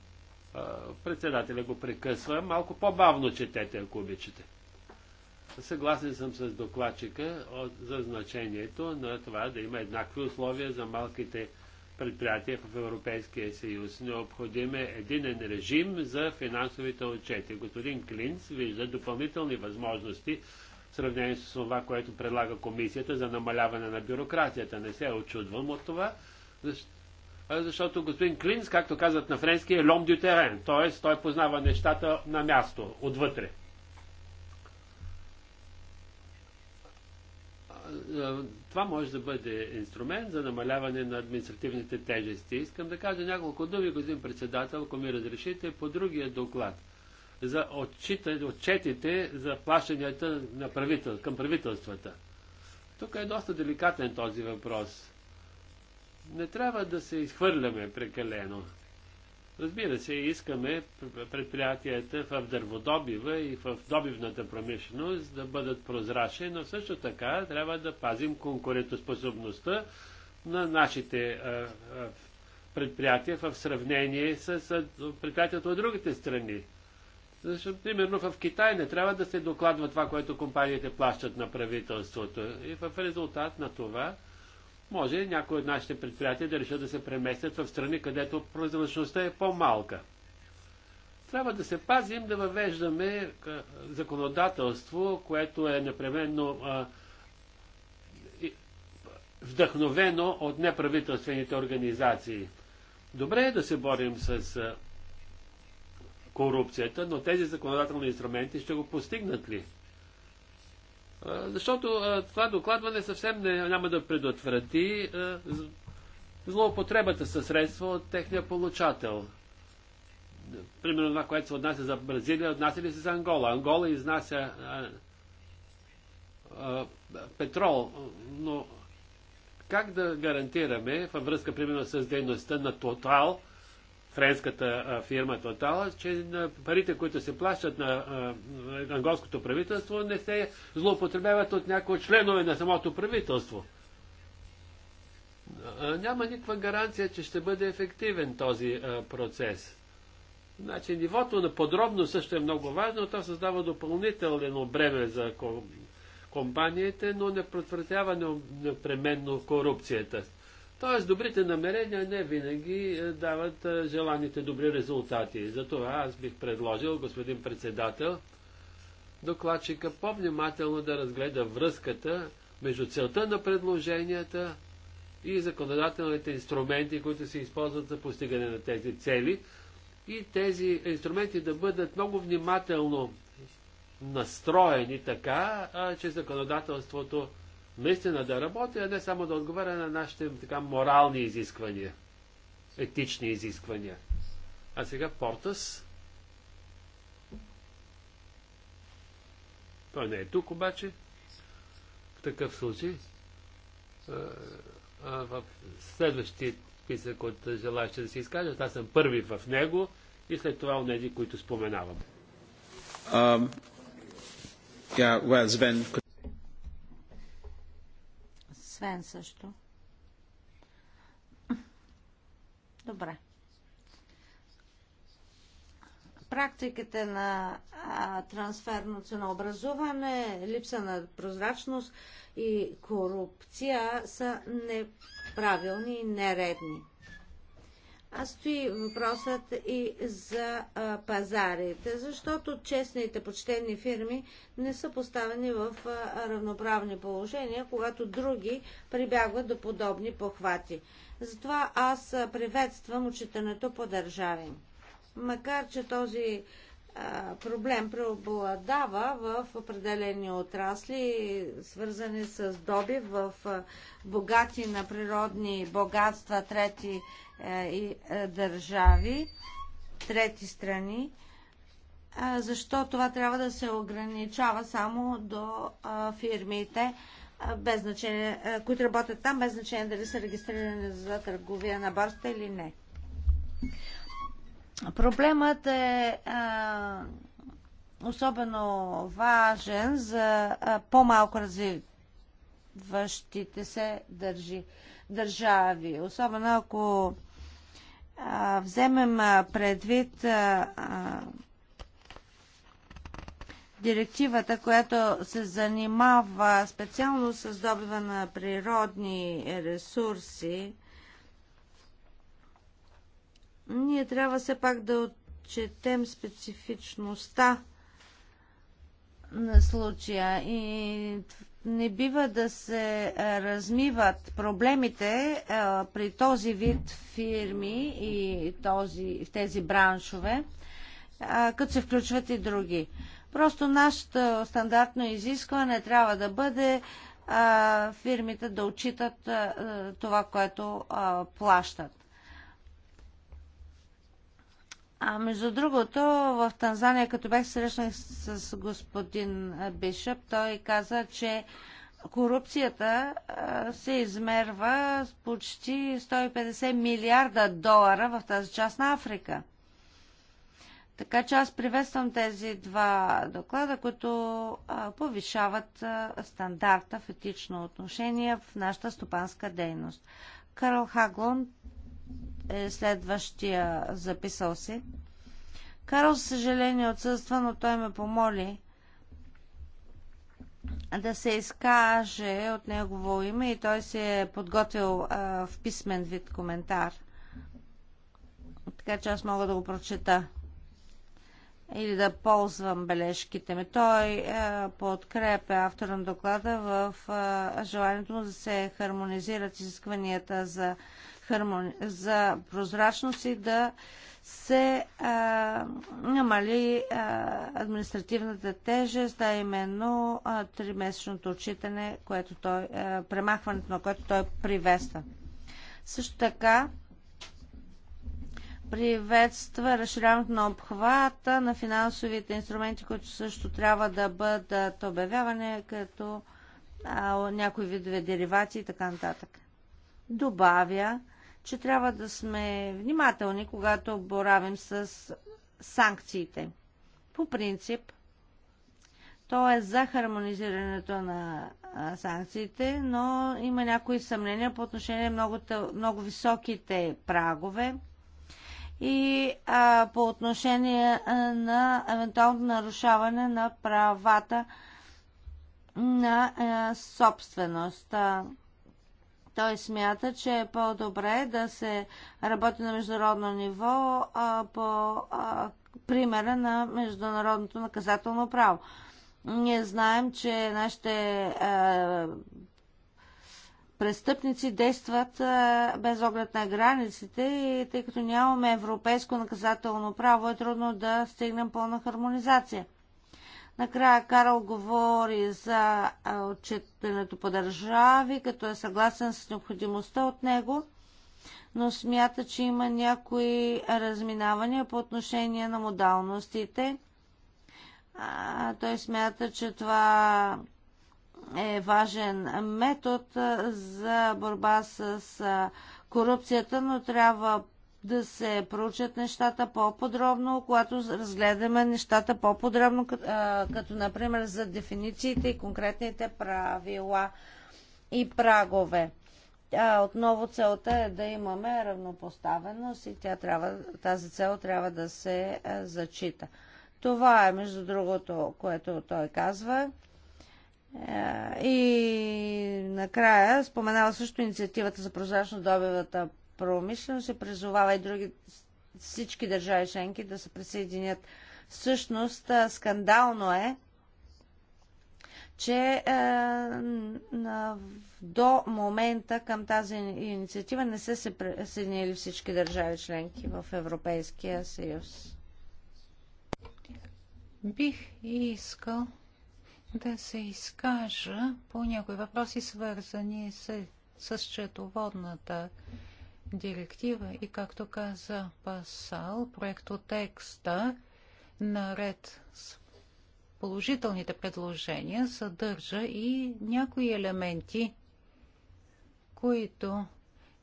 Председателя го прекъсва. Малко по-бавно четете, ако обичате. Съгласен съм с докладчика за значението на това да има еднакви условия за малките предприятия в Европейския съюз. Необходим е единен режим за финансовите отчети. Господин Клинц вижда допълнителни възможности сравнение с това, което предлага комисията за намаляване на бюрокрацията. Не се очудвам от това, защото господин Клинс, както казват на френски, е лом дю терен, т.е. той познава нещата на място, отвътре. това може да бъде инструмент за намаляване на административните тежести. Искам да кажа няколко думи, господин председател, ако ми разрешите, по другия доклад – за отчитане, отчетите за плащанията на правител, към правителствата. Тук е доста деликатен този въпрос. Не трябва да се изхвърляме прекалено. Разбира се, искаме предприятията в дърводобива и в добивната промишленост да бъдат прозрачни, но също така трябва да пазим конкурентоспособността на нашите предприятия в сравнение с предприятията от другите страни. Защото, примерно, в Китай не трябва да се докладва това, което компаниите плащат на правителството. И в резултат на това, може някои от нашите предприятия да решат да се преместят в страни, където производителността е по-малка. Трябва да се пазим да въвеждаме е, законодателство, което е непременно е, вдъхновено от неправителствените организации. Добре е да се борим с е, корупцията, но тези законодателни инструменти ще го постигнат ли? Защото това докладване съвсем не, няма да предотврати злоупотребата със средства от техния получател. Примерно това, което се отнася за Бразилия, отнася ли се за Ангола? Ангола изнася а, а, петрол, но как да гарантираме, във връзка примерно с дейността на Тотал, френската фирма Total, че парите, които се плащат на анголското правителство, не се злоупотребяват от някои членове на самото правителство. Няма никаква гаранция, че ще бъде ефективен този процес. Значи нивото на подробно също е много важно, то създава допълнително бреме за компаниите, но не предотвратява непременно корупцията. Тоест, добрите намерения не винаги е, дават е, желаните добри резултати. Затова аз бих предложил, господин председател, докладчика по-внимателно да разгледа връзката между целта на предложенията и законодателните инструменти, които се използват за постигане на тези цели. И тези инструменти да бъдат много внимателно настроени така, че законодателството наистина да работи, а не само да отговаря на нашите така морални изисквания, етични изисквания. А сега Портас. Той не е тук обаче. В такъв случай в следващия писък от желаящи да се изкажат. Аз съм първи в него и след това онези, които споменавам. Um, yeah, well, Sven освен също. Добре. Практиките на а, трансферно ценообразуване, липса на прозрачност и корупция са неправилни и нередни. А стои въпросът и за а, пазарите, защото честните, почтени фирми не са поставени в а, равноправни положения, когато други прибягват до подобни похвати. Затова аз приветствам учитането по държави. Макар, че този проблем преобладава в определени отрасли, свързани с доби в богати на природни богатства трети е, е, държави, трети страни, защо това трябва да се ограничава само до фирмите, без значение, които работят там, без значение дали са регистрирани за търговия на борста или не. Проблемът е а, особено важен за по-малко развиващите се държи, държави. Особено ако а, вземем а, предвид а, а, директивата, която се занимава специално с добива на природни ресурси, ние трябва все пак да отчетем специфичността на случая и не бива да се размиват проблемите при този вид фирми и този, в тези браншове, като се включват и други. Просто нашето стандартно изискване трябва да бъде фирмите да отчитат това, което плащат. А между другото, в Танзания, като бях срещнах с господин Бишъп, той каза, че корупцията се измерва с почти 150 милиарда долара в тази част на Африка. Така че аз приветствам тези два доклада, които повишават стандарта в етично отношение в нашата стопанска дейност. Карл Хаглон е следващия записал се. Карл, съжаление, отсъства, но той ме помоли да се изкаже от негово име и той се е подготвил а, в писмен вид коментар. Така че аз мога да го прочета или да ползвам бележките ми. Той а, подкрепя автора на доклада в а, желанието му да се хармонизират изискванията за хармони... за прозрачност и да се а, намали а, административната тежест, а именно тримесечното отчитане, което той, а, премахването на което той приветства. Също така приветства разширяването на обхвата на финансовите инструменти, които също трябва да бъдат обявяване като а, някои видове деривации и така нататък. Добавя че трябва да сме внимателни, когато боравим с санкциите. По принцип, то е за хармонизирането на санкциите, но има някои съмнения по отношение на много, много високите прагове и а, по отношение на евентуално нарушаване на правата на а, собственост. Той смята, че е по-добре да се работи на международно ниво а, по а, примера на международното наказателно право. Ние знаем, че нашите а, престъпници действат а, без оглед на границите и тъй като нямаме европейско наказателно право, е трудно да стигнем пълна хармонизация. Накрая Карл говори за отчитането по държави, като е съгласен с необходимостта от него, но смята, че има някои разминавания по отношение на модалностите. А, той смята, че това е важен метод за борба с корупцията, но трябва да се проучат нещата по-подробно, когато разгледаме нещата по-подробно, като, като например за дефинициите и конкретните правила и прагове. А, отново целта е да имаме равнопоставеност и тя трябва, тази цел трябва да се зачита. Това е, между другото, което той казва. Е, и накрая споменава също инициативата за прозрачно добивата промишлено се призовава и други всички държави членки да се присъединят. Всъщност скандално е, че е, на, до момента към тази инициатива не са се присъединили всички държави членки в Европейския съюз. Бих искал да се изкажа по някои въпроси, свързани с, с четоводната директива и, както каза Пасал, проектотекста наред с положителните предложения съдържа и някои елементи, които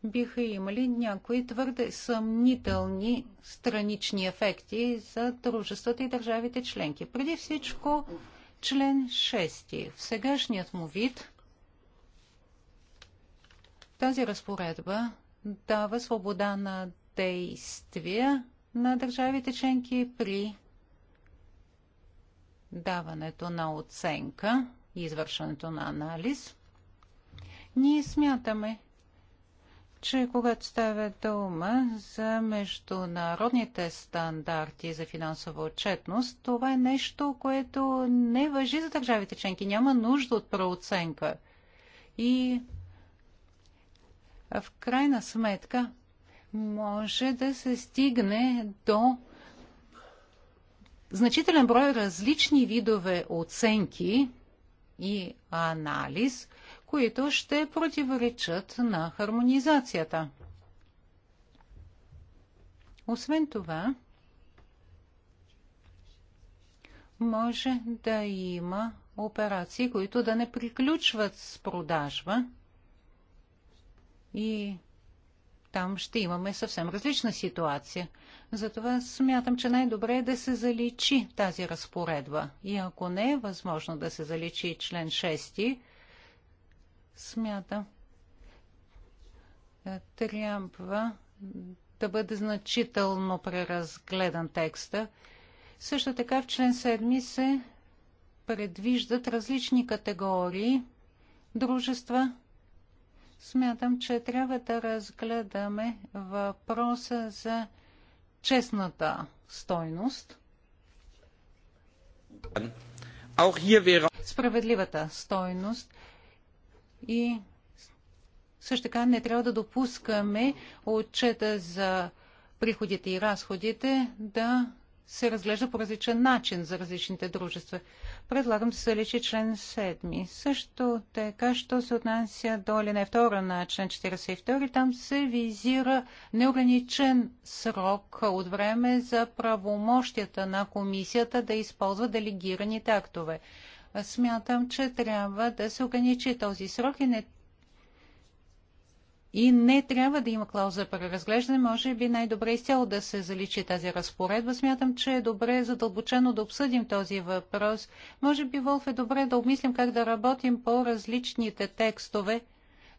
биха имали някои твърде съмнителни странични ефекти за дружествата и държавите членки. Преди всичко, член 6. В сегашният му вид тази разпоредба дава свобода на действия на държавите членки при даването на оценка и извършването на анализ. Ние смятаме, че когато става дума за международните стандарти за финансова отчетност, това е нещо, което не въжи за държавите членки. Няма нужда от прооценка. И в крайна сметка може да се стигне до значителен брой различни видове оценки и анализ, които ще противоречат на хармонизацията. Освен това, може да има операции, които да не приключват с продажба – и там ще имаме съвсем различна ситуация. Затова смятам, че най-добре е да се заличи тази разпоредба. И ако не е възможно да се заличи член 6, смятам, е, трябва да бъде значително преразгледан текста. Също така в член 7 се предвиждат различни категории дружества, Смятам, че трябва да разгледаме въпроса за честната стойност. Справедливата стойност и също така не трябва да допускаме отчета за приходите и разходите да се разглежда по различен начин за различните дружества предлагам да се лечи член 7. Също така, що се отнася до линия 2 на член 42, там се визира неограничен срок от време за правомощията на комисията да използва делегираните актове. Смятам, че трябва да се ограничи този срок и не и не трябва да има клауза за преразглеждане. Може би най-добре изцяло да се заличи тази разпоредба. Смятам, че е добре задълбочено да обсъдим този въпрос. Може би, Волф, е добре да обмислим как да работим по различните текстове,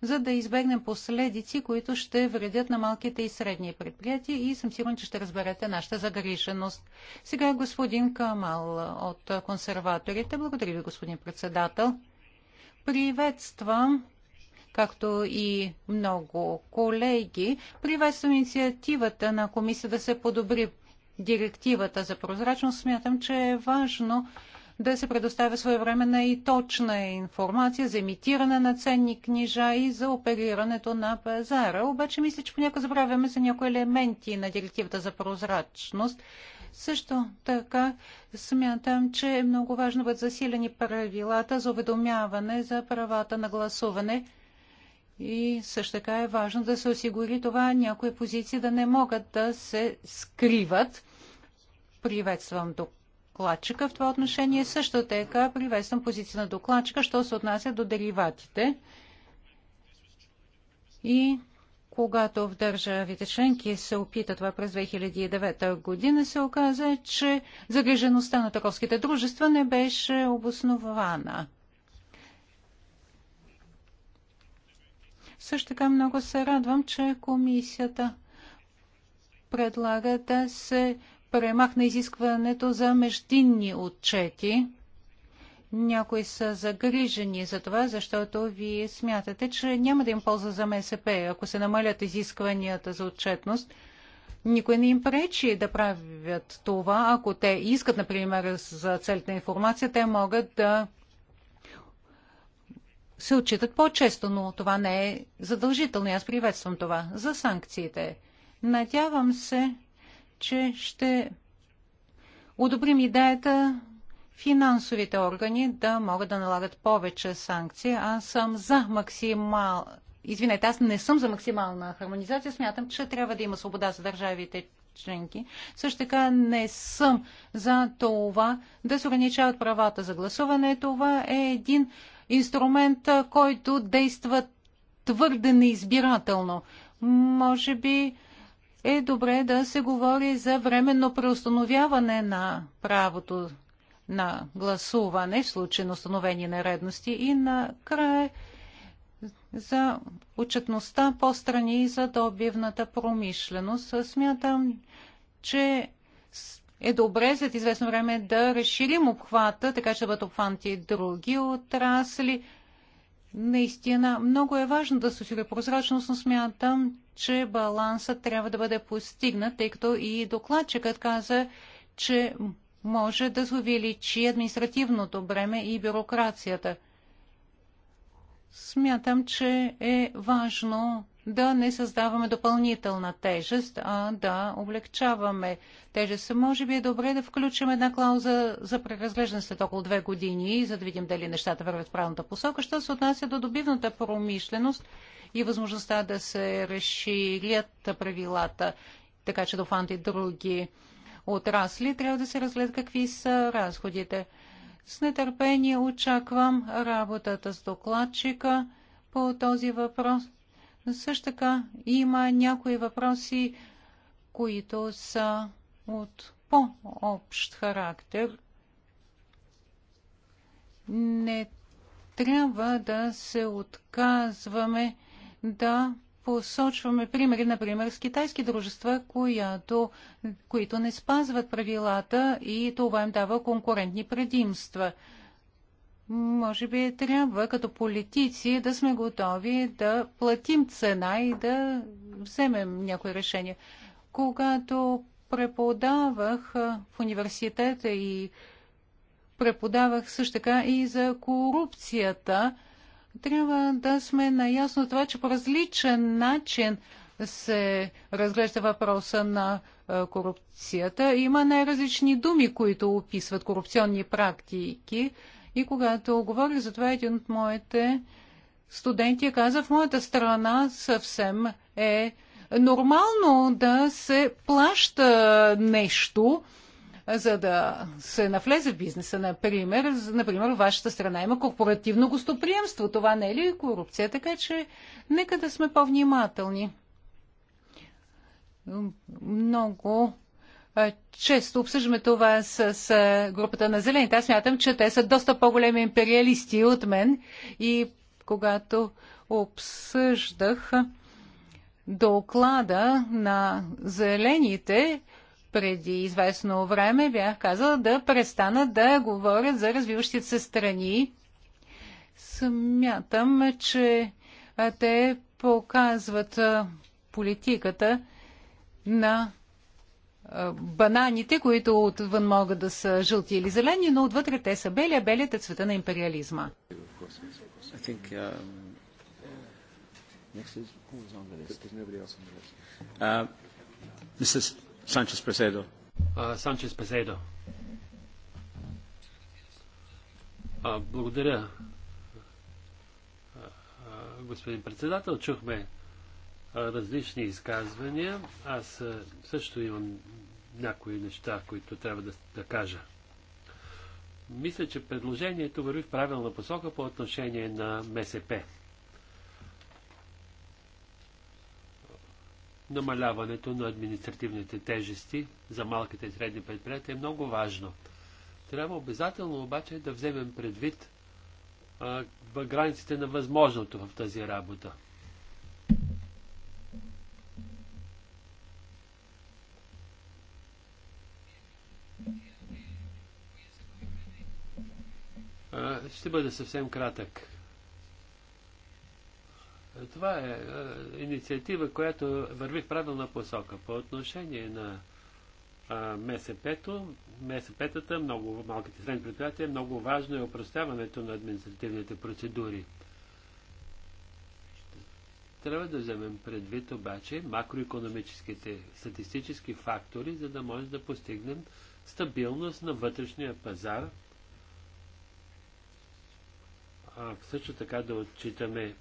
за да избегнем последици, които ще вредят на малките и средни предприятия и съм сигурен, че ще разберете нашата загриженост. Сега господин Камал от консерваторите. Благодаря ви, господин председател. Приветствам както и много колеги, приветствам инициативата на комисията да се подобри директивата за прозрачност. Смятам, че е важно да се предоставя своевременна и точна информация за имитиране на ценни книжа и за оперирането на пазара. Обаче мисля, че понякога забравяме за някои елементи на директивата за прозрачност. Също така смятам, че е много важно да бъдат засилени правилата за уведомяване за правата на гласуване – и също така е важно да се осигури това някои позиции да не могат да се скриват. Приветствам докладчика в това отношение. Също така приветствам позиция на докладчика, що се отнася до дериватите. И когато в държавите членки се опита това през 2009 година, се оказа, че загрижеността на търговските дружества не беше обоснована. Също така много се радвам, че комисията предлага да се премахне изискването за междинни отчети. Някои са загрижени за това, защото вие смятате, че няма да им полза за МСП, ако се намалят изискванията за отчетност. Никой не им пречи да правят това. Ако те искат, например, за целите на информация, те могат да се отчитат по-често, но това не е задължително. Аз приветствам това. За санкциите. Надявам се, че ще одобрим идеята финансовите органи да могат да налагат повече санкции. Аз съм за максимал... Извинете, аз не съм за максимална хармонизация. Смятам, че трябва да има свобода за държавите членки. Също така не съм за това да се ограничават правата за гласуване. Това е един инструмент, който действа твърде неизбирателно. Може би е добре да се говори за временно преустановяване на правото на гласуване в случай на установени нередности и накрая за отчетността по страни и за добивната промишленост. Смятам, че е добре след известно време да разширим обхвата, така че да бъдат обхванати други отрасли. Наистина, много е важно да се осигури прозрачност, но смятам, че балансът трябва да бъде постигнат, тъй като и докладчикът каза, че може да се увеличи административното бреме и бюрокрацията. Смятам, че е важно да не създаваме допълнителна тежест, а да облегчаваме тежест. Може би е добре да включим една клауза за преразглеждане след около две години, за да видим дали нещата вървят в правилната посока. Що се отнася до добивната промишленост и възможността да се разширят правилата, така че да и други отрасли, трябва да се разгледат какви са разходите. С нетърпение очаквам работата с докладчика по този въпрос – също така има някои въпроси, които са от по-общ характер. Не трябва да се отказваме да посочваме примери, например, с китайски дружества, която, които не спазват правилата и това им дава конкурентни предимства. Може би трябва като политици да сме готови да платим цена и да вземем някои решения. Когато преподавах в университета и преподавах също така и за корупцията, трябва да сме наясно това, че по различен начин се разглежда въпроса на корупцията. Има най-различни думи, които описват корупционни практики. И когато говорих за това, един от моите студенти каза, в моята страна съвсем е нормално да се плаща нещо, за да се навлезе в бизнеса, например. Например, в вашата страна има корпоративно гостоприемство. Това не е ли корупция? Така че нека да сме по-внимателни. Много често обсъждаме това с, с групата на зелените. Аз мятам, че те са доста по-големи империалисти от мен и когато обсъждах доклада на зелените преди известно време, бях казала да престанат да говорят за развиващите се страни. Смятам, че те показват политиката на бананите, които отвън могат да са жълти или зелени, но отвътре те са бели, а белият е цвета на империализма. Санчес Преседо. Санчес Преседо. Благодаря, uh, uh, господин председател. Чухме различни изказвания. Аз също имам някои неща, които трябва да, да кажа. Мисля, че предложението върви в правилна посока по отношение на МСП. Намаляването на административните тежести за малките и средни предприятия е много важно. Трябва обязателно обаче да вземем предвид а, границите на възможното в тази работа. Ще бъде съвсем кратък. Това е инициатива, която върви в правилна посока. По отношение на МСП-то, МСП-тата, много малките средни предприятия, много важно е опростяването на административните процедури. Трябва да вземем предвид обаче макроекономическите статистически фактори, за да можем да постигнем стабилност на вътрешния пазар а, също така да отчитаме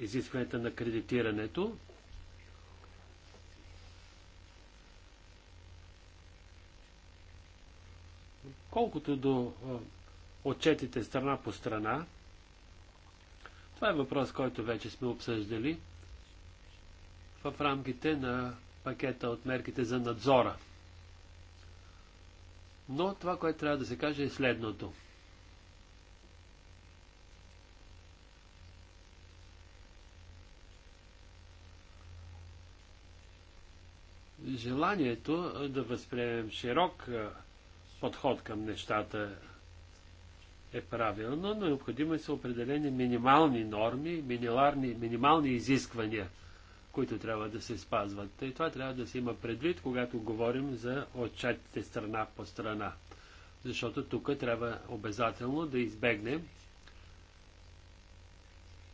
изискването на кредитирането. Колкото до отчетите страна по страна, това е въпрос, който вече сме обсъждали в рамките на пакета от мерките за надзора. Но това, което трябва да се каже е следното – желанието да възприемем широк подход към нещата е правилно, но необходимо са определени минимални норми, минимални, минимални изисквания, които трябва да се спазват. И това трябва да се има предвид, когато говорим за отчетите страна по страна. Защото тук трябва обязателно да избегнем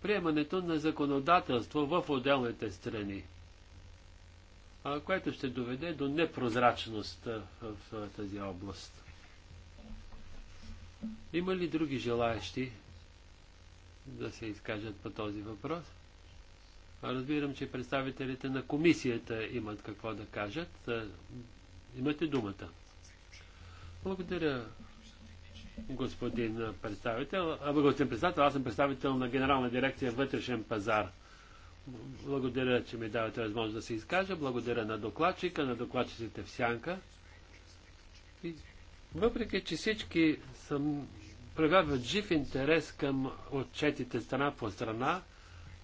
приемането на законодателство в отделните страни което ще доведе до непрозрачност в тази област. Има ли други желаящи да се изкажат по този въпрос? Разбирам, че представителите на комисията имат какво да кажат. Имате думата. Благодаря, господин представител. А, господин представител, аз съм представител на Генерална дирекция Вътрешен пазар. Благодаря, че ми давате възможност да се изкажа. Благодаря на докладчика, на докладчиците в Сянка. И въпреки, че всички съм проявяват жив интерес към отчетите страна по страна,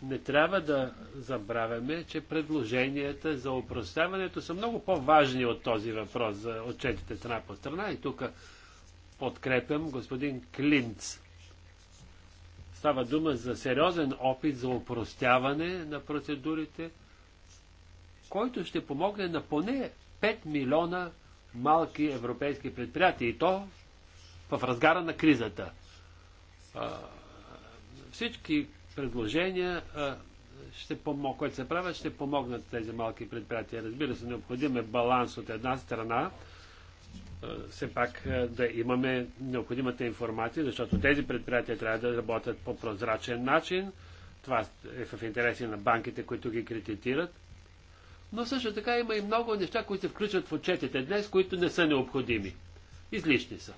не трябва да забравяме, че предложенията за упростяването са много по-важни от този въпрос за отчетите страна по страна. И тук подкрепям господин Клинц. Става дума за сериозен опит за упростяване на процедурите, който ще помогне на поне 5 милиона малки европейски предприятия и то в разгара на кризата. всички предложения, ще помог, които се правят, ще помогнат тези малки предприятия. Разбира се, необходим е баланс от една страна, все пак да имаме необходимата информация, защото тези предприятия трябва да работят по прозрачен начин. Това е в интереси на банките, които ги кредитират. Но също така има и много неща, които се включват в отчетите днес, които не са необходими. Излишни са.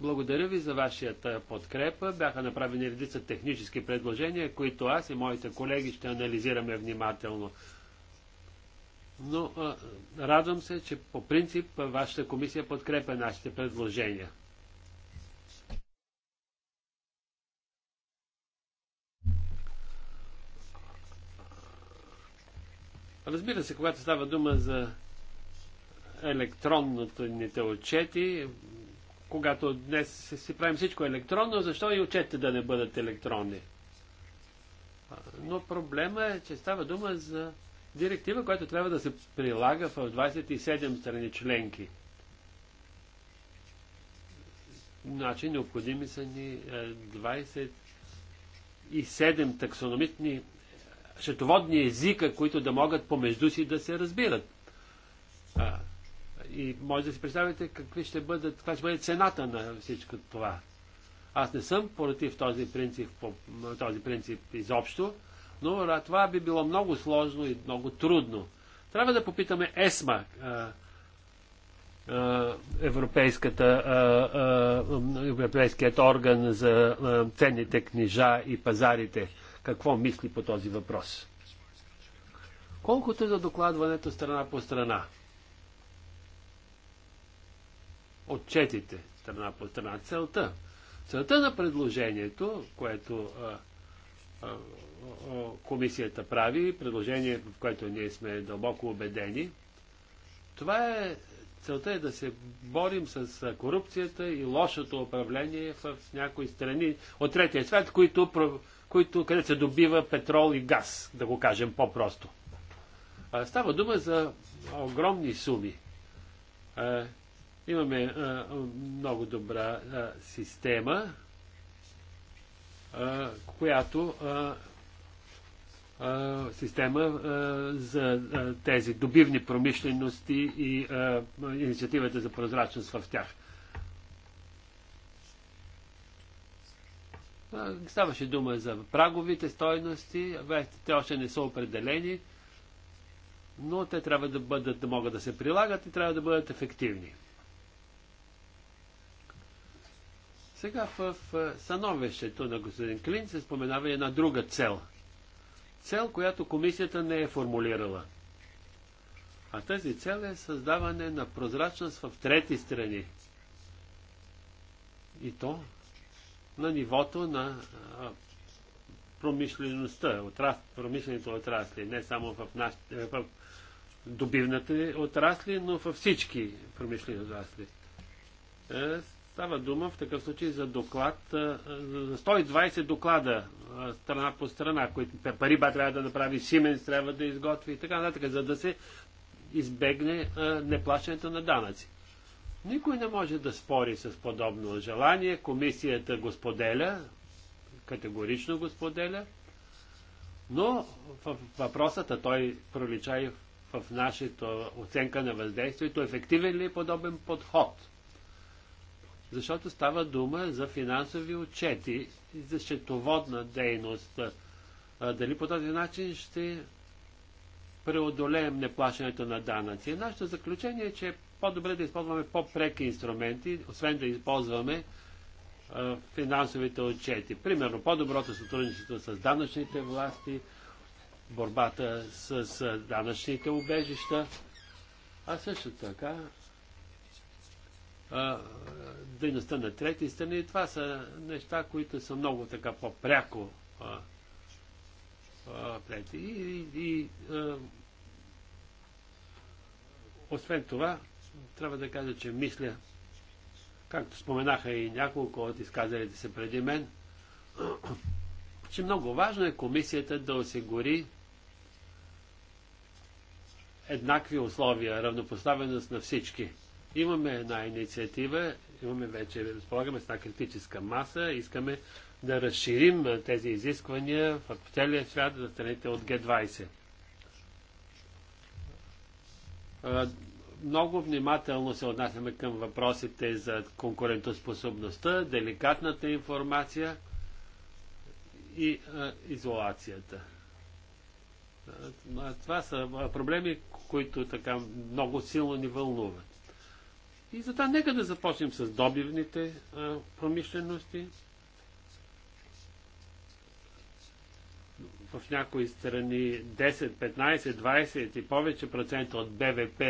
Благодаря ви за вашата подкрепа. Бяха направени редица технически предложения, които аз и моите колеги ще анализираме внимателно но а, радвам се, че по принцип вашата комисия подкрепя нашите предложения. Разбира се, когато става дума за електронните отчети, когато днес си правим всичко електронно, защо и отчетите да не бъдат електронни? Но проблема е, че става дума за Директива, която трябва да се прилага в 27 страни членки. Значи необходими са ни 27 е, таксономитни е, счетоводни езика, които да могат помежду си да се разбират. А, и може да си представите какви ще бъдат, каква ще бъде цената на всичко това. Аз не съм против този принцип, този принцип изобщо, вероятно, а това би било много сложно и много трудно. Трябва да попитаме ЕСМА, европейската, европейският орган за ценните книжа и пазарите. Какво мисли по този въпрос? Колкото за докладването страна по страна, отчетите страна по страна, целта. Целта на предложението, което а, а, комисията прави, предложение, в което ние сме дълбоко убедени. Това е целта е да се борим с корупцията и лошото управление в някои страни от третия свят, които, които, където се добива петрол и газ, да го кажем по-просто. Става дума за огромни суми. Имаме много добра система, която система за тези добивни промишлености и инициативата за прозрачност в тях. Ставаше дума за праговите стойности, те още не са определени, но те трябва да, бъдат, да могат да се прилагат и трябва да бъдат ефективни. Сега в становището на господин Клин се споменава една друга цел – цел, която комисията не е формулирала. А тази цел е създаване на прозрачност в трети страни. И то на нивото на промишлеността, отрас, промишлените отрасли, не само в, наш, е, в добивната отрасли, но във всички промишлени отрасли. Е, Става дума в такъв случай за доклад, за 120 доклада страна по страна, които Париба трябва да направи, Сименс трябва да изготви и така нататък, за да се избегне неплащането на данъци. Никой не може да спори с подобно желание. Комисията го споделя, категорично го споделя, но въпросът, а той пролича и в нашата оценка на въздействието, ефективен ли е подобен подход – защото става дума за финансови отчети и за счетоводна дейност. Дали по този начин ще преодолеем неплащането на данъци? Нашето заключение е, че е по-добре да използваме по-преки инструменти, освен да използваме финансовите отчети. Примерно, по-доброто сътрудничество с данъчните власти, борбата с данъчните убежища, а също така дейността на трети страни. Това са неща, които са много така по-пряко И, И, и а, освен това, трябва да кажа, че мисля, както споменаха и няколко от изказалите се преди мен, че много важно е комисията да осигури еднакви условия, равнопоставеност на всички. Имаме една инициатива, имаме вече, разполагаме с една критическа маса, искаме да разширим тези изисквания в целия свят за страните от Г-20. Много внимателно се отнасяме към въпросите за конкурентоспособността, деликатната информация и а, изолацията. Това са проблеми, които така много силно ни вълнуват. И затова нека да започнем с добивните а, промишлености. В някои страни 10, 15, 20 и повече процента от БВП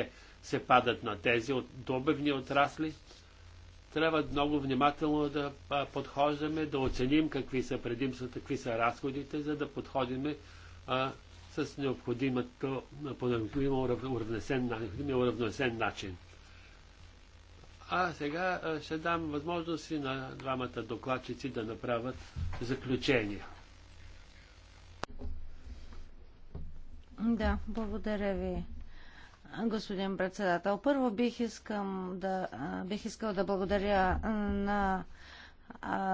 се падат на тези от добивни отрасли. Трябва много внимателно да подхождаме, да оценим какви са предимствата, какви са разходите, за да подходиме с необходимото, по необходимо уравнесен, уравнесен начин. А сега ще дам възможност и на двамата докладчици да направят заключения. Да, благодаря ви, господин председател. Първо бих, искам да, бих искал да благодаря на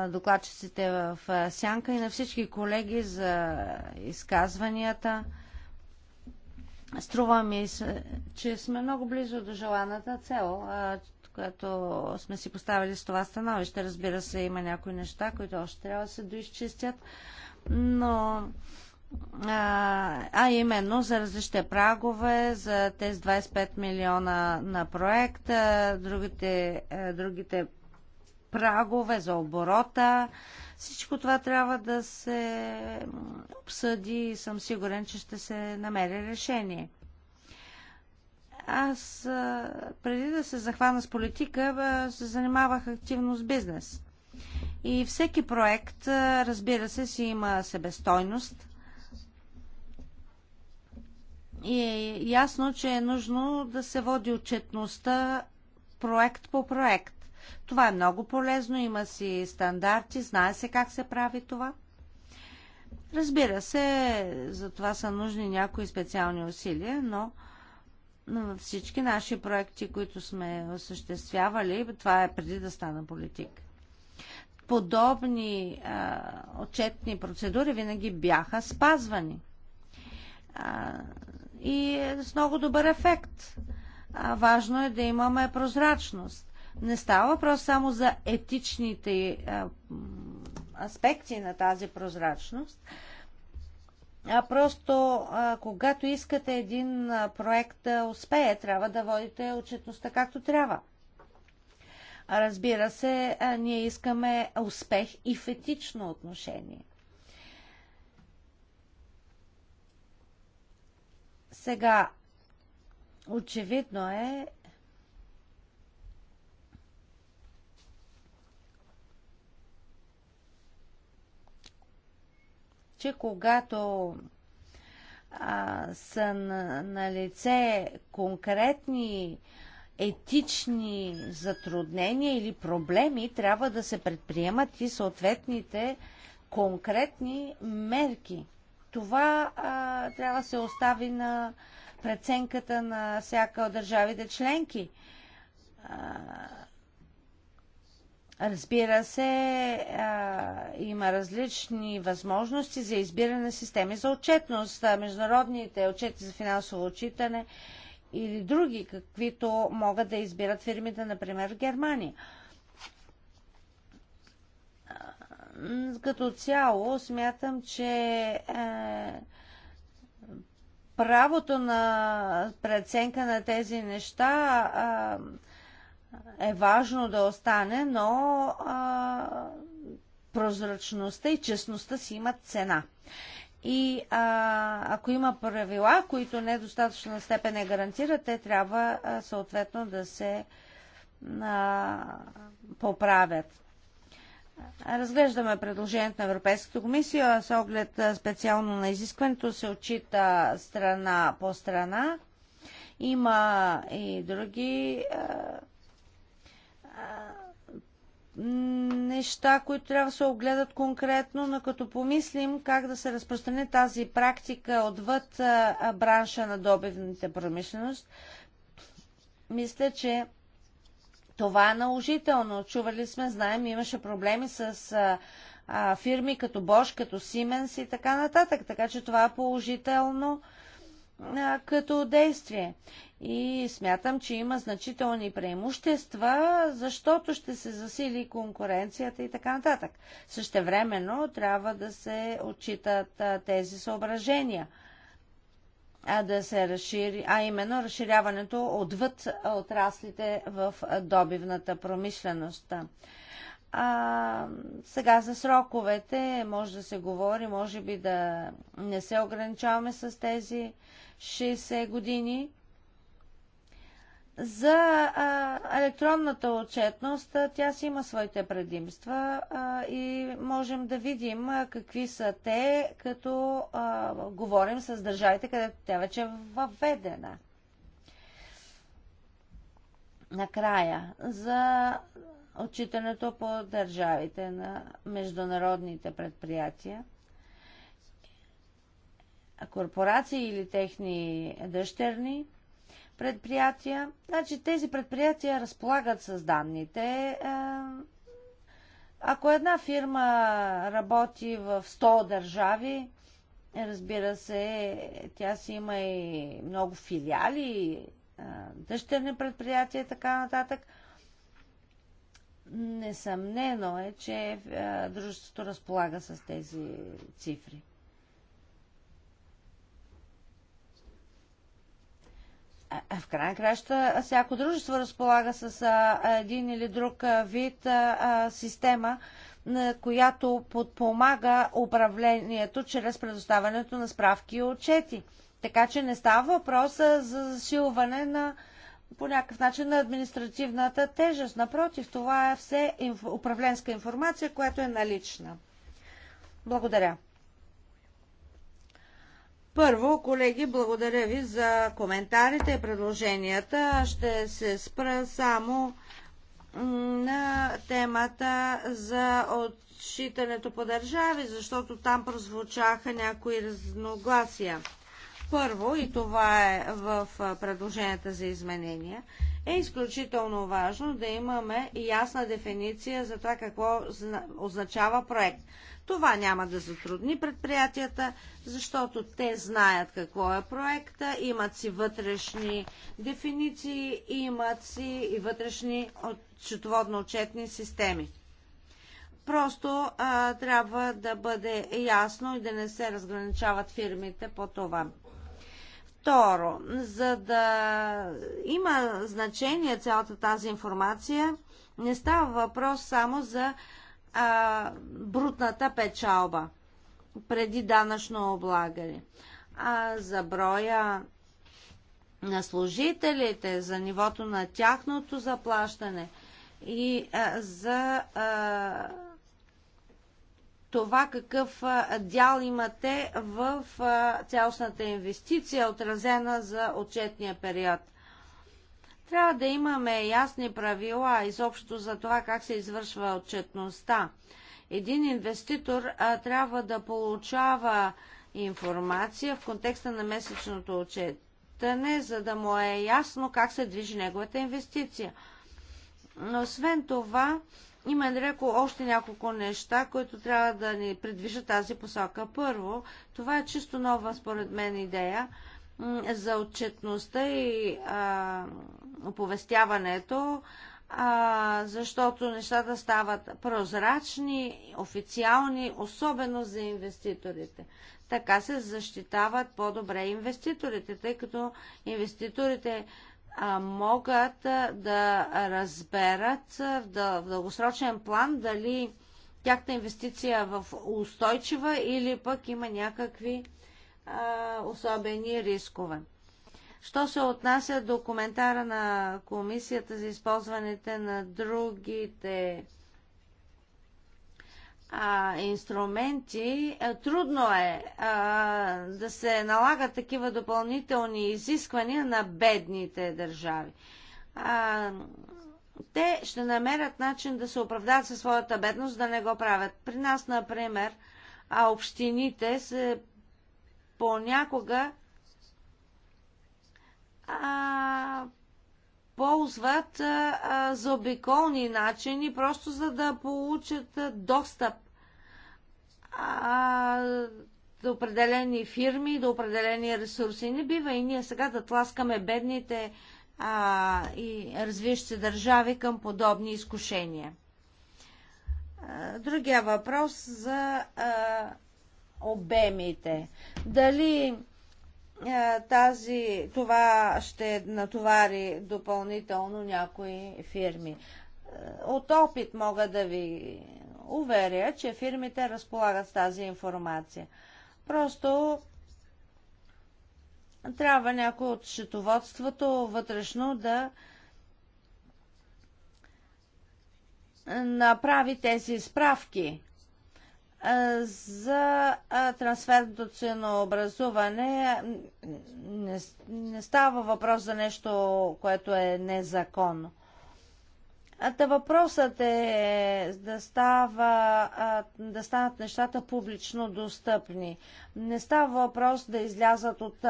докладчиците в Сянка и на всички колеги за изказванията. Струва ми се, че сме много близо до желаната цел, което сме си поставили с това становище. Разбира се, има някои неща, които още трябва да се доизчистят, но а, а именно за различните прагове, за тези 25 милиона на проекта, другите, другите прагове за оборота. Всичко това трябва да се обсъди и съм сигурен, че ще се намери решение. Аз преди да се захвана с политика, се занимавах активно с бизнес. И всеки проект, разбира се, си има себестойност. И е ясно, че е нужно да се води отчетността проект по проект. Това е много полезно, има си стандарти, знае се как се прави това. Разбира се, за това са нужни някои специални усилия, но във всички наши проекти, които сме осъществявали, това е преди да стана политик. Подобни а, отчетни процедури винаги бяха спазвани. А, и с много добър ефект. А, важно е да имаме прозрачност. Не става въпрос само за етичните а, аспекти на тази прозрачност, а просто, а, когато искате един а, проект да успее, трябва да водите отчетността както трябва. Разбира се, а, ние искаме успех и в етично отношение. Сега, очевидно е, че когато а, са на, на лице конкретни етични затруднения или проблеми, трябва да се предприемат и съответните конкретни мерки. Това а, трябва да се остави на преценката на всяка от държавите членки. А, Разбира се, а, има различни възможности за избиране на системи за отчетност, международните отчети за финансово отчитане или други, каквито могат да избират фирмите, например в Германия. Като цяло смятам, че е, правото на преценка на тези неща е, е важно да остане, но а, прозрачността и честността си имат цена. И а, ако има правила, които недостатъчна степен не гарантират, те трябва а, съответно да се а, поправят. Разглеждаме предложението на Европейската комисия с оглед специално на изискването се отчита страна по страна. Има и други а, неща, които трябва да се огледат конкретно, но като помислим как да се разпространи тази практика отвъд а, бранша на добивните промишленост, мисля, че това е наложително. Чували сме, знаем, имаше проблеми с а, а, фирми като Bosch, като Siemens и така нататък. Така че това е положително като действие. И смятам, че има значителни преимущества, защото ще се засили конкуренцията и така нататък. Същевременно трябва да се отчитат тези съображения а да се разшири, а именно разширяването отвъд отраслите в добивната промишленост. А, сега за сроковете може да се говори, може би да не се ограничаваме с тези 60 години. За а, електронната отчетност тя си има своите предимства а, и можем да видим а, какви са те, като а, говорим с държавите, където тя вече е въведена. Накрая, за отчитането по държавите на международните предприятия – корпорации или техни дъщерни предприятия. Значи тези предприятия разполагат с данните. Е, ако една фирма работи в 100 държави, разбира се, тя си има и много филиали, е, дъщерни предприятия и така нататък. Несъмнено е, че е, дружеството разполага с тези цифри. в крайна краща всяко дружество разполага с един или друг вид система, която подпомага управлението чрез предоставянето на справки и отчети. Така че не става въпрос за засилване на по някакъв начин на административната тежест. Напротив, това е все управленска информация, която е налична. Благодаря. Първо, колеги, благодаря ви за коментарите и предложенията. Ще се спра само на темата за отчитането по държави, защото там прозвучаха някои разногласия. Първо, и това е в предложенията за изменения, е изключително важно да имаме ясна дефиниция за това какво означава проект. Това няма да затрудни предприятията, защото те знаят какво е проекта, имат си вътрешни дефиниции, имат си и вътрешни счетоводно-отчетни системи. Просто а, трябва да бъде ясно и да не се разграничават фирмите по това. Второ, за да има значение цялата тази информация, не става въпрос само за а, брутната печалба преди данъчно облагане, а за броя на служителите, за нивото на тяхното заплащане и а, за а, това какъв дял имате в цялостната инвестиция, отразена за отчетния период. Трябва да имаме ясни правила изобщо за това как се извършва отчетността. Един инвеститор а, трябва да получава информация в контекста на месечното отчетане, за да му е ясно как се движи неговата инвестиция. Но освен това, има нареко още няколко неща, които трябва да ни предвижат тази посока. Първо, това е чисто нова, според мен, идея за отчетността и а, оповестяването, а, защото нещата стават прозрачни, официални, особено за инвеститорите. Така се защитават по-добре инвеститорите, тъй като инвеститорите могат да разберат в дългосрочен план дали тяхната инвестиция е в устойчива или пък има някакви а, особени рискове. Що се отнася до коментара на комисията за използването на другите а, инструменти, а, трудно е а, да се налагат такива допълнителни изисквания на бедните държави. А, те ще намерят начин да се оправдаят със своята бедност, да не го правят. При нас, например, а общините се понякога а, ползват за обиколни начини, просто за да получат достъп а, до определени фирми, до определени ресурси. Не бива и ние сега да тласкаме бедните а, и развиващи държави към подобни изкушения. А, другия въпрос за а, обемите. Дали е, тази, това ще натовари допълнително някои фирми. Е, от опит мога да ви уверя, че фирмите разполагат с тази информация. Просто трябва някой от счетоводството вътрешно да направи тези справки за трансферното ценообразуване не, не става въпрос за нещо, което е незаконно. Та въпросът е да, става, да станат нещата публично достъпни. Не става въпрос да излязат от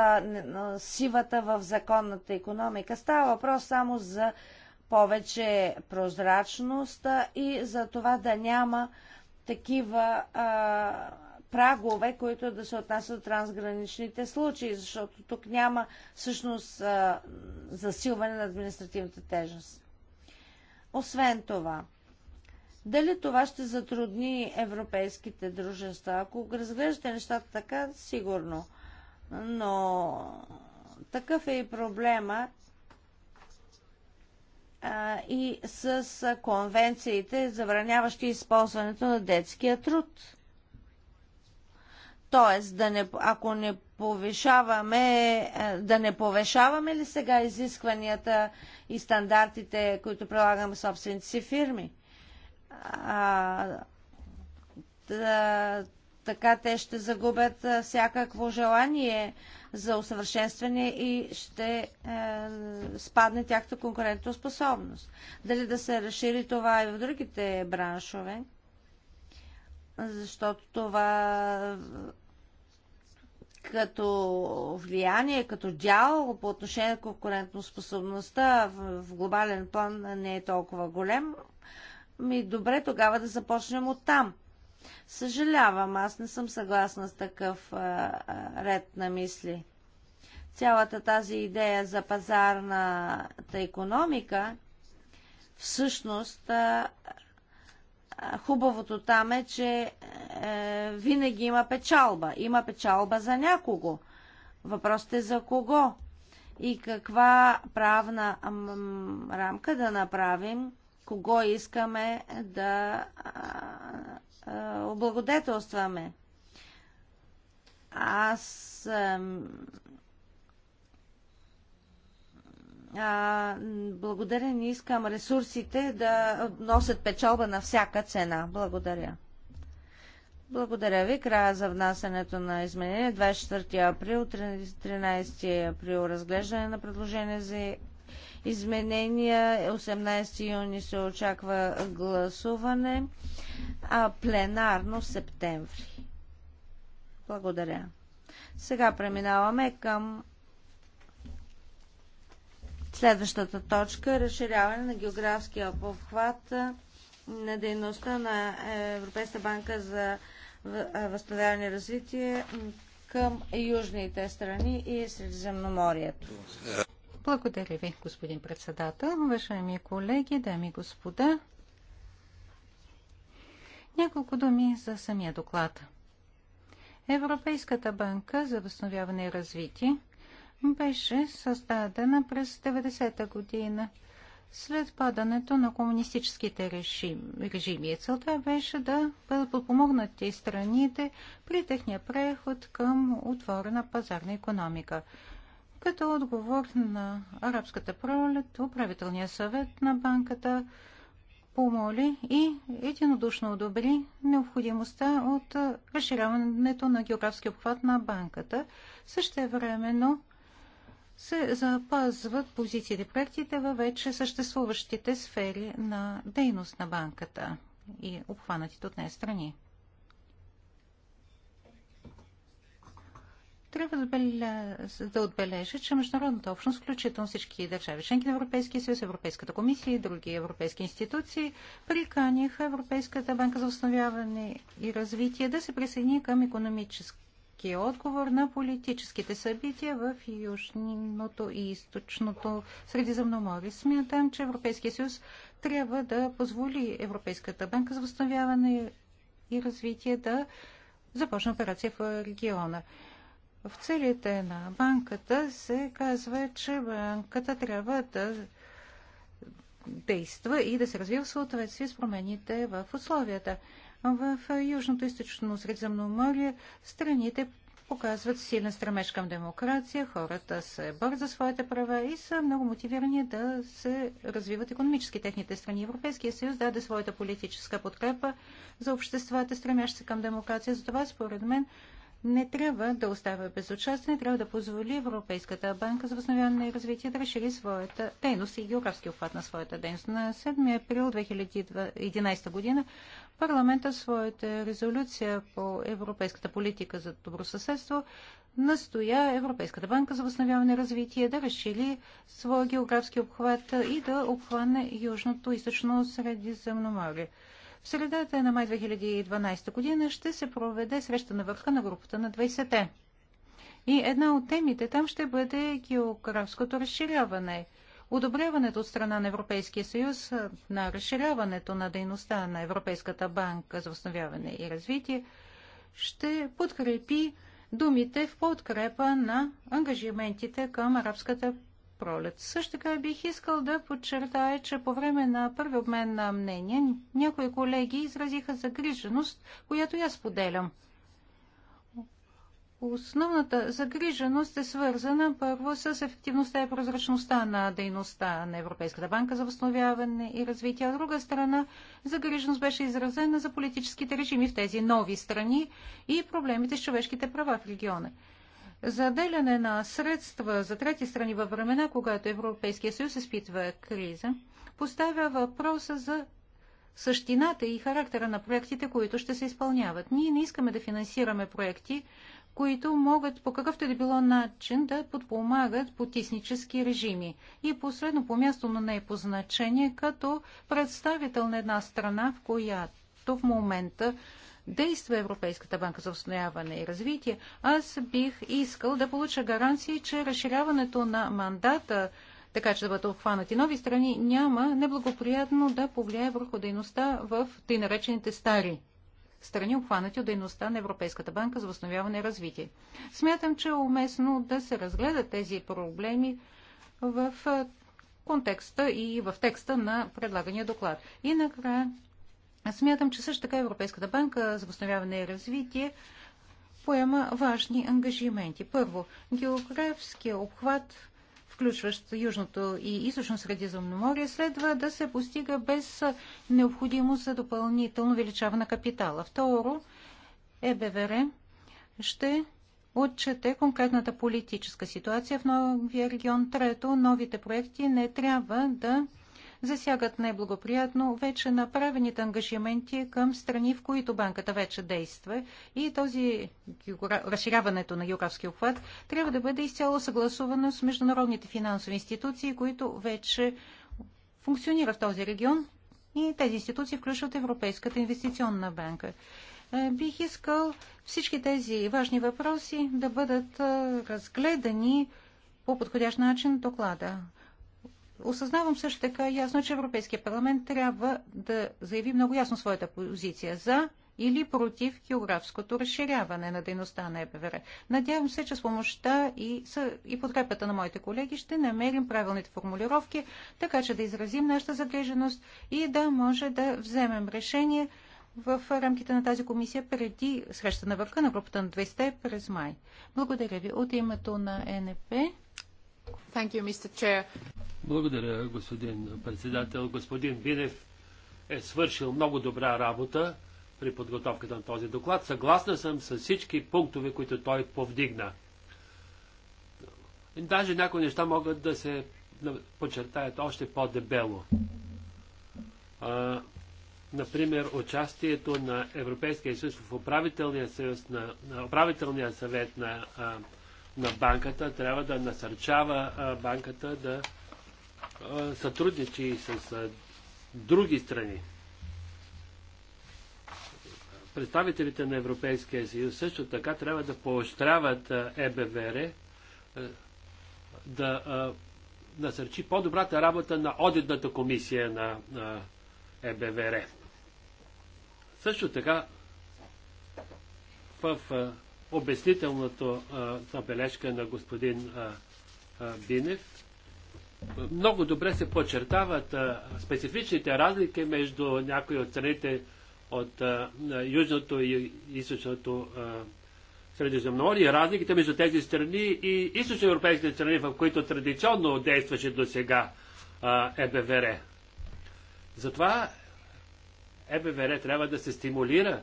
сивата в законната економика. Става въпрос само за повече прозрачност и за това да няма такива а, прагове, които да се отнасят до трансграничните случаи, защото тук няма всъщност а, засилване на административната тежест. Освен това, дали това ще затрудни европейските дружества? Ако разглеждате нещата така, сигурно. Но такъв е и проблема, и с конвенциите, забраняващи използването на детския труд. Тоест, да не, ако не повишаваме, да не повишаваме ли сега изискванията и стандартите, които прилагаме собствените си фирми? А, да, така те ще загубят всякакво желание за усъвършенстване и ще е, спадне тяхната конкурентоспособност. Дали да се разшири това и в другите браншове, защото това като влияние, като дял по отношение на конкурентоспособността в, в глобален план не е толкова голем. Ми добре тогава да започнем от там. Съжалявам, аз не съм съгласна с такъв а, ред на мисли. Цялата тази идея за пазарната економика, всъщност, а, хубавото там е, че а, е, винаги има печалба. Има печалба за някого. Въпросът е за кого и каква правна рамка да направим, кого искаме да облагодетелстваме. Аз а, благодаря, не искам ресурсите да носят печалба на всяка цена. Благодаря. Благодаря ви. Края за внасянето на изменение 24 април, 13 април разглеждане на предложение за изменения. 18 юни се очаква гласуване а, пленарно септември. Благодаря. Сега преминаваме към следващата точка разширяване на географския обхват на дейността на Европейска банка за възстановяване и развитие към южните страни и Средиземноморието. Благодаря ви, господин председател. Уважаеми колеги, дами и господа, няколко думи за самия доклад. Европейската банка за възстановяване и развитие беше създадена през 90-та година след падането на комунистическите режими. Целта беше да бъдат подпомогнати страните при техния преход към отворена пазарна економика. Като отговор на арабската пролет, управителният съвет на банката помоли и единодушно одобри необходимостта от разширяването на географски обхват на банката. Също времено се запазват позициите проектите във вече съществуващите сфери на дейност на банката и обхванатите от нея страни. Трябва да, отбележа, че международната общност, включително всички държави, членки на Европейския съюз, Европейската комисия и други европейски институции, приканиха Европейската банка за възстановяване и развитие да се присъедини към економическия отговор на политическите събития в Южното и Източното Средиземноморие. Смятам, че Европейския съюз трябва да позволи Европейската банка за възстановяване и развитие да започне операция в региона. В целите на банката се казва, че банката трябва да действа и да се развива в съответствие с промените в условията. В Южното източно море страните показват силен стремеж към демокрация, хората се борят за своите права и са много мотивирани да се развиват економически техните страни. Европейския съюз даде своята политическа подкрепа за обществата, стремящи се към демокрация. Затова, според мен, не трябва да оставя безучастен, трябва да позволи Европейската банка за възстановяване и развитие да разшири своята дейност и географски обхват на своята дейност. На 7 април 2011 година парламента своята резолюция по европейската политика за добросъседство настоя Европейската банка за възстановяване и развитие да разшири своя географски обхват и да обхване Южното и Източно Средиземноморие. В средата на май 2012 година ще се проведе среща на върха на групата на 20-те. И една от темите там ще бъде географското разширяване. Одобряването от страна на Европейския съюз на разширяването на дейността на Европейската банка за възстановяване и развитие ще подкрепи думите в подкрепа на ангажиментите към арабската пролет. Също така бих искал да подчертая, че по време на първи обмен на мнения някои колеги изразиха загриженост, която я споделям. Основната загриженост е свързана първо с ефективността и прозрачността на дейността на Европейската банка за възстановяване и развитие. От друга страна, загриженост беше изразена за политическите режими в тези нови страни и проблемите с човешките права в региона заделяне на средства за трети страни във времена, когато Европейския съюз изпитва криза, поставя въпроса за същината и характера на проектите, които ще се изпълняват. Ние не искаме да финансираме проекти, които могат по какъвто да било начин да подпомагат потиснически режими. И последно по място, но не е по значение, като представител на една страна, в която в момента действа Европейската банка за установяване и развитие, аз бих искал да получа гаранции, че разширяването на мандата така че да бъдат обхванати нови страни, няма неблагоприятно да повлияе върху дейността в тъй наречените стари страни, обхванати от дейността на Европейската банка за възстановяване и развитие. Смятам, че е уместно да се разгледат тези проблеми в контекста и в текста на предлагания доклад. И накрая аз смятам, че също така Европейската банка за възстановяване и развитие поема важни ангажименти. Първо, географския обхват, включващ Южното и Източно Средиземноморие, следва да се постига без необходимост за допълнително увеличаване на капитала. Второ, ЕБВР ще отчете конкретната политическа ситуация в новия регион. Трето, новите проекти не трябва да засягат неблагоприятно вече направените ангажименти към страни, в които банката вече действа и този разширяването на географски обхват трябва да бъде изцяло съгласувано с международните финансови институции, които вече функционира в този регион и тези институции включват Европейската инвестиционна банка. Е, бих искал всички тези важни въпроси да бъдат е, разгледани по подходящ начин доклада. Осъзнавам също така ясно, че Европейския парламент трябва да заяви много ясно своята позиция за или против географското разширяване на дейността на ЕБВР. Надявам се, че с помощта и, и подкрепата на моите колеги ще намерим правилните формулировки, така че да изразим нашата загреженост и да може да вземем решение в рамките на тази комисия преди среща на върха на групата на 200 през май. Благодаря ви от името на НП. Благодаря, господин председател. Господин Винев е свършил много добра работа при подготовката на този доклад. Съгласна съм с всички пунктове, които той повдигна. Даже някои неща могат да се подчертаят още по-дебело. например, участието на Европейския съюз в управителния, съюз на, на управителния съвет на а, на банката, трябва да насърчава банката да сътрудничи и с други страни. Представителите на Европейския съюз също така трябва да поощряват ЕБВР да насърчи по-добрата работа на одитната комисия на, на ЕБВР. Също така в обяснителното забележка на господин а, а, Бинев. Много добре се подчертават а, специфичните разлики между някои от страните от Южното и Източното Средиземноморие, разликите между тези страни и източноевропейските страни, в които традиционно действаше до сега ЕБВР. Затова ЕБВР трябва да се стимулира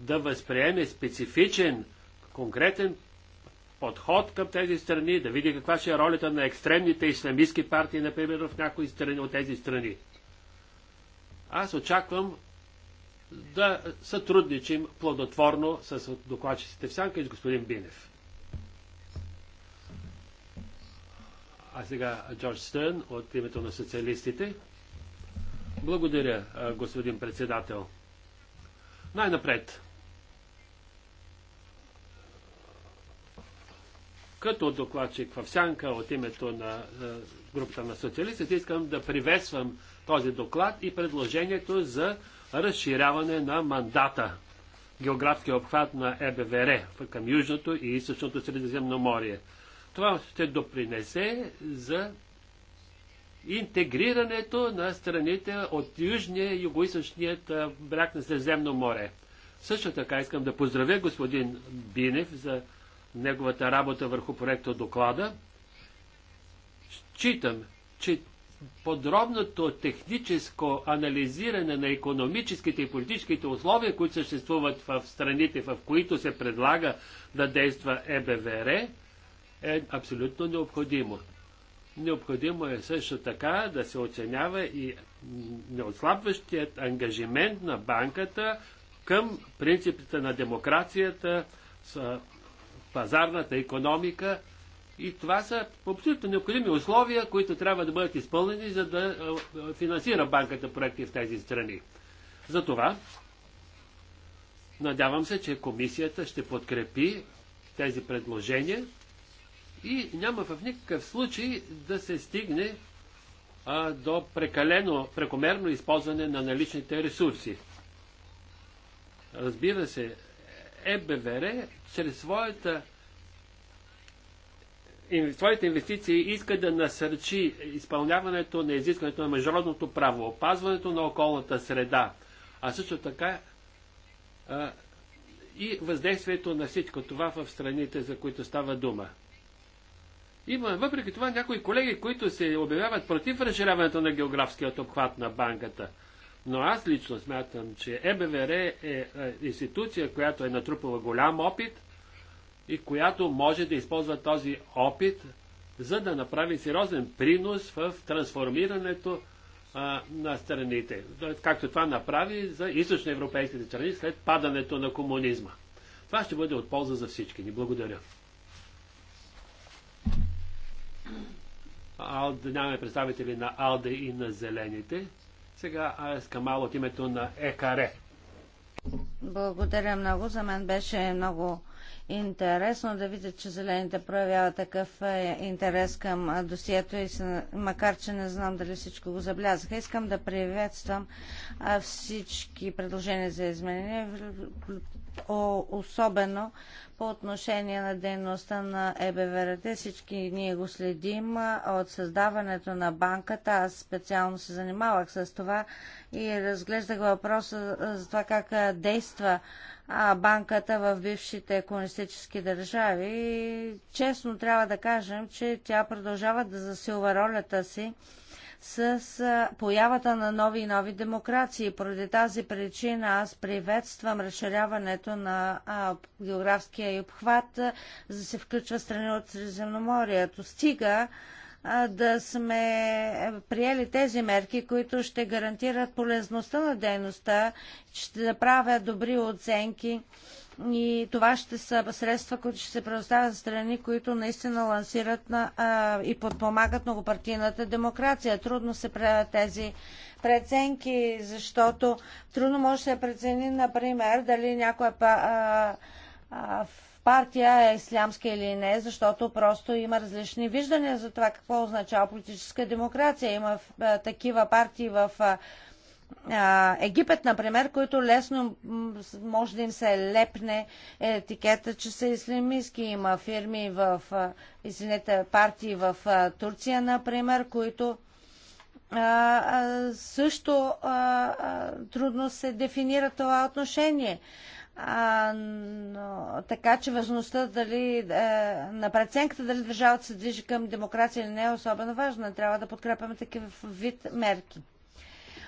да възприеме специфичен конкретен подход към тези страни, да види каква ще е ролята на екстремните исламистски партии, например, в някои страни от тези страни. Аз очаквам да сътрудничим плодотворно с докладчиците в Сянка и с господин Бинев. А сега Джордж Стърн от името на социалистите. Благодаря, господин председател. Най-напред. Като докладчик в сянка от името на е, групата на социалистите искам да приветствам този доклад и предложението за разширяване на мандата, географския обхват на ЕБВР към Южното и Източното море. Това ще допринесе за интегрирането на страните от южния и югоисточният е, бряг на Средиземно море. Също така искам да поздравя господин Бинев за неговата работа върху проекта доклада. Считам, че подробното техническо анализиране на економическите и политическите условия, които съществуват в страните, в които се предлага да действа ЕБВР, е абсолютно необходимо. Необходимо е също така да се оценява и неотслабващият ангажимент на банката към принципите на демокрацията, пазарната економика. И това са абсолютно необходими условия, които трябва да бъдат изпълнени, за да финансира банката проекти в тези страни. Затова надявам се, че комисията ще подкрепи тези предложения и няма в никакъв случай да се стигне а, до прекалено, прекомерно използване на наличните ресурси. Разбира се, ЕБВР чрез своята своите инвестиции иска да насърчи изпълняването на изискването на международното право, опазването на околната среда, а също така а, и въздействието на всичко това в страните, за които става дума. Има въпреки това някои колеги, които се обявяват против разширяването на географският обхват на банката – но аз лично смятам, че ЕБВР е, е, е институция, която е натрупала голям опит и която може да използва този опит, за да направи сериозен принос в трансформирането а, на страните. Както това направи за източноевропейските страни след падането на комунизма. Това ще бъде от полза за всички ни. Благодаря. Алде, нямаме представители на Алде и на Зелените. Сега Арес Камал от името на ЕКАРЕ. Благодаря много. За мен беше много интересно да видя, че зелените проявяват такъв е, интерес към досието, и макар че не знам дали всичко го заблязаха. Искам да приветствам всички предложения за изменения, особено по отношение на дейността на ЕБВРТ. Всички ние го следим от създаването на банката. Аз специално се занимавах с това и разглеждах въпроса за това как действа а, банката в бившите комунистически държави. И, честно трябва да кажем, че тя продължава да засилва ролята си с а, появата на нови и нови демокрации. Поради тази причина аз приветствам разширяването на а, географския обхват, за да се включва страни от Средиземноморието. Стига да сме приели тези мерки, които ще гарантират полезността на дейността, ще направят добри оценки и това ще са средства, които ще се предоставят за страни, които наистина лансират на, а, и подпомагат многопартийната демокрация. Трудно се правят тези преценки, защото трудно може да се прецени, например, дали някоя а, а, партия е ислямска или не, защото просто има различни виждания за това какво означава политическа демокрация. Има а, такива партии в а, Египет, например, които лесно може да им се лепне етикета, че са ислямистки. Има фирми в, а, извинете, партии в а, Турция, например, които а, също а, трудно се дефинира това отношение. А, но, така че важността дали, е, на преценката дали държавата се движи към демокрация или не е особено важна. Трябва да подкрепяме такива вид мерки.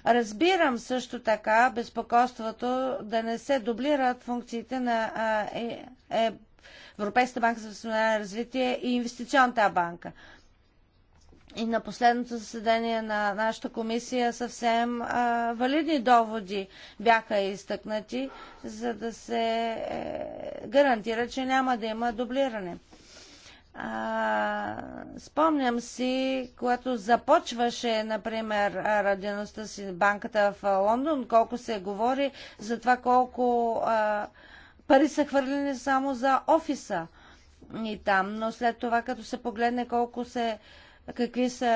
Разбирам също така безпокойството да не се дублират функциите на е, е, Европейската банка за възстановяване развитие и Инвестиционната банка и на последното заседание на нашата комисия съвсем а, валидни доводи бяха изтъкнати, за да се е, гарантира, че няма да има дублиране. А, спомням си, когато започваше, например, радеността си банката в Лондон, колко се говори за това колко а, пари са хвърлени само за офиса и там, но след това, като се погледне колко се какви са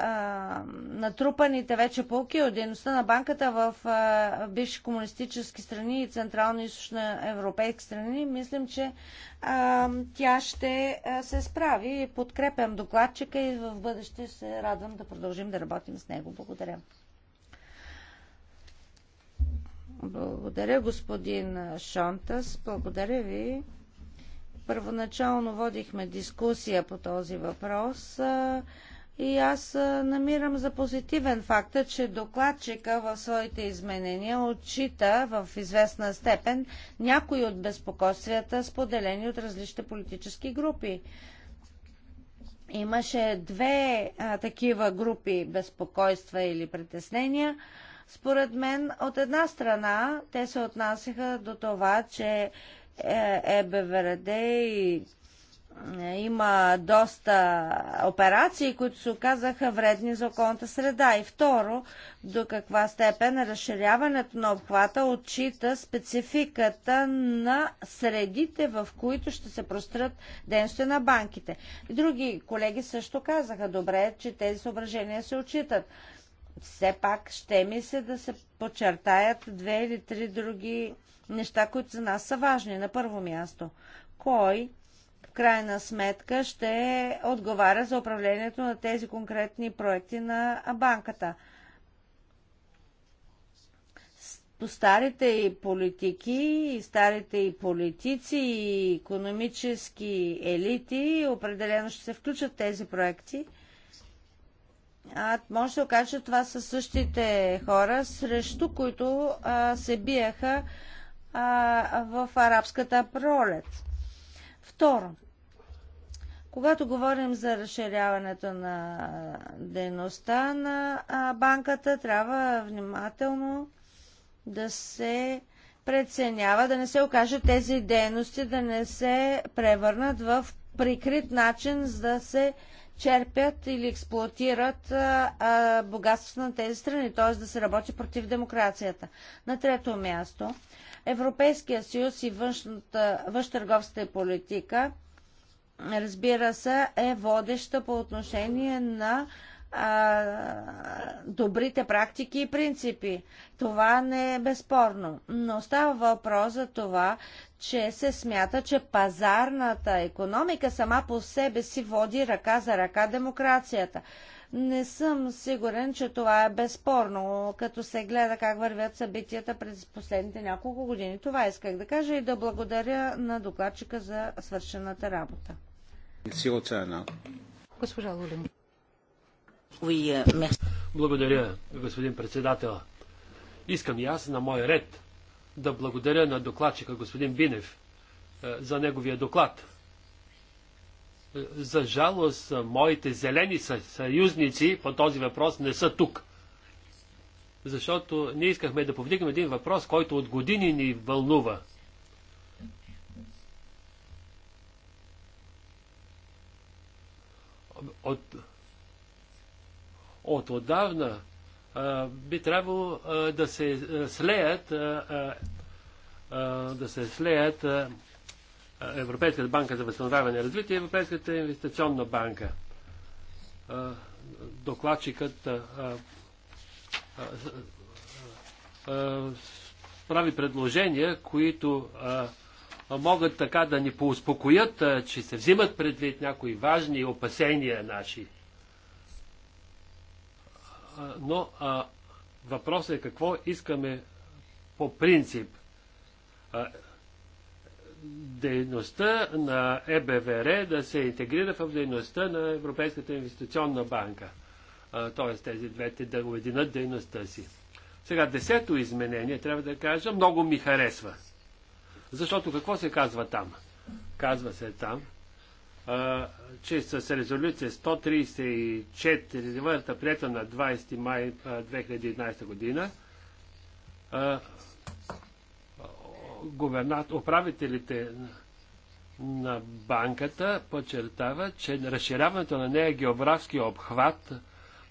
а, натрупаните вече полки от дейността на банката в а, бивши комунистически страни и Централно и Източна европейски страни, мислим, че а, тя ще се справи. Подкрепям докладчика и в бъдеще се радвам да продължим да работим с него. Благодаря. Благодаря, господин Шонтас. Благодаря ви. Първоначално водихме дискусия по този въпрос и аз намирам за позитивен факта, че докладчика в своите изменения отчита в известна степен някои от безпокойствията, споделени от различните политически групи. Имаше две а, такива групи безпокойства или притеснения. Според мен, от една страна, те се отнасяха до това, че ЕБВРД е и е, има доста операции, които се оказаха вредни за околната среда. И второ, до каква степен разширяването на обхвата отчита спецификата на средите, в които ще се прострат дейностите на банките. И други колеги също казаха, добре, че тези съображения се отчитат. Все пак ще ми се да се подчертаят две или три други неща, които за нас са важни. На първо място, кой в крайна сметка ще отговаря за управлението на тези конкретни проекти на банката. По старите и политики, и старите и политици, и економически елити определено ще се включат тези проекти. А, може да се окаже, че това са същите хора, срещу които а, се биеха а, в арабската пролет. Второ, когато говорим за разширяването на дейността на банката, трябва внимателно да се преценява, да не се окаже тези дейности, да не се превърнат в прикрит начин, за да се черпят или експлуатират богатството на тези страни, т.е. да се работи против демокрацията. На трето място, Европейския съюз и външната, политика, разбира се, е водеща по отношение на а, добрите практики и принципи. Това не е безспорно. Но става въпрос за това, че се смята, че пазарната економика сама по себе си води ръка за ръка демокрацията. Не съм сигурен, че това е безспорно, като се гледа как вървят събитията през последните няколко години. Това исках да кажа и да благодаря на докладчика за свършената работа. Госпожа Лулин. Euh, благодаря, господин председател. Искам и аз на мой ред да благодаря на докладчика господин Бинев е, за неговия доклад. За жалост, моите зелени съюзници по този въпрос не са тук. Защото ние искахме да повдигнем един въпрос, който от години ни вълнува. От, от отдавна а, би трябвало а, да се слеят а, да се слеят Европейската банка за възстановяване и развитие и Европейската инвестиционна банка. Докладчикът прави предложения, които могат така да ни поуспокоят, че се взимат предвид някои важни опасения наши. Но въпросът е какво искаме по принцип дейността на ЕБВР да се интегрира в дейността на Европейската инвестиционна банка. Т.е. тези двете да уединат дейността си. Сега, десето изменение, трябва да кажа, много ми харесва. Защото какво се казва там? Казва се там, а, че с резолюция 134, прията на 20 май 2011 година, а, губернат, управителите на банката подчертава, че разширяването на нея географски обхват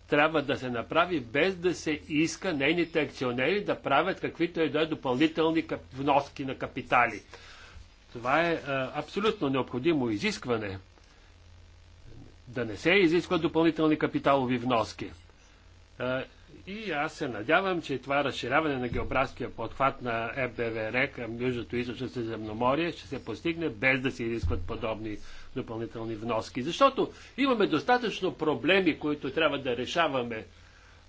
трябва да се направи без да се иска нейните акционери да правят каквито и да е допълнителни вноски на капитали. Това е а, абсолютно необходимо изискване. Да не се изискват допълнителни капиталови вноски. А, и аз се надявам, че това разширяване на географския подхват на ФБВР към Южното и Източно Средиземноморие ще се постигне без да се изискват подобни допълнителни вноски. Защото имаме достатъчно проблеми, които трябва да решаваме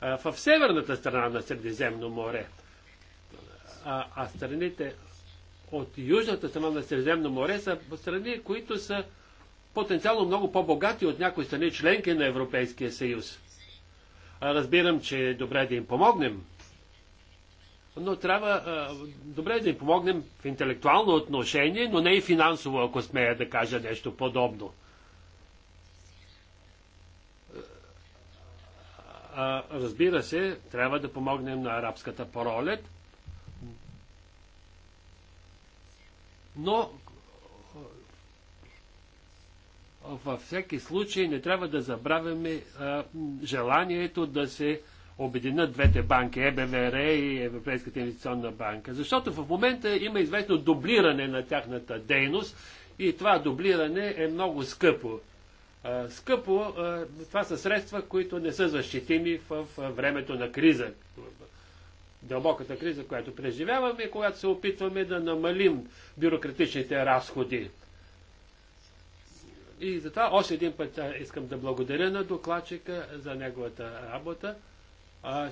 в северната страна на Средиземно море. А, а страните от южната страна на Средиземно море са страни, които са потенциално много по-богати от някои страни членки на Европейския съюз. Разбирам, че е добре да им помогнем, но трябва добре е да им помогнем в интелектуално отношение, но не и финансово, ако смея да кажа нещо подобно. Разбира се, трябва да помогнем на арабската паролет. но във всеки случай не трябва да забравяме а, желанието да се обединят двете банки, ЕБВР и Европейската инвестиционна банка. Защото в момента има известно дублиране на тяхната дейност и това дублиране е много скъпо. А, скъпо, а, това са средства, които не са защитими в, в времето на криза. Дълбоката криза, която преживяваме, когато се опитваме да намалим бюрократичните разходи и затова още един път искам да благодаря на докладчика за неговата работа.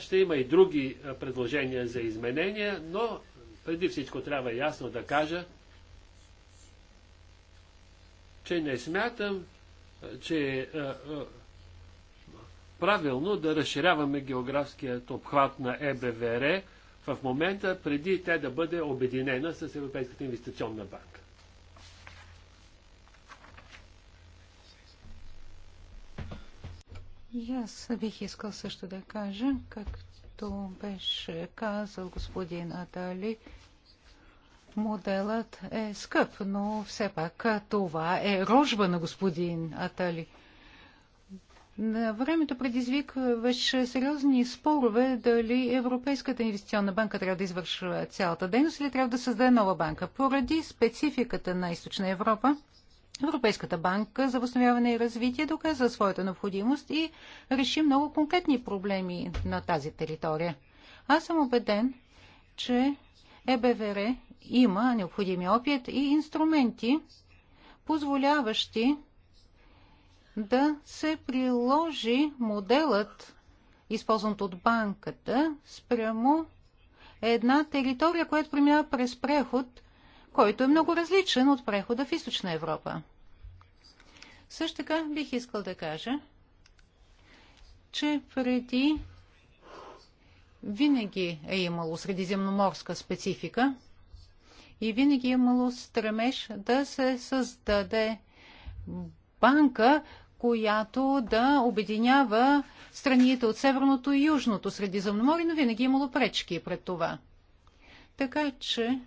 Ще има и други предложения за изменения, но преди всичко трябва ясно да кажа, че не смятам, че е правилно да разширяваме географският обхват на ЕБВР в момента, преди те да бъде обединена с Европейската инвестиционна банка. И аз бих искал също да кажа, както беше казал господин Атали, моделът е скъп, но все пак това е рожба на господин Атали. На времето предизвикваше сериозни спорове дали Европейската инвестиционна банка трябва да извършва цялата дейност или трябва да създаде нова банка. Поради спецификата на Източна Европа, Европейската банка за възстановяване и развитие доказа своята необходимост и реши много конкретни проблеми на тази територия. Аз съм убеден, че ЕБВР има необходими опит и инструменти, позволяващи да се приложи моделът, използван от банката, спрямо една територия, която преминава през преход който е много различен от прехода в Източна Европа. Също така бих искал да кажа, че преди винаги е имало средиземноморска специфика и винаги е имало стремеж да се създаде банка, която да обединява страните от Северното и Южното Средиземноморие, но винаги е имало пречки пред това. Така че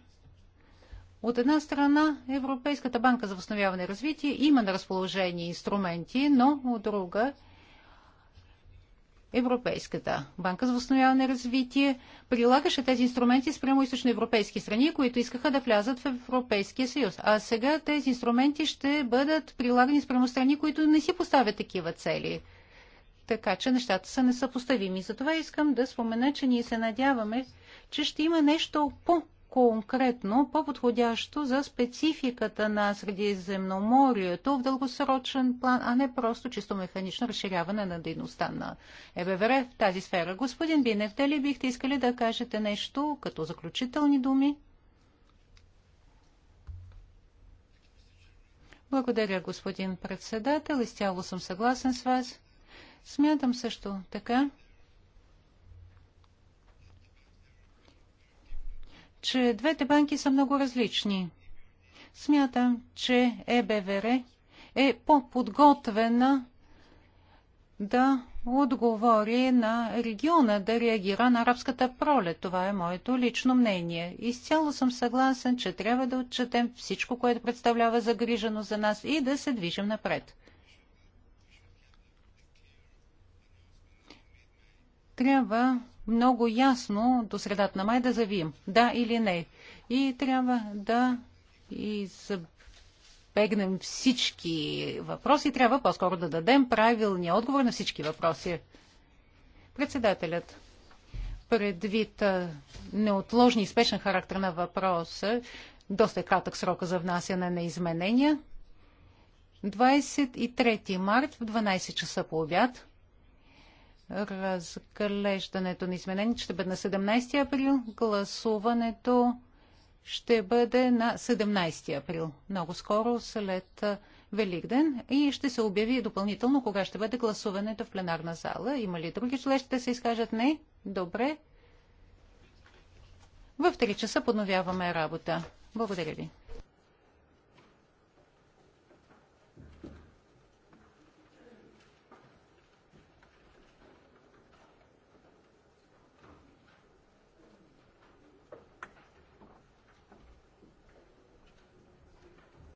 от една страна, Европейската банка за възстановяване и развитие има на разположение инструменти, но от друга Европейската банка за възстановяване и развитие прилагаше тези инструменти спрямо източноевропейски страни, които искаха да влязат в Европейския съюз. А сега тези инструменти ще бъдат прилагани спрямо страни, които не си поставят такива цели. Така че нещата са несъпоставими. Затова искам да спомена, че ние се надяваме, че ще има нещо по конкретно по-подходящо за спецификата на Средиземноморието в дългосрочен план, а не просто чисто механично разширяване на дейността на ЕБВР в тази сфера. Господин Бинев, дали бихте искали да кажете нещо като заключителни думи? Благодаря, господин председател. Изцяло съм съгласен с вас. Смятам също така, че двете банки са много различни. Смятам, че ЕБВР е по-подготвена да отговори на региона, да реагира на арабската пролет. Това е моето лично мнение. Изцяло съм съгласен, че трябва да отчетем всичко, което представлява загрижено за нас и да се движим напред. Трябва много ясно до средата на май да завием да или не. И трябва да избегнем всички въпроси. Трябва по-скоро да дадем правилния отговор на всички въпроси. Председателят предвид неотложни и спешен характер на въпроса, доста е кратък срока за внасяне на изменения. 23 март в 12 часа по обяд разглеждането на изменението ще бъде на 17 април, гласуването ще бъде на 17 април, много скоро след Великден и ще се обяви допълнително кога ще бъде гласуването в пленарна зала. Има ли други желещи да се изкажат? Не? Добре. В 3 часа подновяваме работа. Благодаря ви.